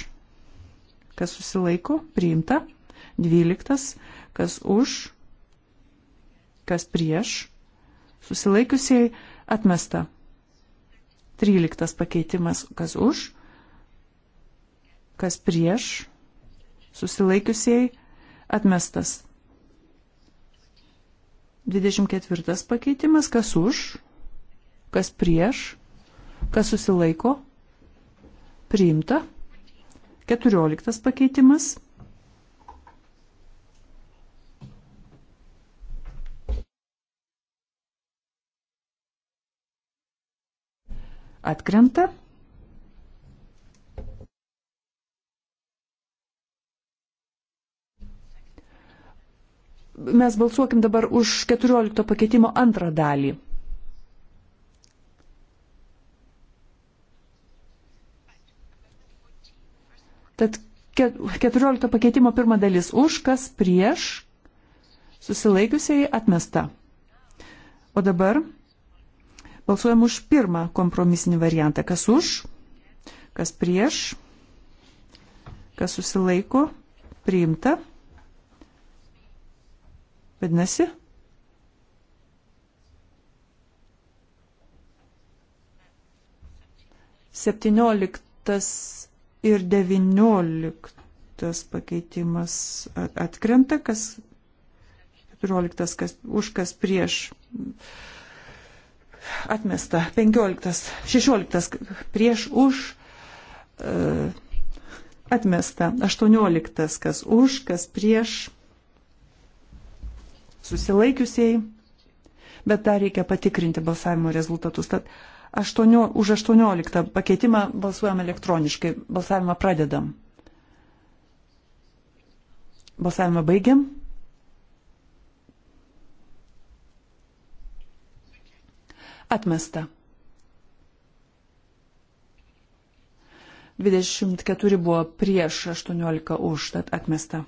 kas susilaiko, priimta. Dvyliktas, kas už, kas prieš, susilaikiusiai, atmesta. Tryliktas pakeitimas, kas už, kas prieš, susilaikiusiai, atmestas. 24 pakeitimas, kas už, kas prieš, kas susilaiko, priimta. 14 pakeitimas. Atkrenta. mes balsuokim dabar už 14 pakeitimo antrą dalį. Tad 14 pakeitimo pirma dalis už, kas prieš, susilaikiusiai atmesta. O dabar balsuojam už pirmą kompromisinį variantą. Kas už, kas prieš, kas susilaiko, priimta. Vadinasi, septynioliktas ir devynioliktas pakeitimas atkrenta, kas keturioliktas, kas už kas prieš atmesta, penkioliktas, šešioliktas prieš už e, atmesta, 18, kas už, kas prieš, susilaikiusiai, bet dar reikia patikrinti balsavimo rezultatus. Tad aštuonio, už 18 pakeitimą balsuojam elektroniškai, balsavimą pradedam. Balsavimą baigiam. Atmesta. 24 buvo prieš 18 už, tad atmesta.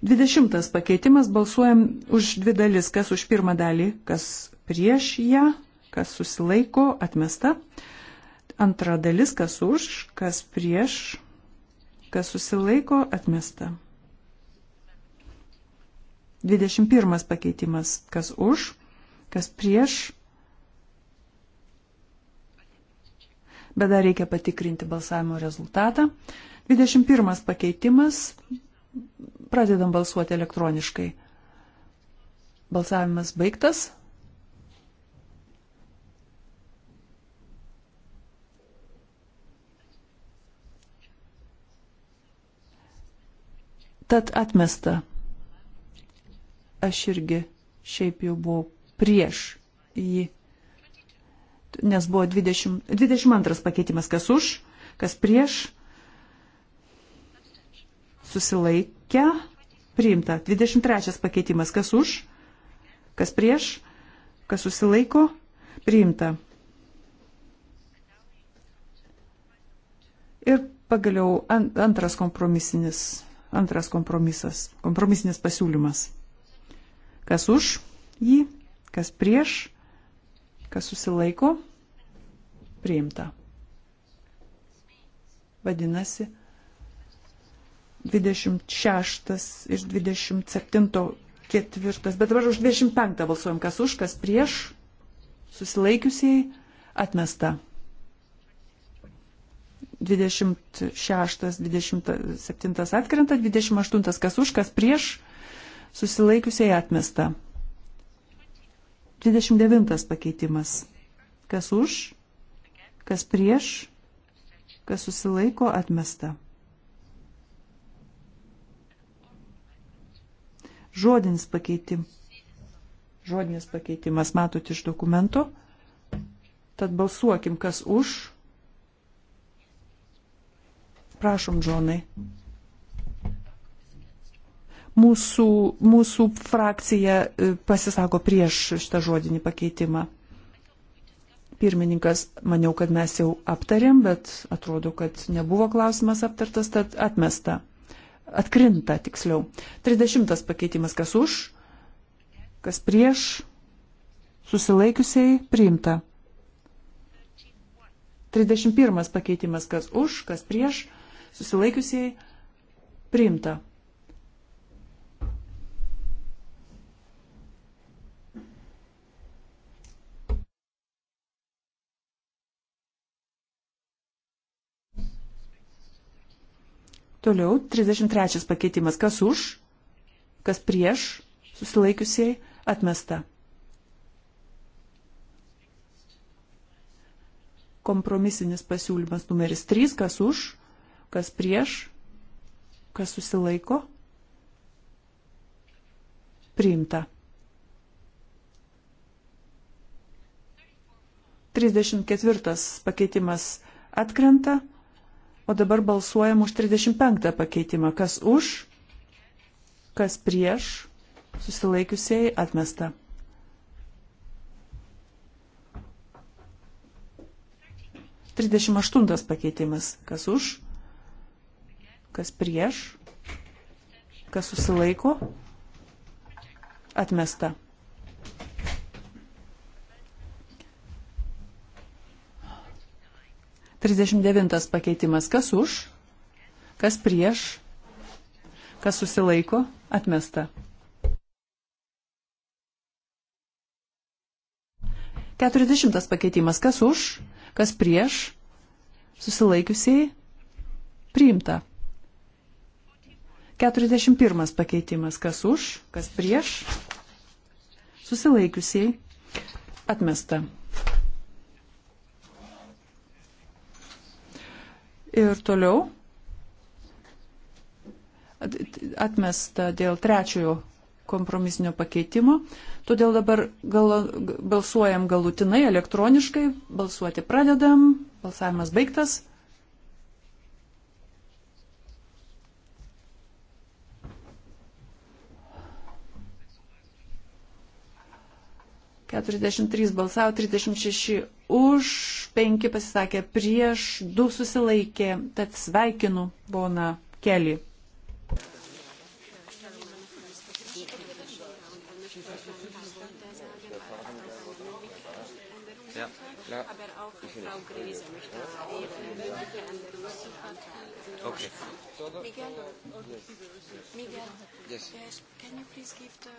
20 pakeitimas balsuojam už dvi dalis, kas už pirmą dalį, kas prieš ją, kas susilaiko, atmesta. Antra dalis, kas už, kas prieš, kas susilaiko, atmesta. 21 pakeitimas, kas už, kas prieš. Bet dar reikia patikrinti balsavimo rezultatą. 21 pakeitimas, Pradedam balsuoti elektroniškai. Balsavimas baigtas. Tad atmesta. Aš irgi šiaip jau buvau prieš jį nes buvo 20, 22 pakeitimas, kas už, kas prieš, susilaikę, priimta. 23 pakeitimas, kas už, kas prieš, kas susilaiko, priimta. Ir pagaliau antras kompromisinis, antras kompromisas, kompromisinis pasiūlymas. Kas už jį, kas prieš, kas susilaiko, priimta. Vadinasi, 26 ir 27 ketvirtas, bet dabar už 25 balsuojam, kas už, kas prieš, susilaikiusiai atmesta. 26, 27 atkrenta, 28 kas už, kas prieš, susilaikiusiai atmesta. 29 pakeitimas. Kas už, kas prieš, kas susilaiko atmesta. Žodinis, pakeitim. Žodinis pakeitimas matot iš dokumento. Tad balsuokim, kas už. Prašom, Džonai. Mūsų, mūsų frakcija e, pasisako prieš šitą žodinį pakeitimą. Pirmininkas, maniau, kad mes jau aptarėm, bet atrodo, kad nebuvo klausimas aptartas, tad atmesta. Atkrinta, tiksliau. 30 pakeitimas, kas už, kas prieš, susilaikiusiai priimta. 31 pakeitimas, kas už, kas prieš, susilaikiusiai priimta. Toliau 33 pakeitimas. Kas už, kas prieš, susilaikiusiai atmesta. Kompromisinis pasiūlymas numeris 3. Kas už, kas prieš, kas susilaiko. Priimta. 34 pakeitimas atkrenta. O dabar balsuojam už 35 pakeitimą. Kas už, kas prieš, susilaikiusiai atmesta. 38 pakeitimas. Kas už, kas prieš, kas susilaiko, atmesta. 39 pakeitimas. Kas už? Kas prieš? Kas susilaiko? Atmesta. 40 pakeitimas. Kas už? Kas prieš? Susilaikiusiai? Priimta. 41 pakeitimas. Kas už? Kas prieš? Susilaikiusiai? Atmesta. Ir toliau atmesta dėl trečiojo kompromisinio pakeitimo. Todėl dabar gal, balsuojam galutinai elektroniškai, balsuoti pradedam, balsavimas baigtas. 43 balsavo, 36 už, 5 pasisakė prieš, 2 susilaikė. Tad sveikinu, pona Kelį. Ja, ja. Okay. Miguel, yes. Miguel, yes. yes. Can you please give the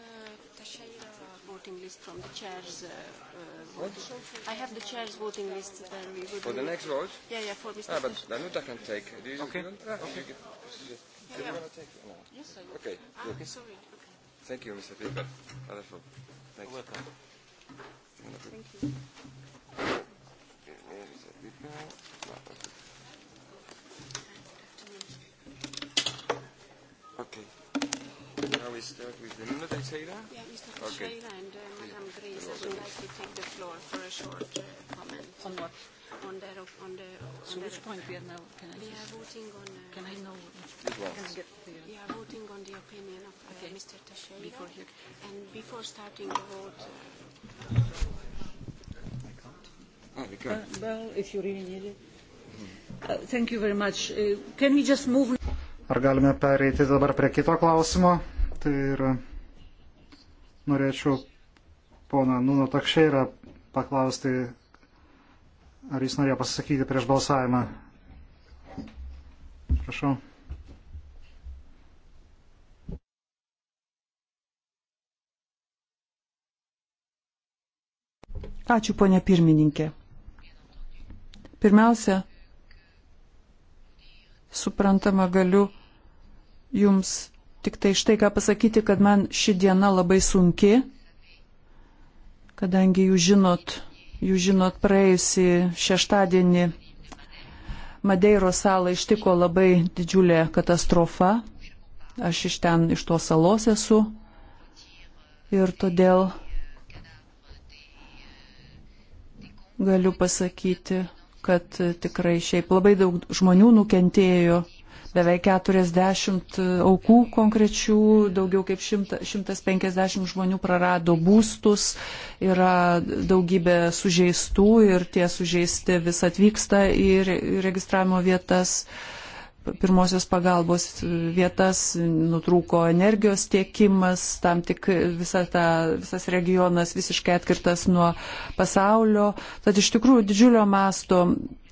Teixeira voting list from the chairs? Uh, uh, what? I have the chairs voting list. There we would for the next vote. Yeah, yeah, for Mr. Ah, but Danuta can take. Do you, okay. You don't, ah, okay. You, yeah. Do you want to take? No. Yes, I will. Okay. Ah, Good. sorry. Okay. Thank you, Mr. Pieper. Wonderful. Thank You're welcome. Thank you. Thank you. Okay. Now we start with the minute, I say that? Yeah, Mr. Okay. Teixeira and uh, Madam yeah. Grace would like to take the floor for a short uh, comment. On what? On the... On the on so the, which point we are now? Can I we are voting on... Uh, can I know? This one. Can get the, uh, we are voting on the opinion of uh, okay. Mr. Teixeira. Before he... And before starting the vote... Uh, I can't. Oh, we can't. Uh, well, if you really need it. Mm. Uh, thank you very much. Uh, can we just move... Ar galime pereiti dabar prie kito klausimo? Tai yra, norėčiau pona Nuno Takšeirą paklausti, ar jis norėjo pasisakyti prieš balsavimą. Prašau. Ačiū, ponia pirmininkė. Pirmiausia, suprantama, galiu jums tik tai štai ką pasakyti, kad man ši diena labai sunki, kadangi jūs žinot, jūs žinot praėjusį šeštadienį Madeiro salą ištiko labai didžiulė katastrofa. Aš iš ten, iš tos salos esu. Ir todėl galiu pasakyti, kad tikrai šiaip labai daug žmonių nukentėjo beveik 40 aukų konkrečių, daugiau kaip 100, 150 žmonių prarado būstus, yra daugybė sužeistų ir tie sužeisti vis atvyksta į registravimo vietas. Uh, pirmosios pagalbos vietas, nutrūko energijos tiekimas, tam tik visa ta, visas regionas visiškai atkirtas nuo pasaulio. Tad iš tikrųjų didžiulio masto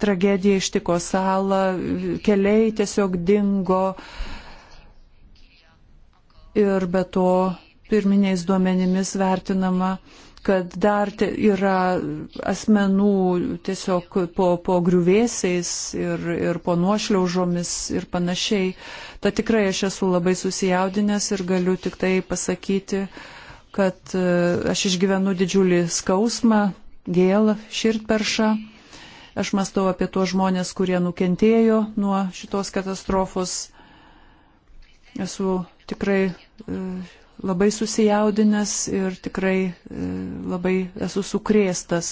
tragedija ištiko salą, keliai tiesiog dingo. Ir be to pirminiais duomenimis vertinama kad dar yra asmenų tiesiog po, po griuvėsiais ir, ir po nuošliaužomis ir panašiai. Ta tikrai aš esu labai susijaudinęs ir galiu tik tai pasakyti, kad e, aš išgyvenu didžiulį skausmą, gėlą, širdperšą. Aš mastau apie tuos žmonės, kurie nukentėjo nuo šitos katastrofos. Esu tikrai e, labai susijaudinęs ir tikrai e, labai esu sukrėstas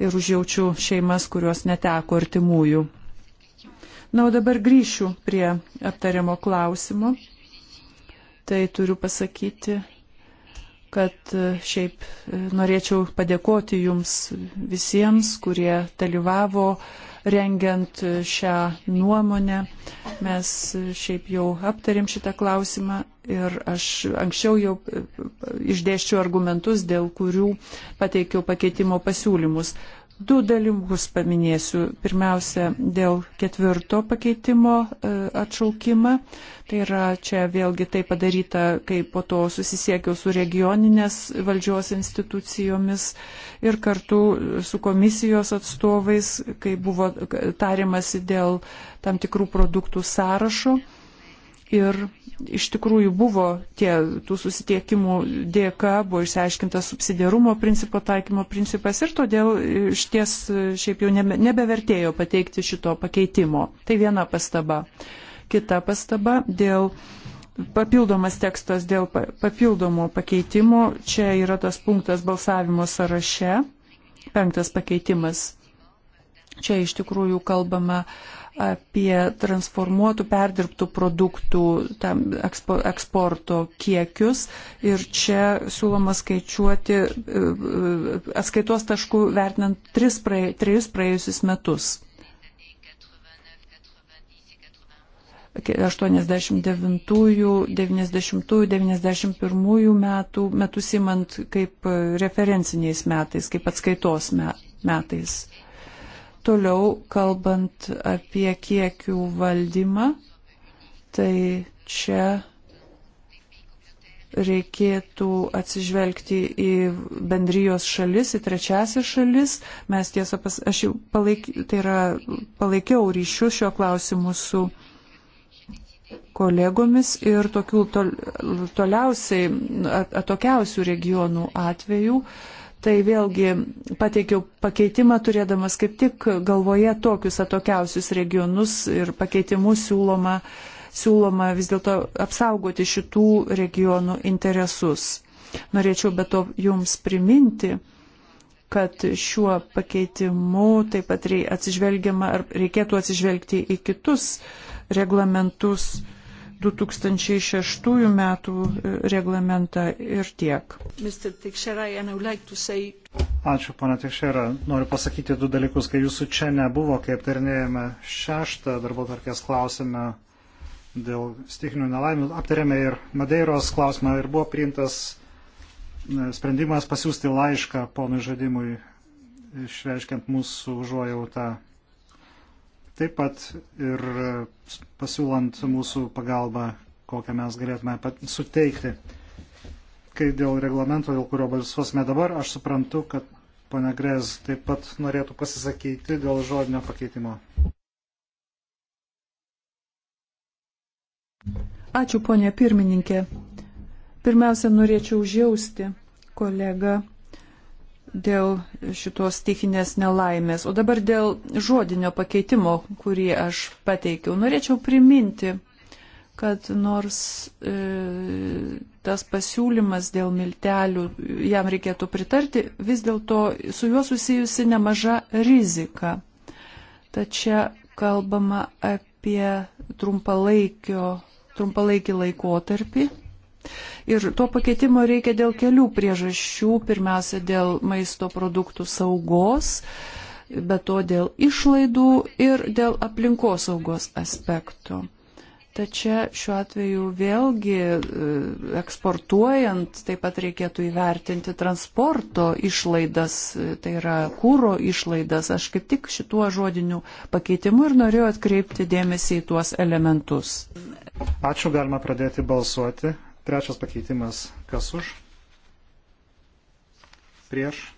ir užjaučiu šeimas, kurios neteko artimųjų. Na, o dabar grįšiu prie aptariamo klausimo. Tai turiu pasakyti, kad e, šiaip e, norėčiau padėkoti jums visiems, kurie dalyvavo rengiant šią nuomonę. Mes šiaip jau aptarėm šitą klausimą Ir aš anksčiau jau e, išdėščiau argumentus, dėl kurių pateikiau pakeitimo pasiūlymus. Du dalykus paminėsiu. Pirmiausia, dėl ketvirto pakeitimo e, atšaukimą. Tai yra, čia vėlgi tai padaryta, kai po to susisiekiau su regioninės valdžios institucijomis ir kartu su komisijos atstovais, kai buvo tarimasi dėl tam tikrų produktų sąrašo. Ir iš tikrųjų buvo tie, tų susitiekimų dėka, buvo išsiaiškintas subsidiarumo principo taikymo principas ir todėl išties šiaip jau nebe, nebevertėjo pateikti šito pakeitimo. Tai viena pastaba. Kita pastaba dėl papildomas tekstas dėl papildomo pakeitimo. Čia yra tas punktas balsavimo sąraše. Penktas pakeitimas. Čia iš tikrųjų kalbama apie transformuotų perdirbtų produktų tam, ekspo, eksporto kiekius ir čia siūloma skaičiuoti e, e, atskaitos taškų vertinant tris, praė, tris praėjusius metus. 89-90-91 metų, metus įmant kaip referenciniais metais, kaip atskaitos metais. Toliau, kalbant apie kiekių valdymą, tai čia reikėtų atsižvelgti į bendrijos šalis, į trečiasias šalis. Mes tiesą pas, aš jau palaik, tai yra, palaikiau ryšių šio klausimu su kolegomis ir tokių tol, toliausiai at, atokiausių regionų atveju uh, tai vėlgi pateikiau pakeitimą turėdamas kaip tik galvoje tokius atokiausius regionus ir pakeitimus siūloma, siūloma vis dėlto apsaugoti šitų regionų interesus. Norėčiau be to jums priminti, kad šiuo pakeitimu taip pat atsižvelgiama ar reikėtų atsižvelgti į kitus reglamentus 2006 metų e, reglamentą ir tiek. Ačiū, pana Tikšera. Noriu pasakyti du dalykus, kai jūsų čia nebuvo, kai aptarinėjome šeštą darbo tarkės klausimą dėl stikinių nelaimių, aptarėme ir Madeiros klausimą ir buvo priimtas e, sprendimas pasiūsti laišką ponui žadimui, išreiškiant mūsų užuojautą Taip pat ir e, pasiūlant mūsų pagalbą, kokią mes galėtume suteikti. Kai dėl reglamento, dėl kurio balsuosime dabar, aš suprantu, kad pana Grez taip pat norėtų pasisakyti dėl žodinio pakeitimo. Ačiū, ponė pirmininkė. Pirmiausia, norėčiau užjausti kolegą dėl šitos tikinės nelaimės. O dabar dėl žodinio pakeitimo, kurį aš pateikiau. Norėčiau priminti, kad nors e, tas pasiūlymas dėl miltelių jam reikėtų pritarti, vis dėlto su juo susijusi nemaža rizika. Tačiau kalbama apie trumpalaikį laikotarpį Ir to pakeitimo reikia dėl kelių priežasčių. Pirmiausia, dėl maisto produktų saugos, bet to dėl išlaidų ir dėl aplinkosaugos aspektų. Tačiau šiuo atveju vėlgi e, eksportuojant taip pat reikėtų įvertinti transporto išlaidas, e, tai yra kūro išlaidas. Aš kaip tik šituo žodiniu pakeitimu ir norėjau atkreipti dėmesį į tuos elementus. Ačiū, galima pradėti balsuoti. Trečias pakeitimas. Kas už? Prieš.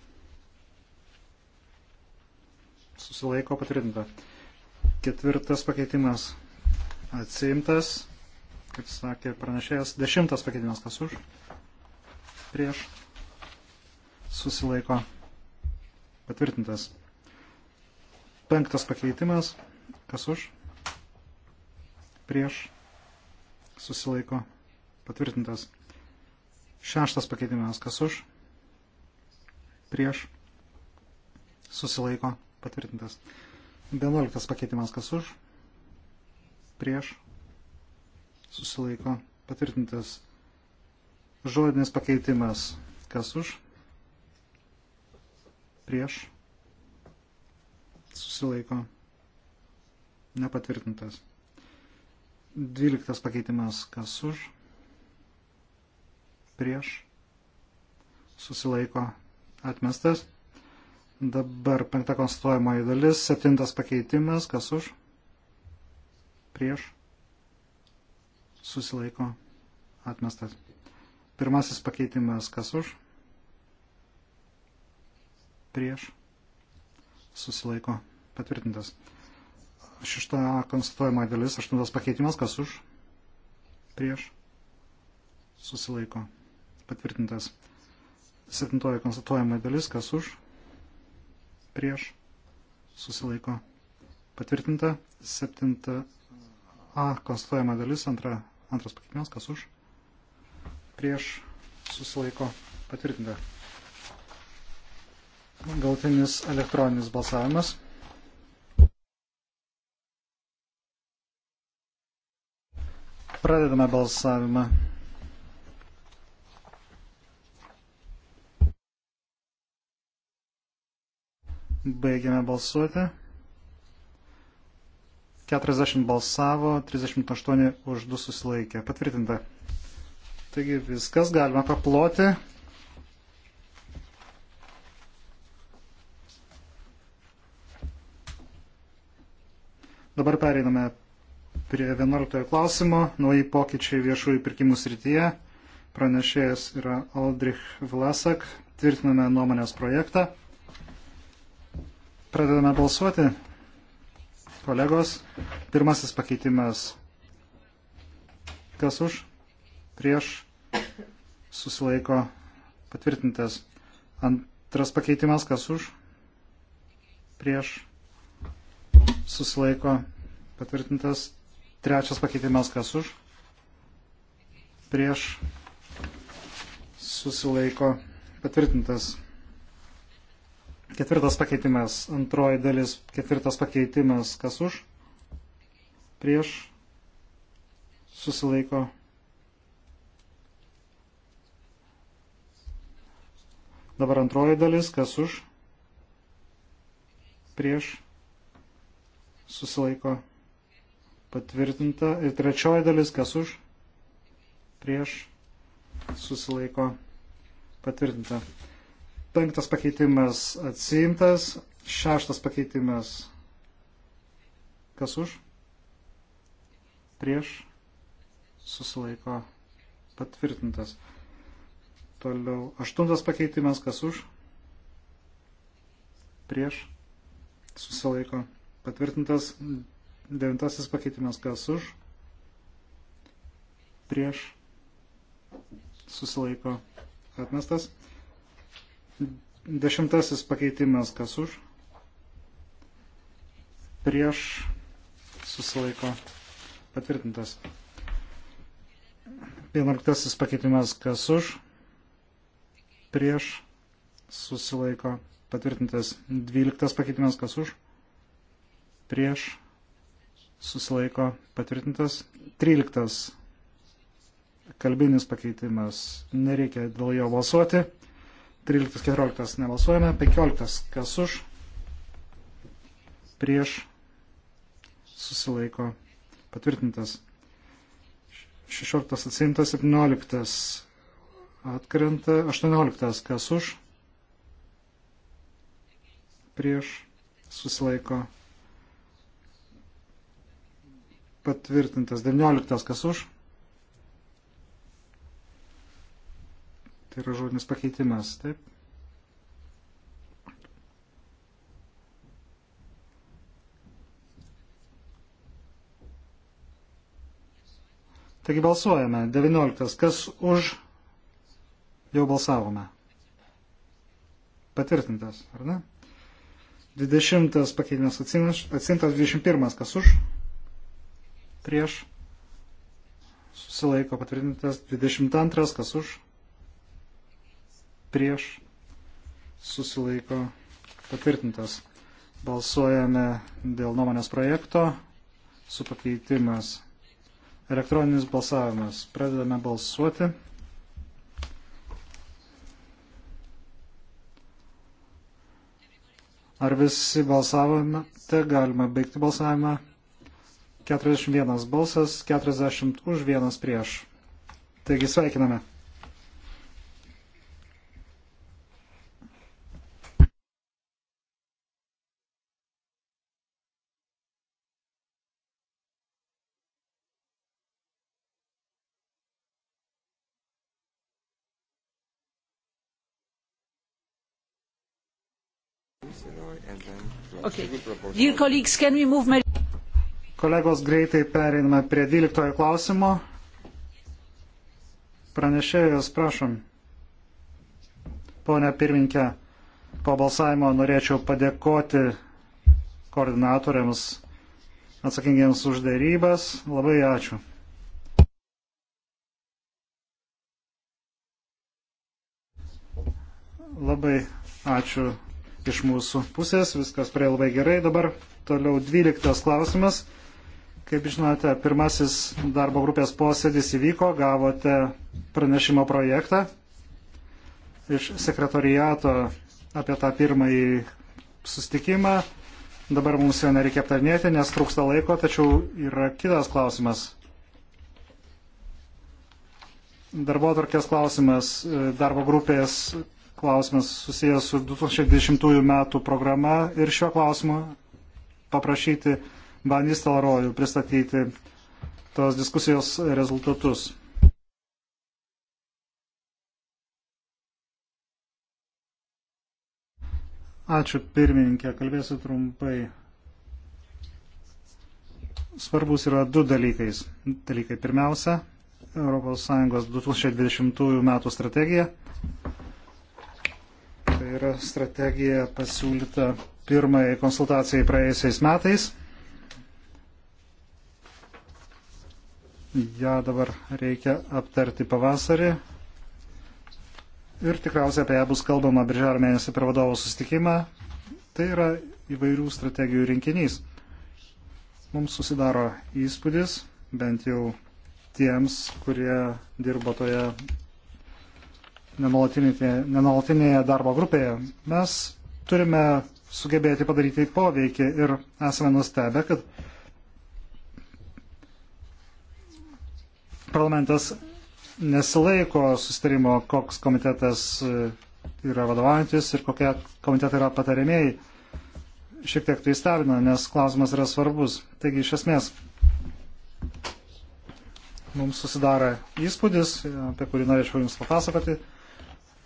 Susilaiko patvirtinta. Ketvirtas pakeitimas atsiimtas. Kaip sakė pranešėjas, dešimtas pakeitimas kas už. Prieš. Susilaiko patvirtintas. Penktas pakeitimas. Kas už? Prieš. Susilaiko Patvirtintas. Šeštas pakeitimas. Kas už? Prieš. Susilaiko. Patvirtintas. Vienuoliktas pakeitimas. Kas už? Prieš. Susilaiko. Patvirtintas. Žodinis pakeitimas. Kas už? Prieš. Susilaiko. Nepatvirtintas. Dvyliktas pakeitimas. Kas už? Prieš prieš, susilaiko atmestas. Dabar penkta konstatuojamoji dalis, septintas pakeitimas, kas už, prieš, susilaiko atmestas. Pirmasis pakeitimas, kas už, prieš, susilaiko patvirtintas. Šešta konstatuojamoji dalis, aštuntas pakeitimas, kas už, prieš, susilaiko atmestas patvirtintas. Septintoji konstatuojama dalis, kas už, prieš, susilaiko patvirtinta. Septinta A konstatuojama dalis, antra, antras pakeitimas, kas už, prieš, susilaiko patvirtinta. Galtinis elektroninis balsavimas. Pradedame balsavimą. Baigiame balsuoti. 40 balsavo, 38 už 2 susilaikė. Patvirtinta. Taigi viskas, galima paploti. Dabar pereiname prie 11 klausimo. Nauji pokyčiai viešųjų pirkimų srityje. Pranešėjas yra Aldrich Vlasak. Tvirtiname nuomonės projektą. Pradedame balsuoti. Kolegos, pirmasis pakeitimas. Kas už? Prieš susilaiko patvirtintas. Antras pakeitimas. Kas už? Prieš susilaiko patvirtintas. Trečias pakeitimas. Kas už? Prieš susilaiko patvirtintas. Ketvirtas pakeitimas, antroji dalis, ketvirtas pakeitimas, kas už, prieš, susilaiko. Dabar antroji dalis, kas už, prieš, susilaiko, patvirtinta. Ir trečioji dalis, kas už, prieš, susilaiko, patvirtinta. Penktas pakeitimas atsiimtas. Šeštas pakeitimas. Kas už? Prieš. Susilaiko patvirtintas. Toliau. Aštuntas pakeitimas. Kas už? Prieš. Susilaiko patvirtintas. Devintasis pakeitimas. Kas už? Prieš. Susilaiko atmestas. Dešimtasis pakeitimas, kas už, prieš, susilaiko, patvirtintas. Vienuoliktasis pakeitimas, kas už, prieš, susilaiko, patvirtintas. Dvyliktas pakeitimas, kas už, prieš, susilaiko, patvirtintas. Tryliktas kalbinis pakeitimas, nereikia dėl jo balsuoti. 13-14 nebalsuojame, 15 kas už, prieš, susilaiko, patvirtintas. 16 atsimtas, 17 atkrenta, 18 kas už, prieš, susilaiko, patvirtintas, 19 kas už, Tai yra žodinis pakeitimas, taip? Taigi balsuojame. 19. Kas už jau balsavome? Patvirtintas, ar ne? 20. pakeitimas atsintas. 21. Kas už? Prieš. Susilaiko patvirtintas. 22. Kas už? prieš susilaiko patvirtintas. Balsuojame dėl nuomonės projekto su pakeitimas. Elektroninis balsavimas. Pradedame balsuoti. Ar visi balsavome? Tai galima baigti balsavimą. 41 balsas, 40 už, 1 prieš. Taigi sveikiname. Okay. Dear colleagues, can we move... Kolegos, greitai pereiname prie 12 klausimo. Pranešėjus, prašom. Pone pirminkė, po balsavimo norėčiau padėkoti koordinatoriams atsakingiems už darybas. Labai ačiū. Labai ačiū iš mūsų pusės, viskas prie labai gerai. Dabar toliau 12 klausimas. Kaip žinote, pirmasis darbo grupės posėdis įvyko, gavote pranešimo projektą iš sekretoriato apie tą pirmąjį sustikimą. Dabar mums jo nereikia aptarnėti, nes trūksta laiko, tačiau yra kitas klausimas. Darbo atvarkės klausimas e, darbo grupės klausimas susijęs su 2020 metų programa ir šiuo klausimu paprašyti Banys Talarojų pristatyti tos diskusijos rezultatus. Ačiū pirmininkė, kalbėsiu trumpai. Svarbus yra du dalykais. dalykai. Pirmiausia, ES 2020 metų strategija yra strategija pasiūlyta pirmai konsultacijai praėjusiais metais. Ja dabar reikia aptarti pavasarį. Ir tikriausiai apie ją bus kalbama birželio mėnesį per vadovų sustikimą. Tai yra įvairių strategijų rinkinys. Mums susidaro įspūdis, bent jau tiems, kurie dirbo toje nenolatinėje, nenolatinėje darbo grupėje, mes turime sugebėti padaryti poveikį ir esame nustebę, kad parlamentas nesilaiko sustarimo, koks komitetas e, yra vadovaujantis ir kokie komitetai yra patarėmėjai. Šiek tiek tai stebina, nes klausimas yra svarbus. Taigi, iš esmės, mums susidara įspūdis, apie kurį norėčiau Jums papasakoti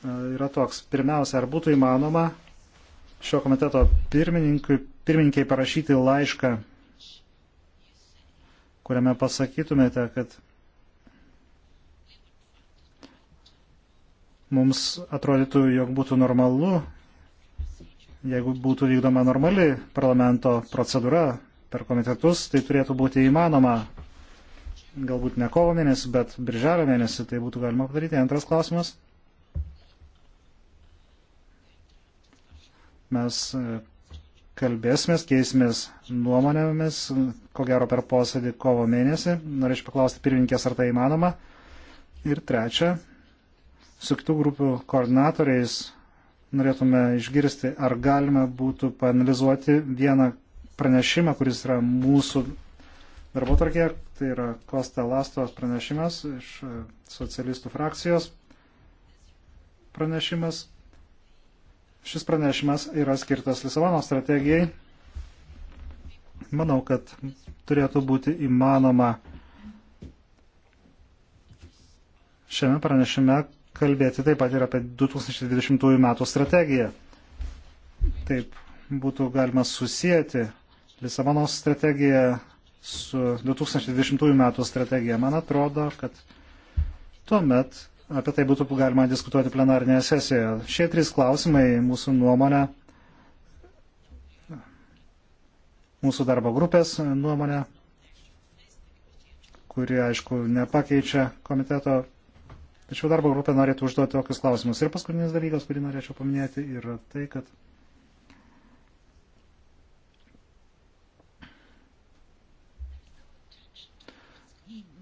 yra toks. Pirmiausia, ar būtų įmanoma šio komiteto pirmininkiai parašyti laišką, kuriame pasakytumėte, kad mums atrodytų, jog būtų normalu, jeigu būtų vykdoma normali parlamento procedūra per komitetus, tai turėtų būti įmanoma. Galbūt ne kovo mėnesį, bet birželio mėnesį tai būtų galima padaryti. Antras klausimas. Mes e, kalbėsimės, keisimės nuomonėmis, ko gero per posėdį kovo mėnesį. Norėčiau paklausti pirmininkės, ar tai įmanoma. Ir trečia, su kitų grupių koordinatoriais norėtume išgirsti, ar galima būtų panalizuoti vieną pranešimą, kuris yra mūsų darbo tarkė, tai yra Kosta Lastos pranešimas iš e, socialistų frakcijos pranešimas Šis pranešimas yra skirtas Lisabono strategijai. Manau, kad turėtų būti įmanoma šiame pranešime kalbėti taip pat ir apie 2020 metų strategiją. Taip būtų galima susijęti Lisabono strategiją su 2020 metų strategija. Man atrodo, kad tuomet apie tai būtų galima diskutuoti plenarinėje sesijoje. Šie trys klausimai mūsų nuomonė, mūsų darbo grupės nuomonė, kuri, aišku, nepakeičia komiteto, tačiau darbo grupė norėtų užduoti tokius klausimus. Ir paskutinis dalykas, kurį norėčiau paminėti, yra tai, kad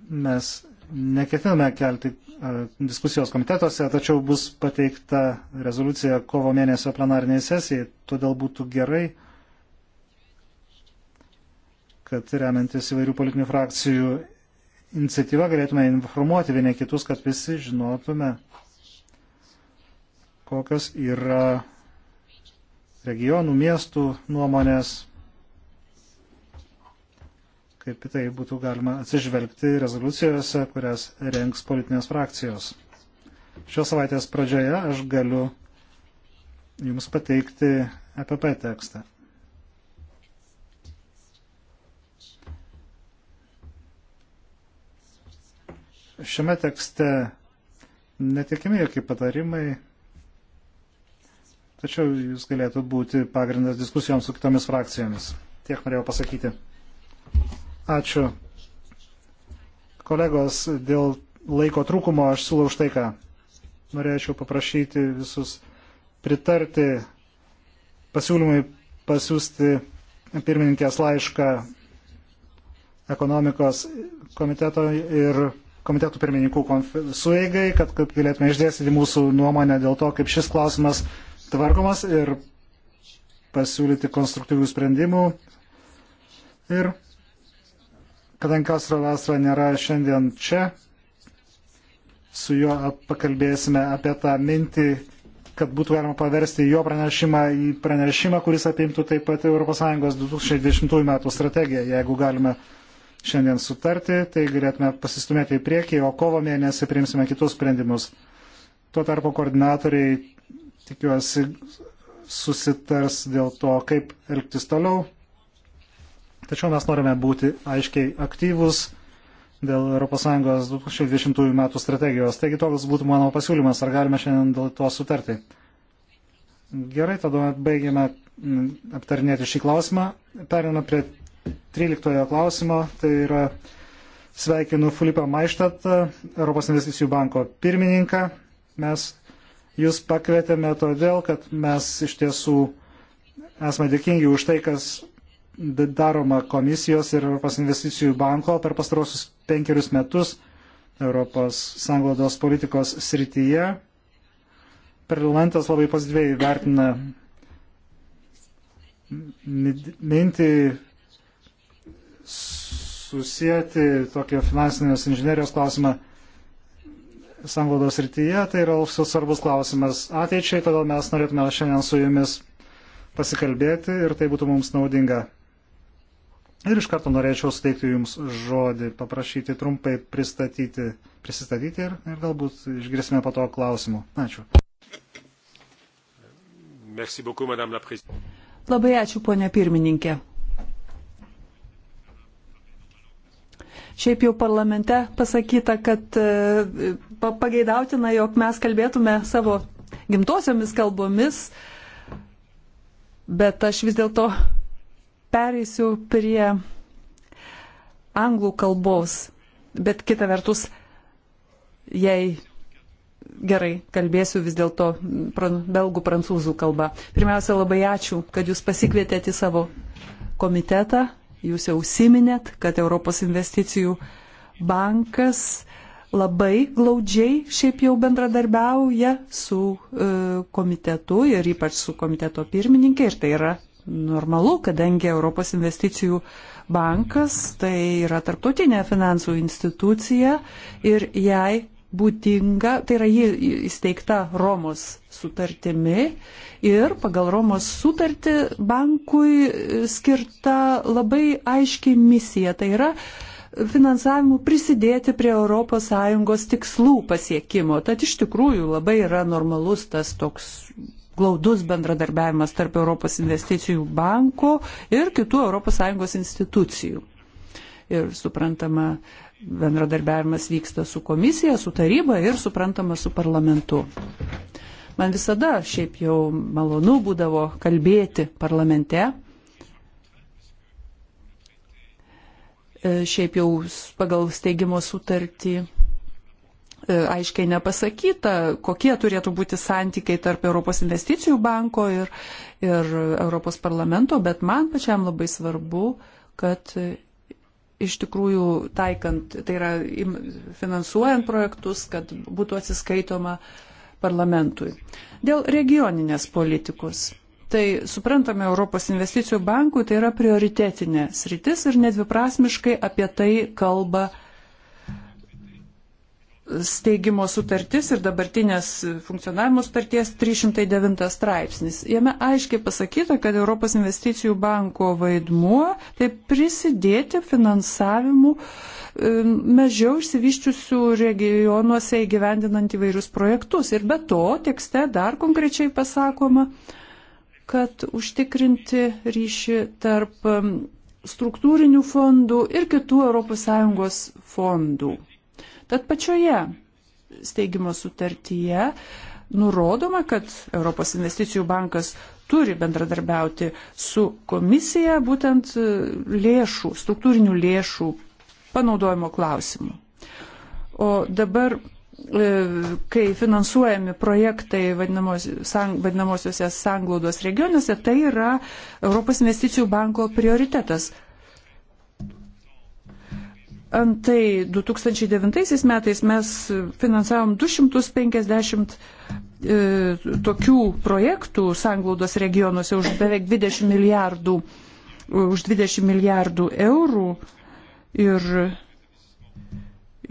mes neketiname kelti e, diskusijos komitetuose, tačiau bus pateikta rezoliucija kovo mėnesio plenariniai sesijai, todėl būtų gerai, kad remiantis įvairių politinių frakcijų iniciatyva galėtume informuoti vieni kitus, kad visi žinotume, kokios yra regionų, miestų nuomonės kaip į tai būtų galima atsižvelgti rezoliucijose, kurias renks politinės frakcijos. Šios savaitės pradžioje aš galiu Jums pateikti EPP tekstą. Šiame tekste netikimi jokie patarimai, tačiau jūs galėtų būti pagrindas diskusijoms su kitomis frakcijomis. Tiek norėjau pasakyti. Ačiū. Kolegos, dėl laiko trūkumo aš siūlau štai ką. Norėčiau paprašyti visus pritarti pasiūlymui pasiūsti pirmininkės laišką ekonomikos komiteto ir komitetų pirmininkų sueigai, kad, kad galėtume išdėstyti mūsų nuomonę dėl to, kaip šis klausimas tvarkomas ir pasiūlyti konstruktyvių sprendimų. Ir Kadangi Kastro Lastra nėra šiandien čia, su juo pakalbėsime apie tą mintį, kad būtų galima paversti jo pranešimą į pranešimą, kuris apimtų taip pat ES 2020 metų strategiją. Jeigu galime šiandien sutarti, tai galėtume pasistumėti į priekį, o kovo mėnesį priimsime kitus sprendimus. Tuo tarpu koordinatoriai, tikiuosi, susitars dėl to, kaip elgtis toliau. Tačiau mes norime būti aiškiai aktyvus dėl ES 2020 metų strategijos. Taigi toks būtų mano pasiūlymas, ar galime šiandien dėl to sutarti. Gerai, tada baigiame aptarinėti šį klausimą. Periname prie 13 klausimo. Tai yra sveikinu Filipą Maištat, Europos investicijų banko pirmininką. Mes jūs pakvietėme todėl, kad mes iš tiesų esame dėkingi už tai, kas daroma komisijos ir Europos investicijų banko per pastarosius penkerius metus Europos sanglaudos politikos srityje. Parlamentas labai pozityviai vertina mintį susijęti tokio finansinės inžinierijos klausimą sanglaudos rytyje. Tai yra svarbus klausimas ateičiai, todėl mes norėtume šiandien su jumis pasikalbėti ir tai būtų mums naudinga. Ir iš karto norėčiau suteikti Jums žodį, paprašyti trumpai pristatyti, prisistatyti ir, ir galbūt išgirsime po to klausimų. Ačiū. Beaucoup, Labai ačiū, ponė pirmininkė. Šiaip jau parlamente pasakyta, kad e, pageidautina, jog mes kalbėtume savo gimtosiomis kalbomis, bet aš vis dėlto pereisiu prie anglų kalbos, bet kita vertus, jei gerai kalbėsiu vis dėlto belgų prancūzų kalba. Pirmiausia, labai ačiū, kad jūs pasikvietėte į savo komitetą. Jūs jau siminėt, kad Europos investicijų bankas labai glaudžiai šiaip jau bendradarbiauja su e, komitetu ir ypač su komiteto pirmininkė ir tai yra normalu, kadangi Europos investicijų bankas tai yra tarptautinė finansų institucija ir jai būdinga, tai yra ji įsteigta Romos sutartimi ir pagal Romos sutartį bankui skirta labai aiški misija, tai yra finansavimu prisidėti prie ES tikslų pasiekimo. Tad iš tikrųjų labai yra normalus tas toks glaudus bendradarbiavimas tarp Europos investicijų banko ir kitų ES institucijų. Ir suprantama, bendradarbiavimas vyksta su komisija, su taryba ir suprantama su parlamentu. Man visada šiaip jau malonu būdavo kalbėti parlamente. E, šiaip jau pagal steigimo sutartį E, aiškiai nepasakyta, kokie turėtų būti santykiai tarp Europos investicijų banko ir, ir Europos parlamento, bet man pačiam labai svarbu, kad e, iš tikrųjų taikant, tai yra finansuojant projektus, kad būtų atsiskaitoma parlamentui. Dėl regioninės politikos. Tai suprantame, Europos investicijų bankų tai yra prioritetinė sritis ir nedviprasmiškai apie tai kalba steigimo sutartis ir dabartinės funkcionavimo sutarties 309 straipsnis. Jame aiškiai pasakyta, kad Europos investicijų banko vaidmuo tai prisidėti finansavimu mažiau išsivyščiusių regionuose įgyvendinant įvairius projektus. Ir be to tekste dar konkrečiai pasakoma, kad užtikrinti ryšį tarp struktūrinių fondų ir kitų ES fondų Tad pačioje steigimo sutartyje nurodoma, kad Europos investicijų bankas turi bendradarbiauti su komisija būtent e, lėšų, struktūrinių lėšų panaudojimo klausimu. O dabar e, kai finansuojami projektai vadinamos, sang, vadinamosiose sanglaudos regionuose, tai yra Europos investicijų banko prioritetas. Antai 2009 metais mes finansavom 250 e, tokių projektų sanglaudos regionuose už beveik 20 milijardų, už 20 milijardų eurų ir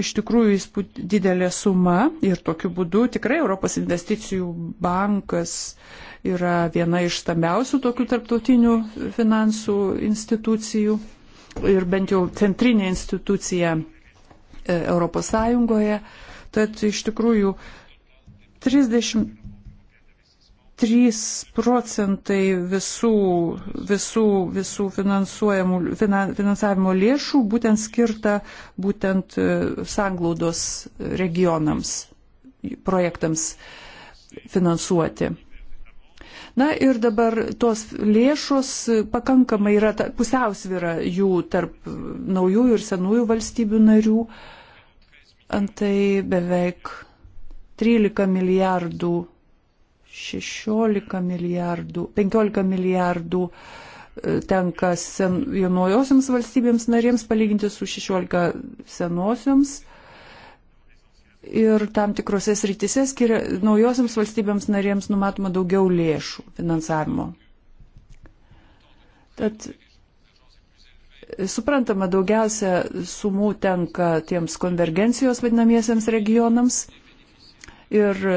iš tikrųjų įspūd, didelė suma ir tokiu būdu tikrai Europos investicijų bankas yra viena iš stambiausių tokių tarptautinių finansų institucijų ir bent jau centrinė institucija e, Europos Sąjungoje. Tad iš tikrųjų 33 procentai visų, visų, visų finansuojamų, finansavimo lėšų būtent skirta būtent e, sanglaudos regionams, projektams finansuoti. Na ir dabar tos lėšos pakankamai yra ta, pusiausvyra jų tarp naujųjų ir senųjų valstybių narių. Antai beveik 13 milijardų, 16 milijardų, 15 milijardų e, tenka sen, jaunojosiams valstybėms narėms palyginti su 16 senosioms ir tam tikrose srityse skiria naujosiams valstybėms narėms numatoma daugiau lėšų finansavimo. Tad suprantama, daugiausia sumų tenka tiems konvergencijos vadinamiesiems regionams ir e,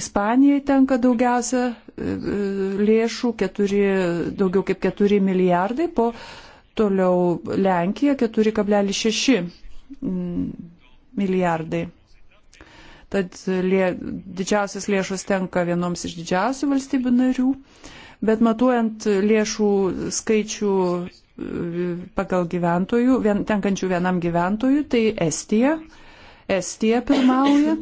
Ispanijai tenka daugiausia e, e, lėšų, keturi, daugiau kaip 4 milijardai, po toliau Lenkija 4,6 milijardai. Tad lie, didžiausias lėšos tenka vienoms iš didžiausių valstybių narių, bet matuojant lėšų skaičių e, pagal gyventojų, vien, tenkančių vienam gyventojui, tai Estija. Estija pirmauja.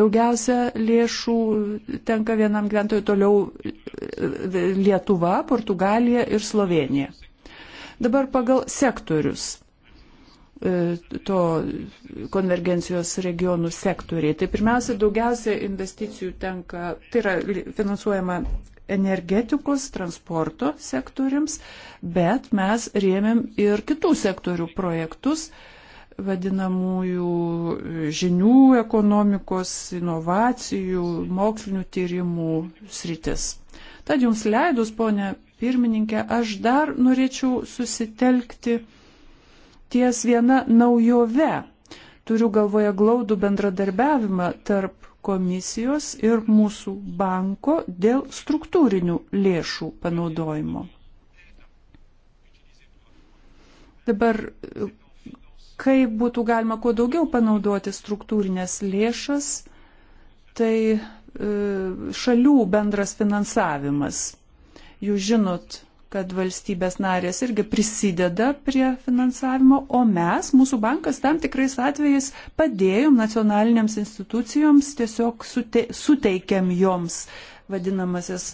Daugiausia lėšų tenka vienam gyventojui toliau e, Lietuva, Portugalija ir Slovenija. Dabar pagal sektorius. E, to konvergencijos regionų sektoriai. Tai pirmiausia, daugiausia investicijų tenka, tai yra finansuojama energetikos, transporto sektoriams, bet mes rėmėm ir kitų sektorių projektus, vadinamųjų žinių ekonomikos, inovacijų, mokslinių tyrimų sritis. Tad jums leidus, ponė pirmininkė, aš dar norėčiau susitelkti ties viena naujove. Turiu galvoje glaudų bendradarbiavimą tarp komisijos ir mūsų banko dėl struktūrinių lėšų panaudojimo. Dabar, kaip būtų galima kuo daugiau panaudoti struktūrinės lėšas, tai e, šalių bendras finansavimas. Jūs žinot, kad valstybės narės irgi prisideda prie finansavimo, o mes, mūsų bankas, tam tikrais atvejais padėjom nacionaliniams institucijoms, tiesiog sute, suteikėm joms vadinamasis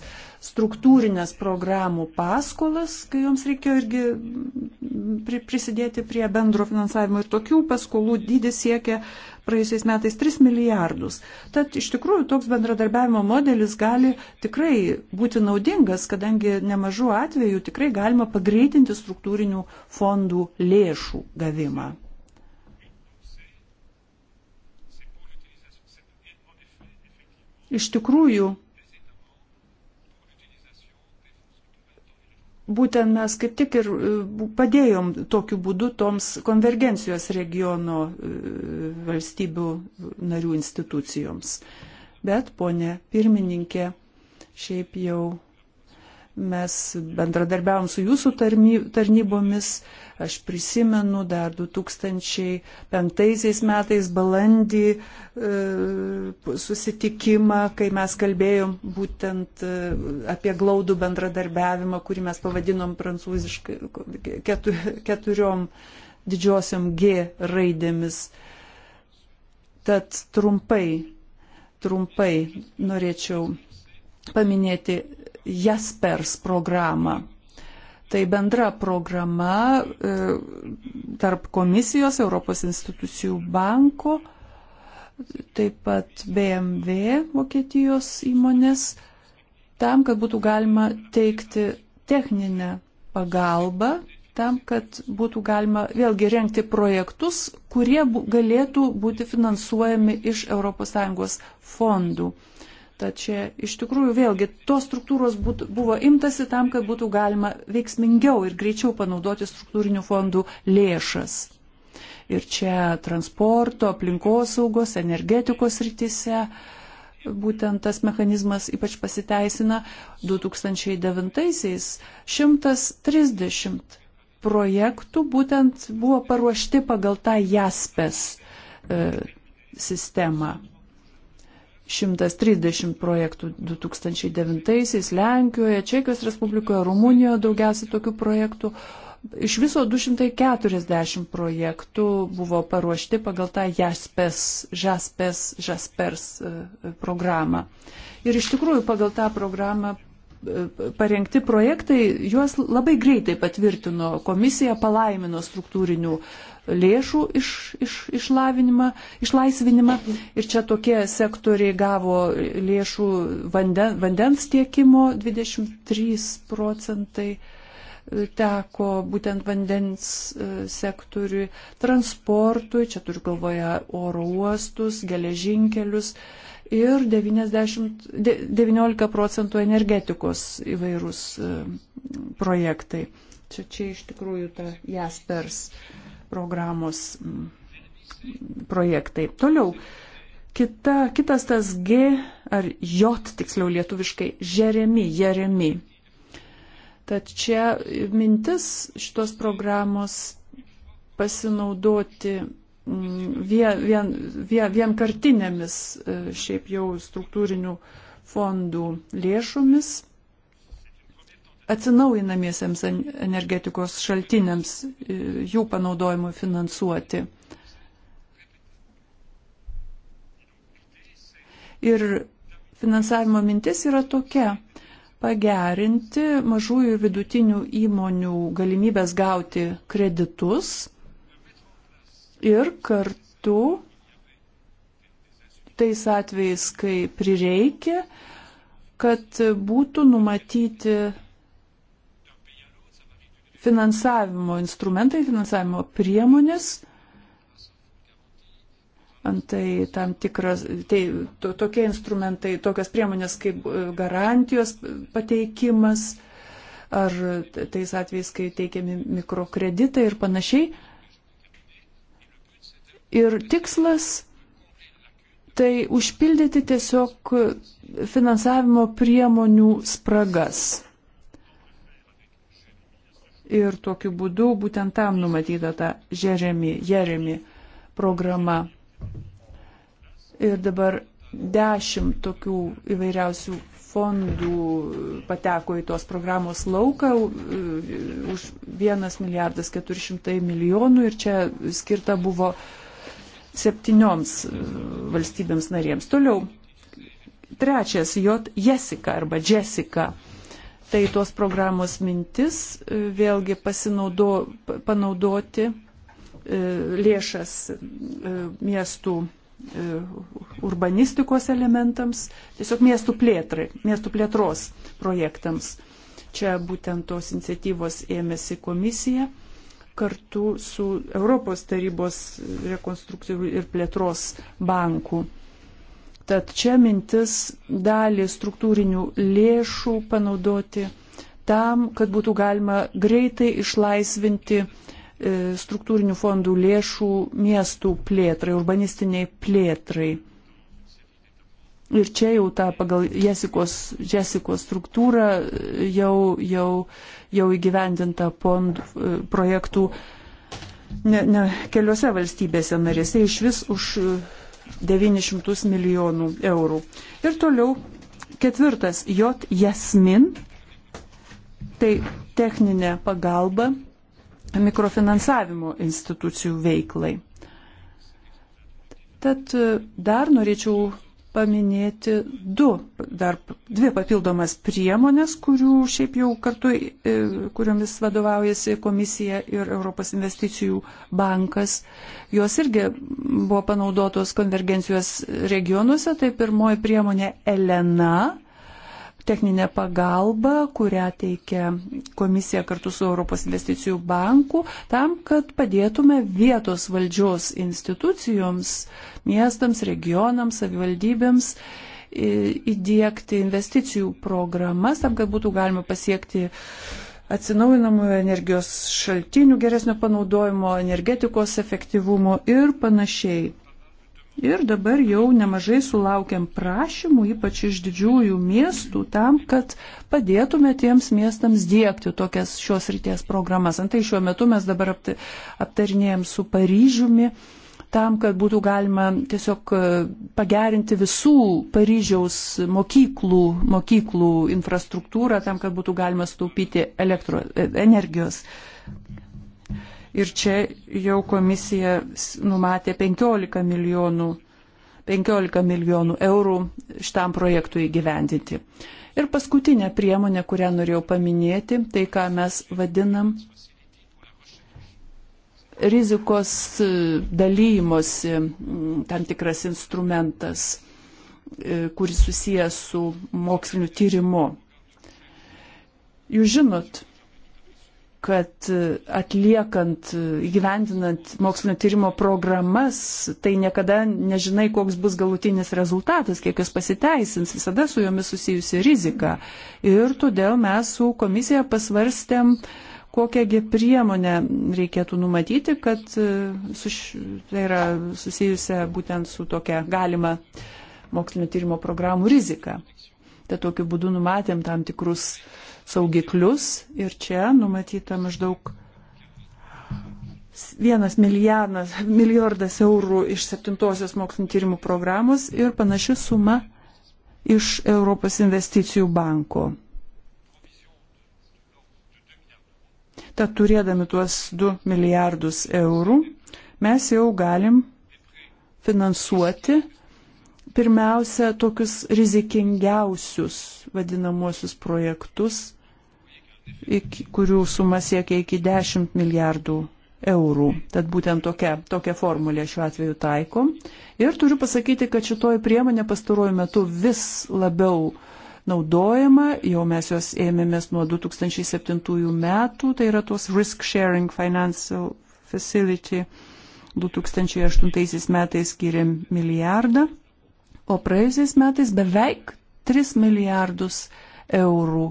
struktūrinės programų paskolas, kai joms reikėjo irgi prisidėti prie bendro finansavimo. Ir tokių paskolų dydis siekia praėjusiais metais 3 milijardus. Tad iš tikrųjų toks bendradarbiavimo modelis gali tikrai būti naudingas, kadangi nemažų atvejų tikrai galima pagreitinti struktūrinių fondų lėšų gavimą. Iš tikrųjų, būtent mes kaip tik ir e, padėjom tokiu būdu toms konvergencijos regiono e, valstybių narių institucijoms. Bet, ponė pirmininkė, šiaip jau Mes bendradarbiavom su jūsų tarnybomis. Aš prisimenu dar 2005 metais balandį e, susitikimą, kai mes kalbėjom būtent e, apie glaudų bendradarbiavimą, kurį mes pavadinom prancūziškai ketur, keturiom didžiosiom G raidėmis. Tad trumpai, trumpai norėčiau paminėti Jaspers programą. Tai bendra programa e, tarp komisijos, Europos institucijų banko, taip pat BMW Vokietijos įmonės, tam, kad būtų galima teikti techninę pagalbą, tam, kad būtų galima vėlgi renkti projektus, kurie galėtų būti finansuojami iš ES fondų. Tad čia iš tikrųjų vėlgi tos struktūros būt, buvo imtasi tam, kad būtų galima veiksmingiau ir greičiau panaudoti struktūrinių fondų lėšas. Ir čia transporto, aplinkosaugos, energetikos rytise būtent tas mechanizmas ypač pasiteisina 2009-aisiais 130 projektų būtent buvo paruošti pagal tą jaspes e, sistemą. 130 projektų 2009-aisiais Lenkijoje, Čekijos Respublikoje, Rumunijoje daugiausiai tokių projektų. Iš viso 240 projektų buvo paruošti pagal tą JASPES, JASPES, JASPERS e, e, programą. Ir iš tikrųjų pagal tą programą e, parengti projektai, juos labai greitai patvirtino komisija, palaimino struktūrinių uh, lėšų iš, iš, išlavinimą, išlaisvinimą. Ir čia tokie sektoriai gavo lėšų vanden, vandens tiekimo 23 procentai teko būtent vandens e, sektoriui, transportui, čia turiu galvoje oro uostus, geležinkelius ir 90, 19 procentų energetikos įvairūs e, projektai. Čia, čia iš tikrųjų ta jaspers. Yes programos mm, projektai. Toliau, kita, kitas tas G ar J, tiksliau lietuviškai, žeremi, jeremi. Tad čia mintis šitos programos pasinaudoti mm, vien, vien, vien, vienkartinėmis e, šiaip jau struktūrinių fondų lėšomis atsinaujinamiesiems energetikos šaltiniams, e, jų panaudojimui finansuoti. Ir finansavimo mintis yra tokia - pagerinti mažųjų ir vidutinių įmonių galimybės gauti kreditus ir kartu tais atvejais, kai prireikia, kad būtų numatyti finansavimo instrumentai, finansavimo priemonės. Antai tam tikras, tai to, tokie instrumentai, tokios priemonės kaip e, garantijos pateikimas ar tais atvejais, kai teikiami mikrokreditai ir panašiai. Ir tikslas tai užpildyti tiesiog finansavimo priemonių spragas ir tokiu būdu būtent tam numatyta ta Jeremy, Jeremy programa. Ir dabar dešimt tokių įvairiausių fondų pateko į tos programos lauką už 1 milijardas 400 milijonų ir čia skirta buvo septynioms e, valstybėms narėms. Toliau, trečias J. Jessica arba Jessica. Uh, Tai tos programos mintis e, vėlgi pasinaudo, panaudoti e, lėšas e, miestų urbanistikos elementams, tiesiog miestų plėtrai, miestų plėtros projektams. Čia būtent tos iniciatyvos ėmėsi komisija kartu su Europos tarybos rekonstrukcijų ir plėtros banku. Tad čia mintis dalį struktūrinių lėšų panaudoti tam, kad būtų galima greitai išlaisvinti e, struktūrinių fondų lėšų miestų plėtrai, urbanistiniai plėtrai. Ir čia jau tą pagal Jesikos, Jesikos struktūrą e, jau, jau, jau įgyvendinta pond, e, projektų ne, ne, keliose valstybėse narėse iš vis už 900 milijonų eurų. Ir toliau ketvirtas J. Jasmin, tai techninė pagalba mikrofinansavimo institucijų veiklai. Tad e, dar norėčiau paminėti du, dar dvi papildomas priemonės, kurių šiaip jau kartu, e, kuriomis vadovaujasi komisija ir Europos investicijų bankas. Jos irgi buvo panaudotos konvergencijos regionuose. Tai pirmoji priemonė Elena techninę pagalbą, kurią teikia komisija kartu su Europos investicijų banku, tam, kad padėtume vietos valdžios institucijoms, miestams, regionams, savivaldybėms įdėkti investicijų programas, tam, kad būtų galima pasiekti atsinaujinamų energijos šaltinių geresnio panaudojimo, energetikos efektyvumo ir panašiai. Ir dabar jau nemažai sulaukiam prašymų, ypač iš didžiųjų miestų, tam, kad padėtume tiems miestams dėkti tokias šios ryties programas. Antai šiuo metu mes dabar aptarinėjom su Paryžiumi, tam, kad būtų galima tiesiog e, pagerinti visų Paryžiaus mokyklų, mokyklų infrastruktūrą, tam, kad būtų galima sutaupyti elektro, e, energijos. Ir čia jau komisija numatė 15 milijonų, 15 milijonų eurų šitam projektui įgyvendinti. Ir paskutinė priemonė, kurią norėjau paminėti, tai ką mes vadinam rizikos e, dalymosi tam tikras instrumentas, e, kuris susijęs su moksliniu tyrimu. Jūs žinot, kad atliekant, įgyvendinant mokslinio tyrimo programas, tai niekada nežinai, koks bus galutinis rezultatas, kiek jos pasiteisins, visada su jomis susijusi rizika. Ir todėl mes su komisija pasvarstėm, kokiagi priemonę reikėtų numatyti, kad e, su, tai yra susijusia būtent su tokia galima mokslinio tyrimo programų rizika. Tad tokiu būdu numatėm tam tikrus uh, saugiklius ir čia numatyta maždaug vienas milijardas, milijardas eurų iš septintosios mokslinio tyrimų programos ir panaši suma iš Europos investicijų banko. Tad turėdami tuos 2 milijardus eurų, mes jau galim finansuoti pirmiausia tokius rizikingiausius vadinamuosius projektus iki, kurių suma siekia iki 10 milijardų eurų. Tad būtent tokia, tokia formulė šiuo atveju taikom. Ir turiu pasakyti, kad šitoji priemonė pastaruoju metu vis labiau naudojama, jau mes jos ėmėmės nuo 2007 metų, tai yra tos Risk Sharing Financial Facility 2008 metais skiriam milijardą, o praėjusiais metais beveik 3 milijardus eurų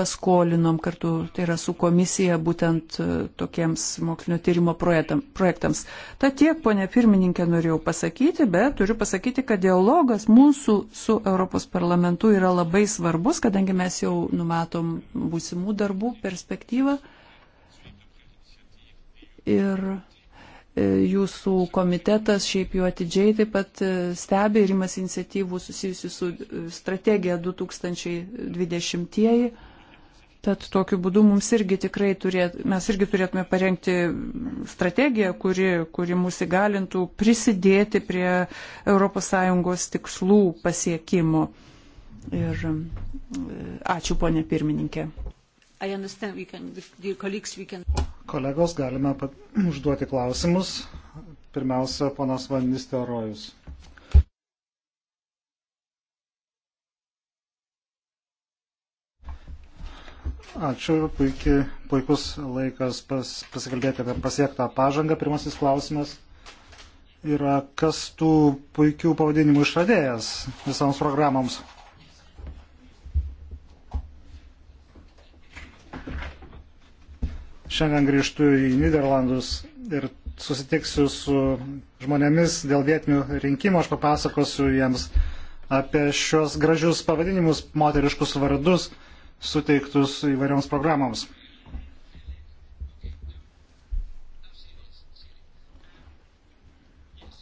paskolinom kartu, tai yra su komisija, būtent e, tokiems mokslinio tyrimo projektams. Ta tiek, ponė pirmininkė, norėjau pasakyti, bet turiu pasakyti, kad dialogas mūsų su Europos parlamentu yra labai svarbus, kadangi mes jau numatom būsimų darbų perspektyvą. Ir e, jūsų komitetas šiaip jau atidžiai taip pat e, stebi ir imasi iniciatyvų susijusių su strategija 2020. -tieji. Tad tokiu būdu mums irgi tikrai turėt, mes irgi turėtume parengti strategiją, kuri, kuri mus įgalintų prisidėti prie ES tikslų pasiekimo. Ir e, ačiū, ponė pirmininkė. Can, can... Kolegos, galime pat, užduoti klausimus. Pirmiausia, ponas Vandistė Rojus. Ačiū, puikiai, puikus laikas pas, pasikalbėti apie pasiektą pažangą. Pirmasis klausimas yra, kas tų puikių pavadinimų išradėjas visoms programoms. Šiandien grįžtu į Niderlandus ir susitiksiu su žmonėmis dėl vietinių rinkimų, aš papasakosiu jiems apie šios gražius pavadinimus, moteriškus vardus suteiktus įvairioms programoms.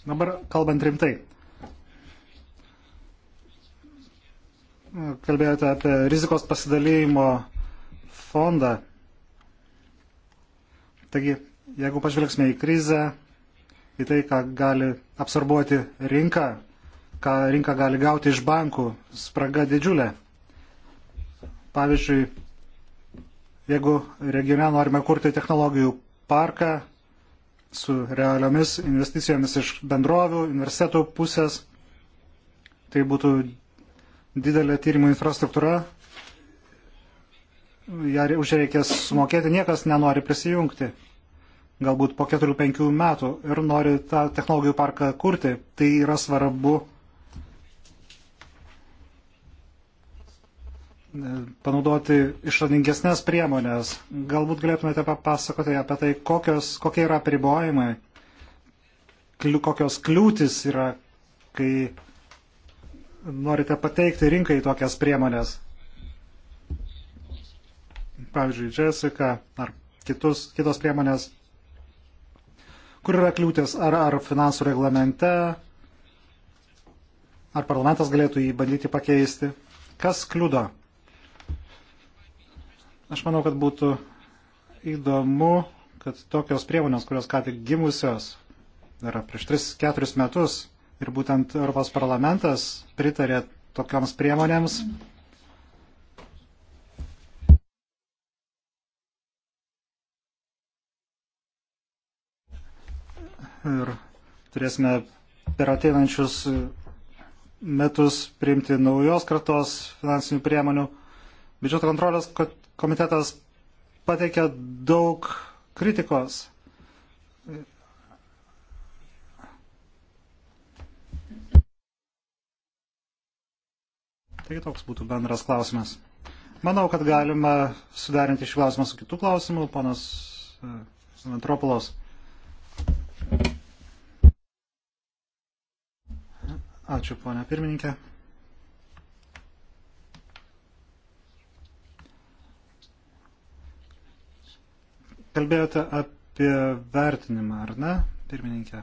Dabar kalbant rimtai. Kalbėjote apie rizikos pasidalymo fondą. Taigi, jeigu pažvelgsime į krizę, į tai, ką gali absorbuoti rinka, ką rinka gali gauti iš bankų, spraga didžiulė. Pavyzdžiui, jeigu regione norime kurti technologijų parką su realiomis investicijomis iš bendrovių, universitetų pusės, tai būtų didelė tyrimų infrastruktūra, už ją reikės sumokėti, niekas nenori prisijungti. Galbūt po 4-5 metų ir nori tą technologijų parką kurti. Tai yra svarbu panaudoti išradingesnės priemonės. Galbūt galėtumėte papasakoti apie tai, kokios, kokie yra pribojimai, kokios kliūtis yra, kai norite pateikti rinkai tokias priemonės. Pavyzdžiui, Jessica ar kitus, kitos priemonės. Kur yra kliūtis? Ar, ar finansų reglamente? Ar parlamentas galėtų jį bandyti pakeisti? Kas kliudo? Aš manau, kad būtų įdomu, kad tokios priemonės, kurios ką tik gimusios, yra prieš 3-4 metus ir būtent Europos parlamentas pritarė tokioms priemonėms. Ir turėsime per ateinančius metus priimti naujos kartos finansinių priemonių. Biudžeto kontrolės komitetas pateikė daug kritikos. Taigi toks būtų bendras klausimas. Manau, kad galima suderinti šį klausimą su kitų klausimų, panas e, Antropolos. Ačiū, ponia pirmininkė. Kalbėjote apie vertinimą, ar ne, pirmininkė?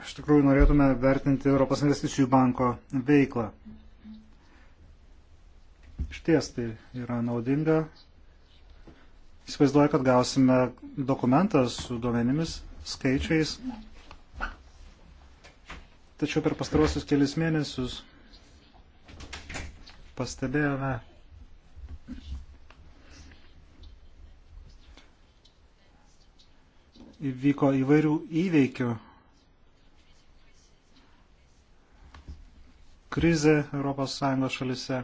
Iš tikrųjų, norėtume vertinti Europos investicijų banko veiklą. Šties tai yra naudinga. Įsivaizduoju, kad gausime dokumentą su duomenimis, skaičiais. Tačiau per pastarosius kelias mėnesius pastebėjome įvyko įvairių įveikių. Krize ES šalise.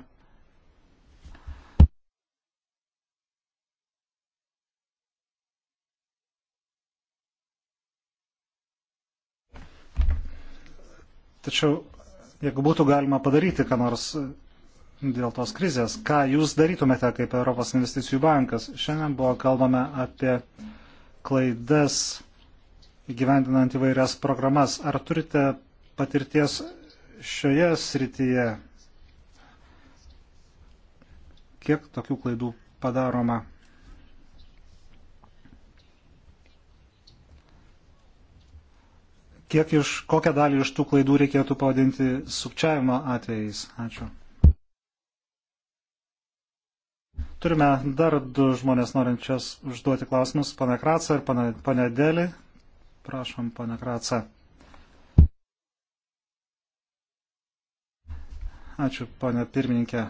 Tačiau, jeigu būtų galima padaryti, ką nors dėl tos krizės, ką jūs darytumėte kaip Europos investicijų bankas? Šiandien buvo kalbame apie uh, klaidas įgyvendinant įvairias programas. Ar turite patirties šioje srityje? Kiek tokių klaidų padaroma? Kiek iš, kokią dalį iš tų klaidų reikėtų pavadinti sukčiavimo atvejais? Ačiū. Turime dar du žmonės norinčias užduoti klausimus, pana Kratsa ir pana, pana Deli. Prašom, pana Kratsa. Ačiū, pana pirmininkė.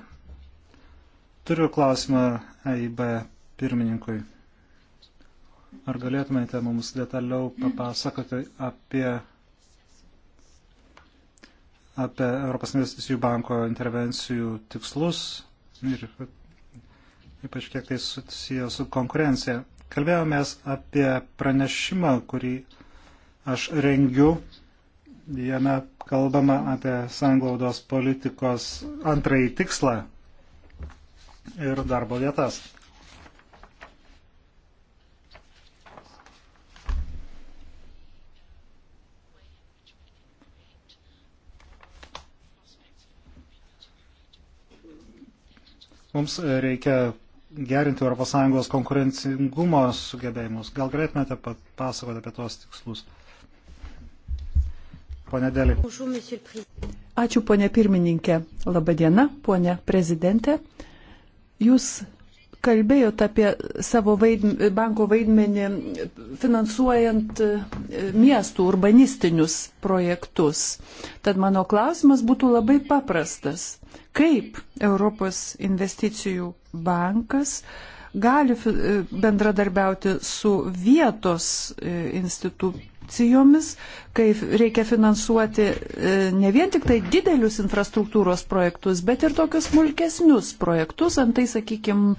Turiu klausimą EIB pirmininkui. Ar galėtumėte mums detaliau papasakoti apie, apie Europos investicijų banko intervencijų tikslus ir ypač kiek tai susiję su konkurencija. Kalbėjomės apie pranešimą, kurį aš rengiu. Jame kalbama apie sanglaudos politikos antrąjį tikslą ir darbo vietas. mums reikia gerinti ES konkurencingumo sugebėjimus. Gal galėtumėte papasakoti apie tuos tikslus? Pone Dėlį. Ačiū, ponė pirmininkė. Labadiena, ponė prezidentė. Jūs kalbėjote apie savo vaidmenį, banko vaidmenį finansuojant e, miestų urbanistinius projektus. Tad mano klausimas būtų labai paprastas kaip Europos investicijų bankas gali bendradarbiauti su vietos e, institucijomis, kai reikia finansuoti e, ne vien tik tai didelius infrastruktūros projektus, bet ir tokius smulkesnius projektus, antai, sakykime,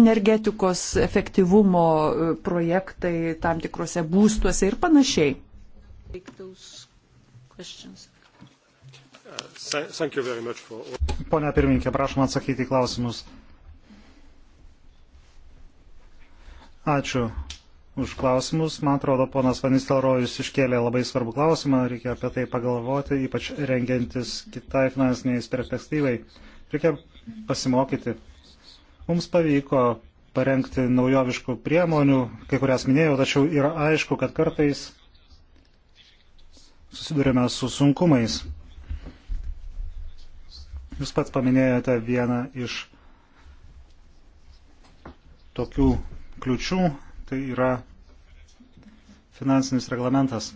energetikos efektyvumo e, projektai tam tikrose būstuose ir panašiai. Take those questions. For... Pone pirmininkė, prašom atsakyti į klausimus. Ačiū už klausimus. Man atrodo, ponas Vanistelrojus iškėlė labai svarbų klausimą, reikia apie tai pagalvoti, ypač rengiantis kitai finansiniais perspektyvai. Reikia pasimokyti. Mums pavyko parengti naujoviškų priemonių, kai kurias minėjau, tačiau yra aišku, kad kartais susidurime su sunkumais. Jūs pats paminėjote vieną iš tokių kliučių, tai yra finansinis reglamentas.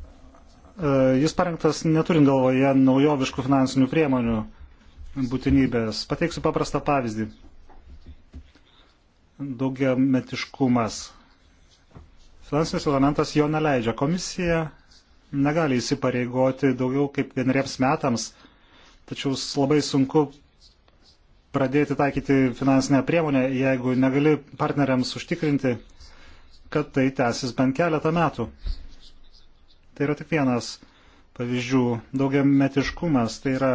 E, jis parengtas neturint galvoje naujoviškų finansinių priemonių būtinybės. Pateiksiu paprastą pavyzdį. Daugia metiškumas. Finansinis reglamentas jo neleidžia. Komisija negali įsipareigoti daugiau kaip vieneriems metams, tačiau labai sunku pradėti taikyti finansinę priemonę, jeigu negali partneriams užtikrinti, kad tai tęsis bent keletą metų. Tai yra tik vienas pavyzdžių. Daugiametiškumas tai yra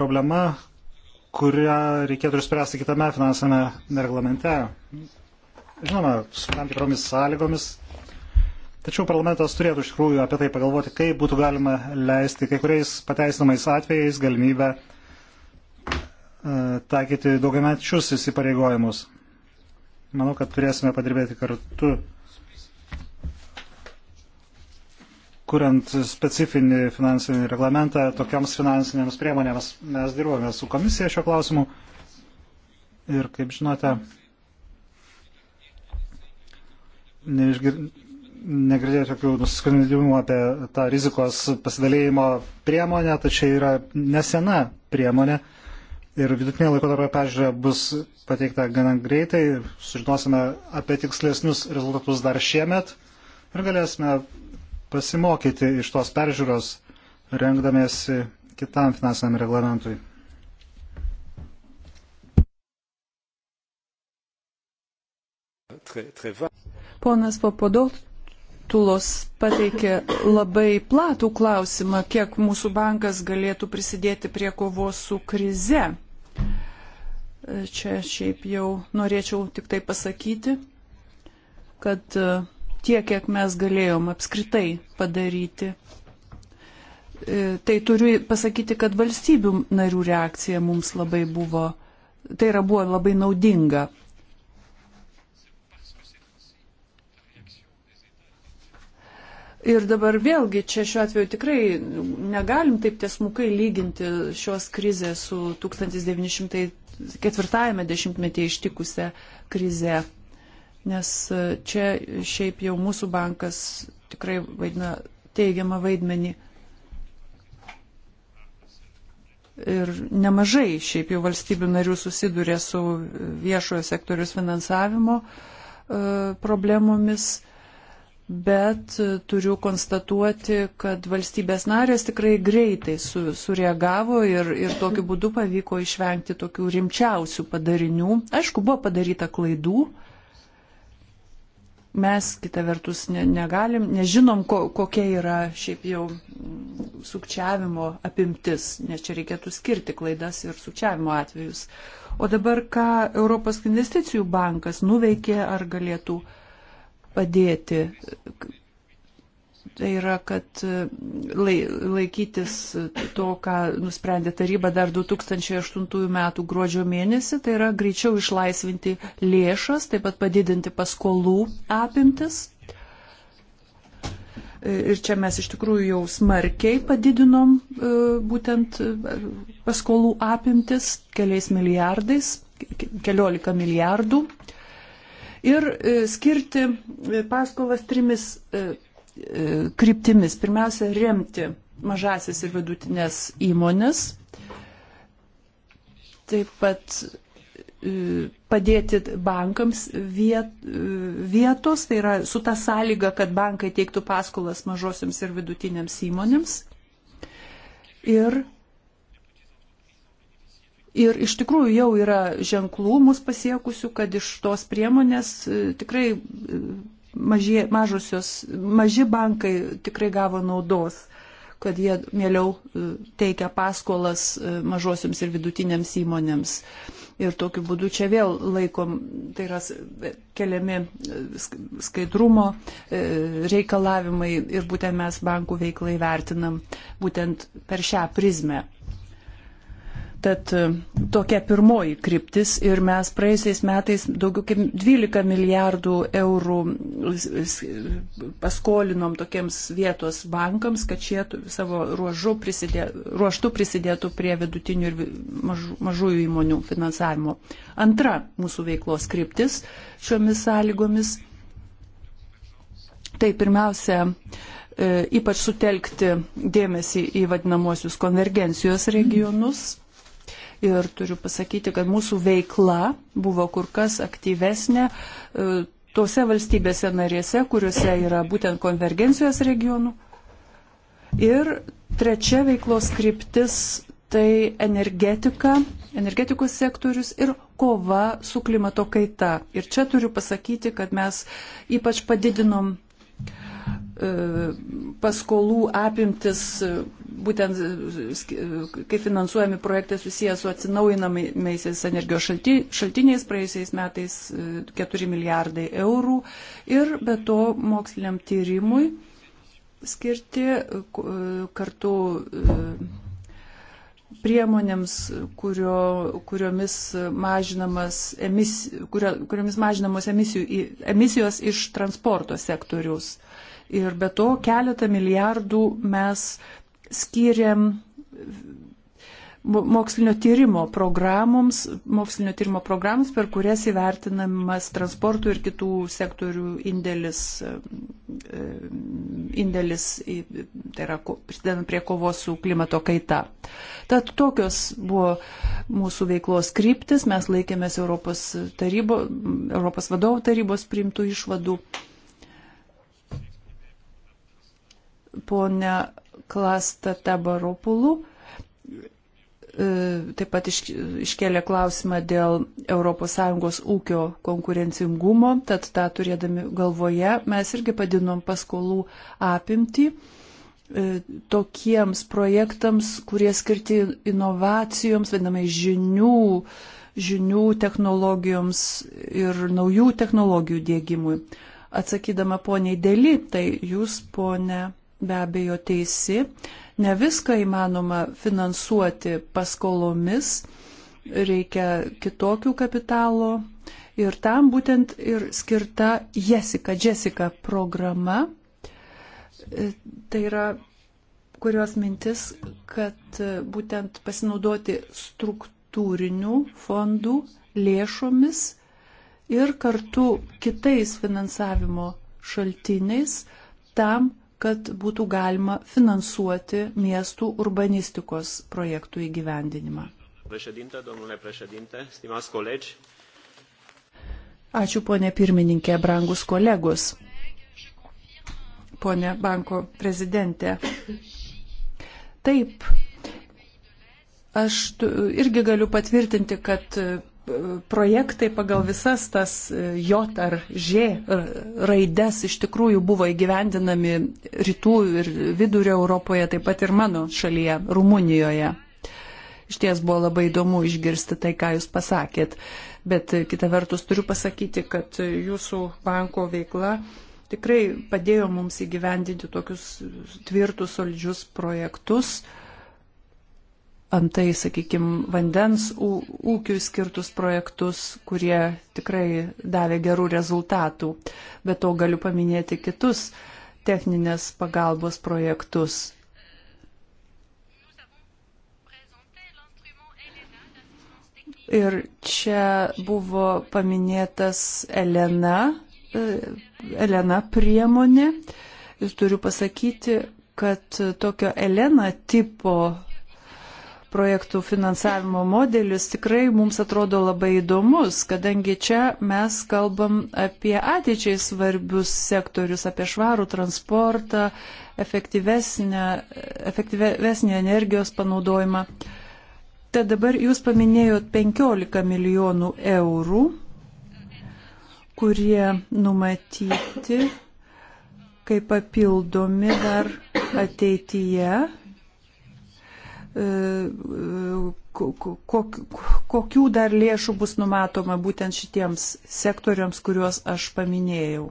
problema, kurią reikėtų išspręsti kitame finansinėme reglamente. Žinoma, su tam tikromis sąlygomis. Tačiau parlamentas turėtų iš tikrųjų apie tai pagalvoti, kaip būtų galima leisti kai kuriais pateisinamais atvejais galimybę e, taikyti daugiamečius įsipareigojimus. Manau, kad turėsime padirbėti kartu, kuriant specifinį finansinį reglamentą tokiams finansinėms priemonėms. Mes dirbame su komisija šio klausimu ir, kaip žinote, neišgir... negirdėjau tokių nusiskundimų apie tą rizikos pasidalėjimo priemonę, tačiau yra nesena priemonė ir vidutinė laikotarpio peržiūra bus pateikta gana greitai, sužinosime apie tikslesnius rezultatus dar šiemet ir galėsime pasimokyti iš tos peržiūros, rengdamėsi kitam finansiniam reglamentui. très, très vague. Ponas Papadotulos pateikė labai platų klausimą, kiek mūsų bankas galėtų prisidėti prie kovos su krize. Čia šiaip jau norėčiau tik tai pasakyti, kad e, tiek, kiek mes galėjom apskritai padaryti, e, tai turiu pasakyti, kad valstybių narių reakcija mums labai buvo, tai yra buvo labai naudinga Ir dabar vėlgi čia šiuo atveju tikrai negalim taip tiesmukai lyginti šios krizės su 1904 dešimtmetyje ištikusią krizę, nes e, čia šiaip jau mūsų bankas tikrai vaidina teigiamą vaidmenį. Ir nemažai šiaip jau valstybių narių susiduria su viešojo sektorius finansavimo e, problemomis. Uh, bet e, turiu konstatuoti, kad valstybės narės tikrai greitai su, sureagavo ir, ir tokiu būdu pavyko išvengti tokių rimčiausių padarinių. Aišku, buvo padaryta klaidų. Mes kitą vertus ne, negalim, nežinom, ko, kokia yra šiaip jau mm, sukčiavimo apimtis, nes čia reikėtų skirti klaidas ir sukčiavimo atvejus. O dabar, ką Europos investicijų bankas nuveikė ar galėtų uh, padėti. Tai yra, kad e, laikytis to, ką nusprendė taryba dar 2008 m. gruodžio mėnesį, tai yra greičiau išlaisvinti lėšas, taip pat padidinti paskolų apimtis. E, ir čia mes iš tikrųjų jau smarkiai padidinom e, būtent paskolų apimtis keliais milijardais, keliolika milijardų ir e, skirti e, paskolas trimis e, kryptimis. Pirmiausia, remti mažasis ir vidutinės įmonės, taip pat padėti bankams viet, vietos, tai yra su ta sąlyga, kad bankai teiktų paskolas mažosiams ir vidutinėms įmonėms. Ir Ir iš tikrųjų jau yra ženklų mus pasiekusių, kad iš tos priemonės e, tikrai e, mažie, mažosios, maži bankai tikrai gavo naudos, kad jie mieliau e, teikia paskolas mažosiams ir vidutinėms įmonėms. Ir tokiu būdu čia vėl laikom, tai yra keliami skaidrumo reikalavimai ir būtent mes bankų veiklai vertinam būtent per šią prizmę. Tad e, tokia pirmoji kryptis ir mes praeisiais metais daugiau kaip 12 milijardų eurų paskolinom tokiems vietos bankams, kad šie savo prisidė, ruoštų prisidėtų prie vidutinių ir mažų, mažųjų įmonių finansavimo. Antra mūsų veiklos kryptis šiomis sąlygomis. Tai pirmiausia, e, ypač sutelkti dėmesį į vadinamuosius konvergencijos regionus. Mm ir turiu pasakyti, kad mūsų veikla buvo kur kas aktyvesnė e, tose valstybėse narėse, kuriuose yra būtent konvergencijos regionų. Ir trečia veiklos kryptis tai energetika, energetikos sektorius ir kova su klimato kaita. Ir čia turiu pasakyti, kad mes ypač padidinom E, paskolų apimtis, e, būtent e, kaip finansuojami projektai susijęs su atsinaujinamaisiais energijos šaltiniais, praėjusiais metais 4 milijardai eurų ir be to moksliniam tyrimui skirti kartu priemonėms, kurio, kuriomis, emis, kurio, kuriomis mažinamos emisijų, emisijos iš transporto sektoriaus. Uh, Ir be to keletą milijardų mes skiriam mokslinio tyrimo programoms, mokslinio tyrimo programoms, per kurias įvertinamas transportų ir kitų sektorių indėlis, indėlis tai yra prisidedant prie kovos su klimato kaita. Tad tokios buvo mūsų veiklos kryptis, mes laikėmės Europos, tarybo, Europos vadovų tarybos priimtų išvadų. ponia Klasta Tabaropulų e, taip pat iš, iškėlė klausimą dėl ES ūkio konkurencingumo, tad tą turėdami galvoje mes irgi padidinom paskolų apimtį e, tokiems projektams, kurie skirti inovacijoms, vadinamai žinių, žinių technologijoms ir naujų technologijų dėgymui. Atsakydama poniai Deli, tai jūs, ponė be abejo teisi. Ne viską įmanoma finansuoti paskolomis, reikia kitokių kapitalo. Ir tam būtent ir skirta Jessica, Jessica programa. Tai yra kurios mintis, kad būtent pasinaudoti struktūrinių fondų lėšomis ir kartu kitais finansavimo šaltiniais tam, kad būtų galima finansuoti miestų urbanistikos projektų įgyvendinimą. Ačiū, ponė pirmininkė, brangus kolegos. Pone banko prezidentė. Taip, aš irgi galiu patvirtinti, kad projektai pagal visas tas e, J ar Ž raides iš tikrųjų buvo įgyvendinami rytų ir vidurio Europoje, taip pat ir mano šalyje, Rumunijoje. Iš ties buvo labai įdomu išgirsti tai, ką jūs pasakėt, bet e, kita vertus turiu pasakyti, kad e, jūsų banko veikla tikrai padėjo mums įgyvendinti tokius tvirtus, solidžius projektus, uh, antai, sakykime, vandens ūkiui skirtus projektus, kurie tikrai davė gerų rezultatų. Bet to galiu paminėti kitus techninės pagalbos projektus. Ir čia buvo paminėtas Elena, e, Elena priemonė. Ir turiu pasakyti, kad tokio Elena tipo projektų finansavimo modelis tikrai mums atrodo labai įdomus, kadangi čia mes kalbam apie ateičiai svarbius sektorius, apie švarų transportą, efektyvesnį energijos panaudojimą. Tad dabar jūs paminėjot 15 milijonų eurų, kurie numatyti kaip papildomi dar ateityje E, kokių dar lėšų bus numatoma būtent šitiems sektoriams, kuriuos aš paminėjau.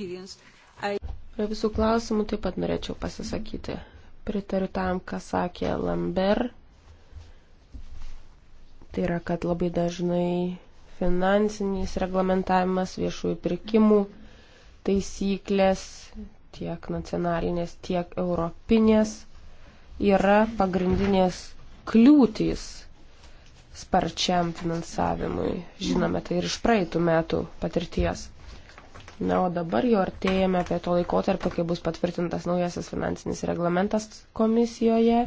Prie visų klausimų taip pat norėčiau pasisakyti. Pritariu tam, ką sakė Lambert. Tai yra, kad labai dažnai finansinis reglamentavimas viešųjų pirkimų taisyklės tiek nacionalinės, tiek europinės yra pagrindinės kliūtys sparčiam finansavimui. Žinome tai ir iš praeitų metų patirties. Na, o dabar jau artėjame prie to laikotarpio, kai bus patvirtintas naujasis finansinis reglamentas komisijoje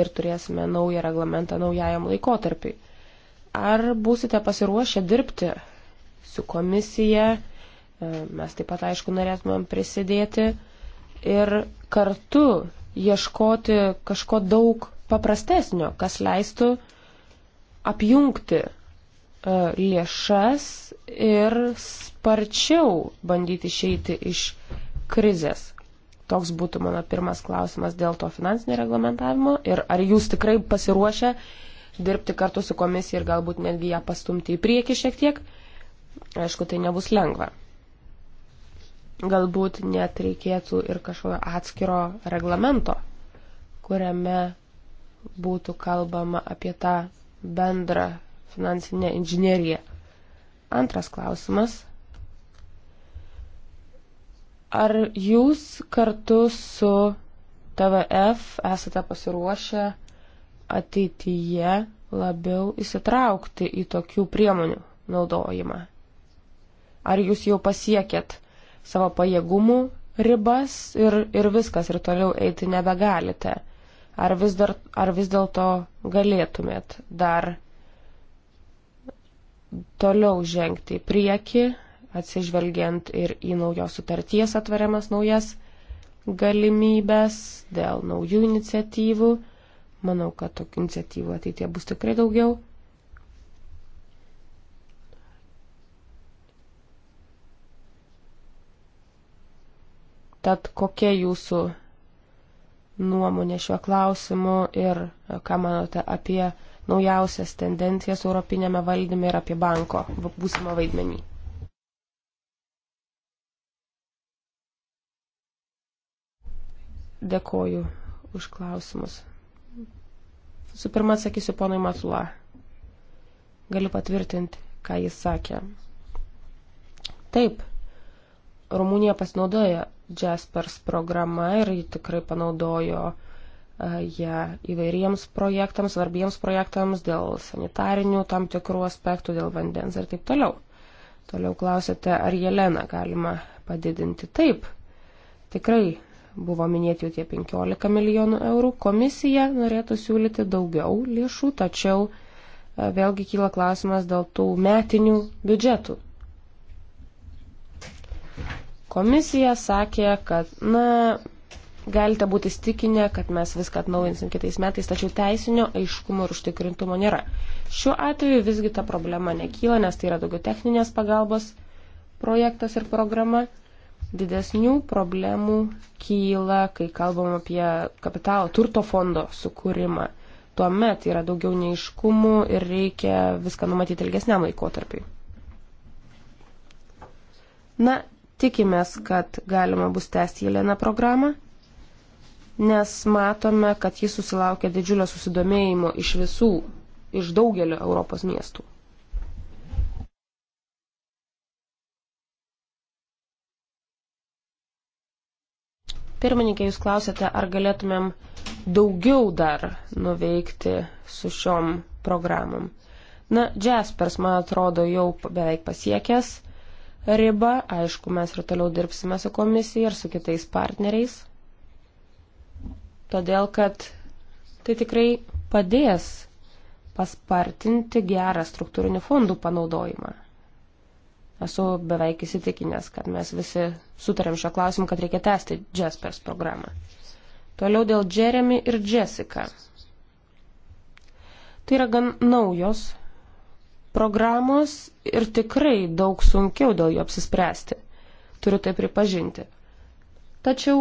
ir turėsime naują reglamentą naujajam laikotarpiui. Ar būsite pasiruošę dirbti su komisija? Mes taip pat, aišku, norėtumėm prisidėti ir kartu ieškoti kažko daug paprastesnio, kas leistų apjungti e, lėšas ir sparčiau bandyti išeiti iš krizės. Toks būtų mano pirmas klausimas dėl to finansinio reglamentavimo ir ar jūs tikrai pasiruošę dirbti kartu su komisija ir galbūt netgi ją pastumti į priekį šiek tiek. Aišku, tai nebus lengva. Galbūt net reikėtų ir kažkokio atskiro reglamento, kuriame būtų kalbama apie tą bendrą finansinę inžineriją. Antras klausimas. Ar jūs kartu su TVF esate pasiruošę ateityje labiau įsitraukti į tokių priemonių naudojimą? Ar jūs jau pasiekėt savo pajėgumų ribas ir, ir viskas, ir toliau eiti nebegalite? Ar vis, dar, ar vis dėlto galėtumėt dar toliau žengti į priekį, atsižvelgiant ir į naujos sutarties atveriamas naujas galimybės dėl naujų iniciatyvų? Manau, kad tokių iniciatyvų ateitie bus tikrai daugiau. Tad kokia jūsų nuomonė šiuo klausimu ir ką manote apie naujausias tendencijas europinėme valdyme ir apie banko būsimą vaidmenį? Dėkoju už klausimus. Su pirma atsakysiu ponui Matula. Galiu patvirtinti, ką jis sakė. Taip, Rumunija pasinaudoja Jaspers programa ir ji tikrai panaudojo e, ją įvairiems projektams, svarbiems projektams dėl sanitarinių tam tikrų aspektų, dėl vandens ir taip toliau. Toliau klausėte, ar Jeleną galima padidinti. Taip, tikrai buvo minėti jau tie 15 milijonų eurų. Komisija norėtų siūlyti daugiau lėšų, tačiau e, vėlgi kyla klausimas dėl tų metinių biudžetų. Komisija sakė, kad, na, galite būti stikinę, kad mes viską atnaujinsim kitais metais, tačiau teisinio aiškumo ir užtikrintumo nėra. Šiuo atveju visgi ta problema nekyla, nes tai yra daugiau techninės pagalbos projektas ir programa. Didesnių problemų kyla, kai kalbam apie kapitalo turto fondo sukūrimą tuomet yra daugiau neiškumų ir reikia viską numatyti ilgesniam laikotarpiui. Na tikimės, kad galima bus tęsti Jelena programą, nes matome, kad jis susilaukia didžiulio susidomėjimo iš visų, iš daugelio Europos miestų. Pirmininkė, jūs klausėte, ar galėtumėm daugiau dar nuveikti su šiom programom. Na, Jaspers, man atrodo, jau beveik pasiekęs ribą. Aišku, mes ir toliau dirbsime su komisija ir su kitais partneriais. Todėl, kad tai tikrai padės paspartinti gerą struktūrinių fondų panaudojimą. Esu beveik įsitikinęs, kad mes visi sutarėm šio klausimu, kad reikia tęsti Jaspers programą. Toliau dėl Jeremy ir Jessica. Tai yra gan naujos programos ir tikrai daug sunkiau dėl jų apsispręsti. Turiu tai pripažinti. Tačiau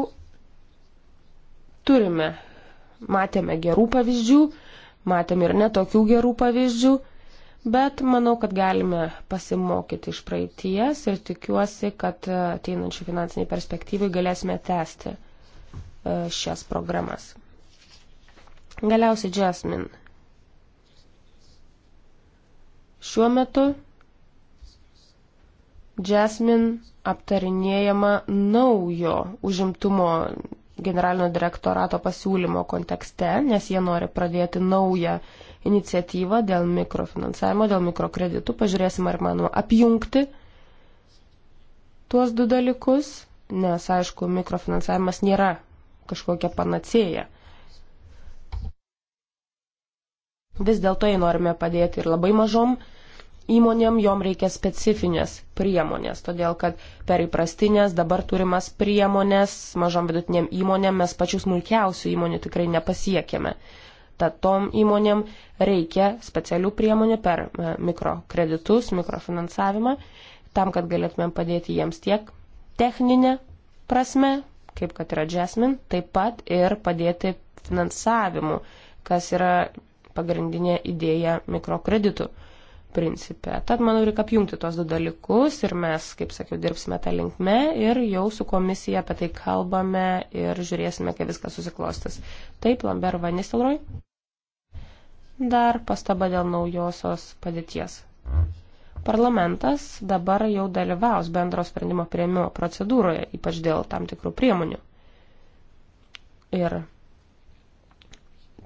turime, matėme gerų pavyzdžių, matėme ir netokių gerų pavyzdžių, bet manau, kad galime pasimokyti iš praeities ir tikiuosi, kad e, ateinančių finansiniai perspektyvai galėsime tęsti e, šias programas. Galiausiai Jasmine Šiuo metu Jasmine aptarinėjama naujo užimtumo generalinio direktorato pasiūlymo kontekste, nes jie nori pradėti naują iniciatyvą dėl mikrofinansavimo, dėl mikrokreditų. Pažiūrėsim, ar manoma apjungti tuos du dalykus, nes, aišku, mikrofinansavimas nėra kažkokia panacėja. Vis dėlto jį norime padėti ir labai mažom įmonėm jom reikia specifinės priemonės, todėl kad per įprastinės dabar turimas priemonės mažom vidutiniam įmonėm mes pačių smulkiausių įmonių tikrai nepasiekėme. Tad tom įmonėm reikia specialių priemonių per e, mikrokreditus, mikrofinansavimą, tam, kad galėtumėm padėti jiems tiek techninę prasme, kaip kad yra Jasmine, taip pat ir padėti finansavimu, kas yra pagrindinė idėja mikrokreditų principe. Tad manau, reikia apjungti tos du dalykus ir mes, kaip sakiau, dirbsime tą linkme ir jau su komisija apie tai kalbame ir žiūrėsime, kaip viskas susiklostas. Taip, Lambert Vanistelroj. Dar pastaba dėl naujosios padėties. Parlamentas dabar jau dalyvaus bendro sprendimo prieimimo procedūroje, ypač dėl tam tikrų priemonių. Ir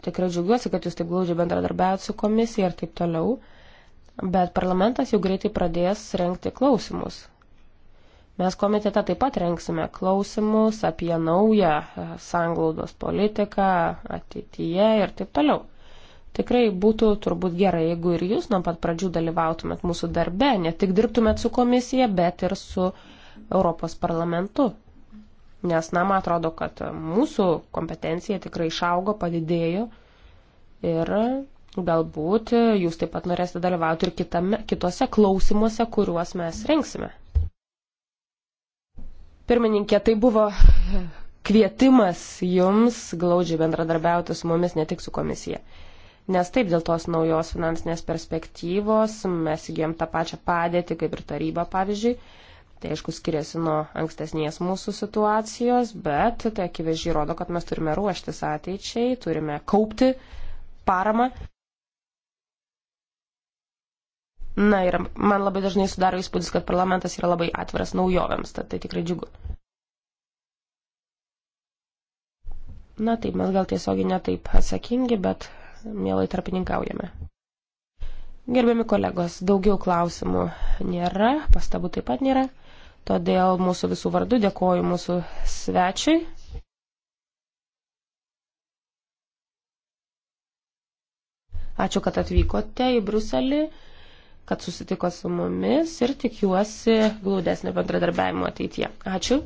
tikrai džiaugiuosi, kad jūs taip glaudžiai bendradarbiavot su komisija ir taip toliau bet parlamentas jau greitai pradės renkti klausimus. Mes komitete taip pat renksime klausimus apie naują e, sanglaudos politiką ateityje ir taip toliau. Tikrai būtų turbūt gerai, jeigu ir jūs nuo pat pradžių dalyvautumėt mūsų darbe, ne tik dirbtumėt su komisija, bet ir su Europos parlamentu. Nes, na, man atrodo, kad mūsų kompetencija tikrai išaugo, padidėjo ir Galbūt e, jūs taip pat norėsite dalyvauti ir kitame, kitose klausimuose, kuriuos mes renksime. Pirmininkė, tai buvo kvietimas jums glaudžiai bendradarbiauti su mumis, ne tik su komisija. Nes taip dėl tos naujos finansinės perspektyvos mes įgėm tą pačią padėtį kaip ir taryba, pavyzdžiui. Tai aišku skiriasi nuo ankstesnės mūsų situacijos, bet tai akivaizdžiai rodo, kad mes turime ruoštis ateičiai, turime kaupti paramą. Na ir man labai dažnai sudaro įspūdis, kad parlamentas yra labai atviras naujovėms, tad tai tikrai džiugu. Na taip, mes gal tiesiogiai netaip atsakingi, bet mielai tarpininkaujame. Gerbiami kolegos, daugiau klausimų nėra, pastabų taip pat nėra, todėl mūsų visų vardu dėkoju mūsų svečiui. Ačiū, kad atvykote į Bruselį kad susitiko su mumis ir tikiuosi glaudesnio bendradarbiavimo ateityje. Ačiū.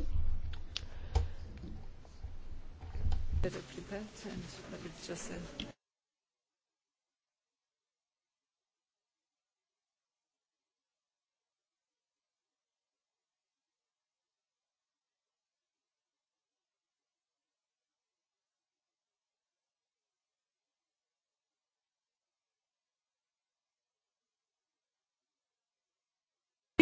Just said.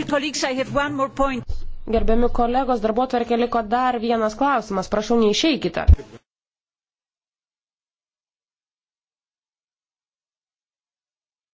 Gerbiami kolegos, darbo tvarkė liko dar vienas klausimas, prašau neišeikite.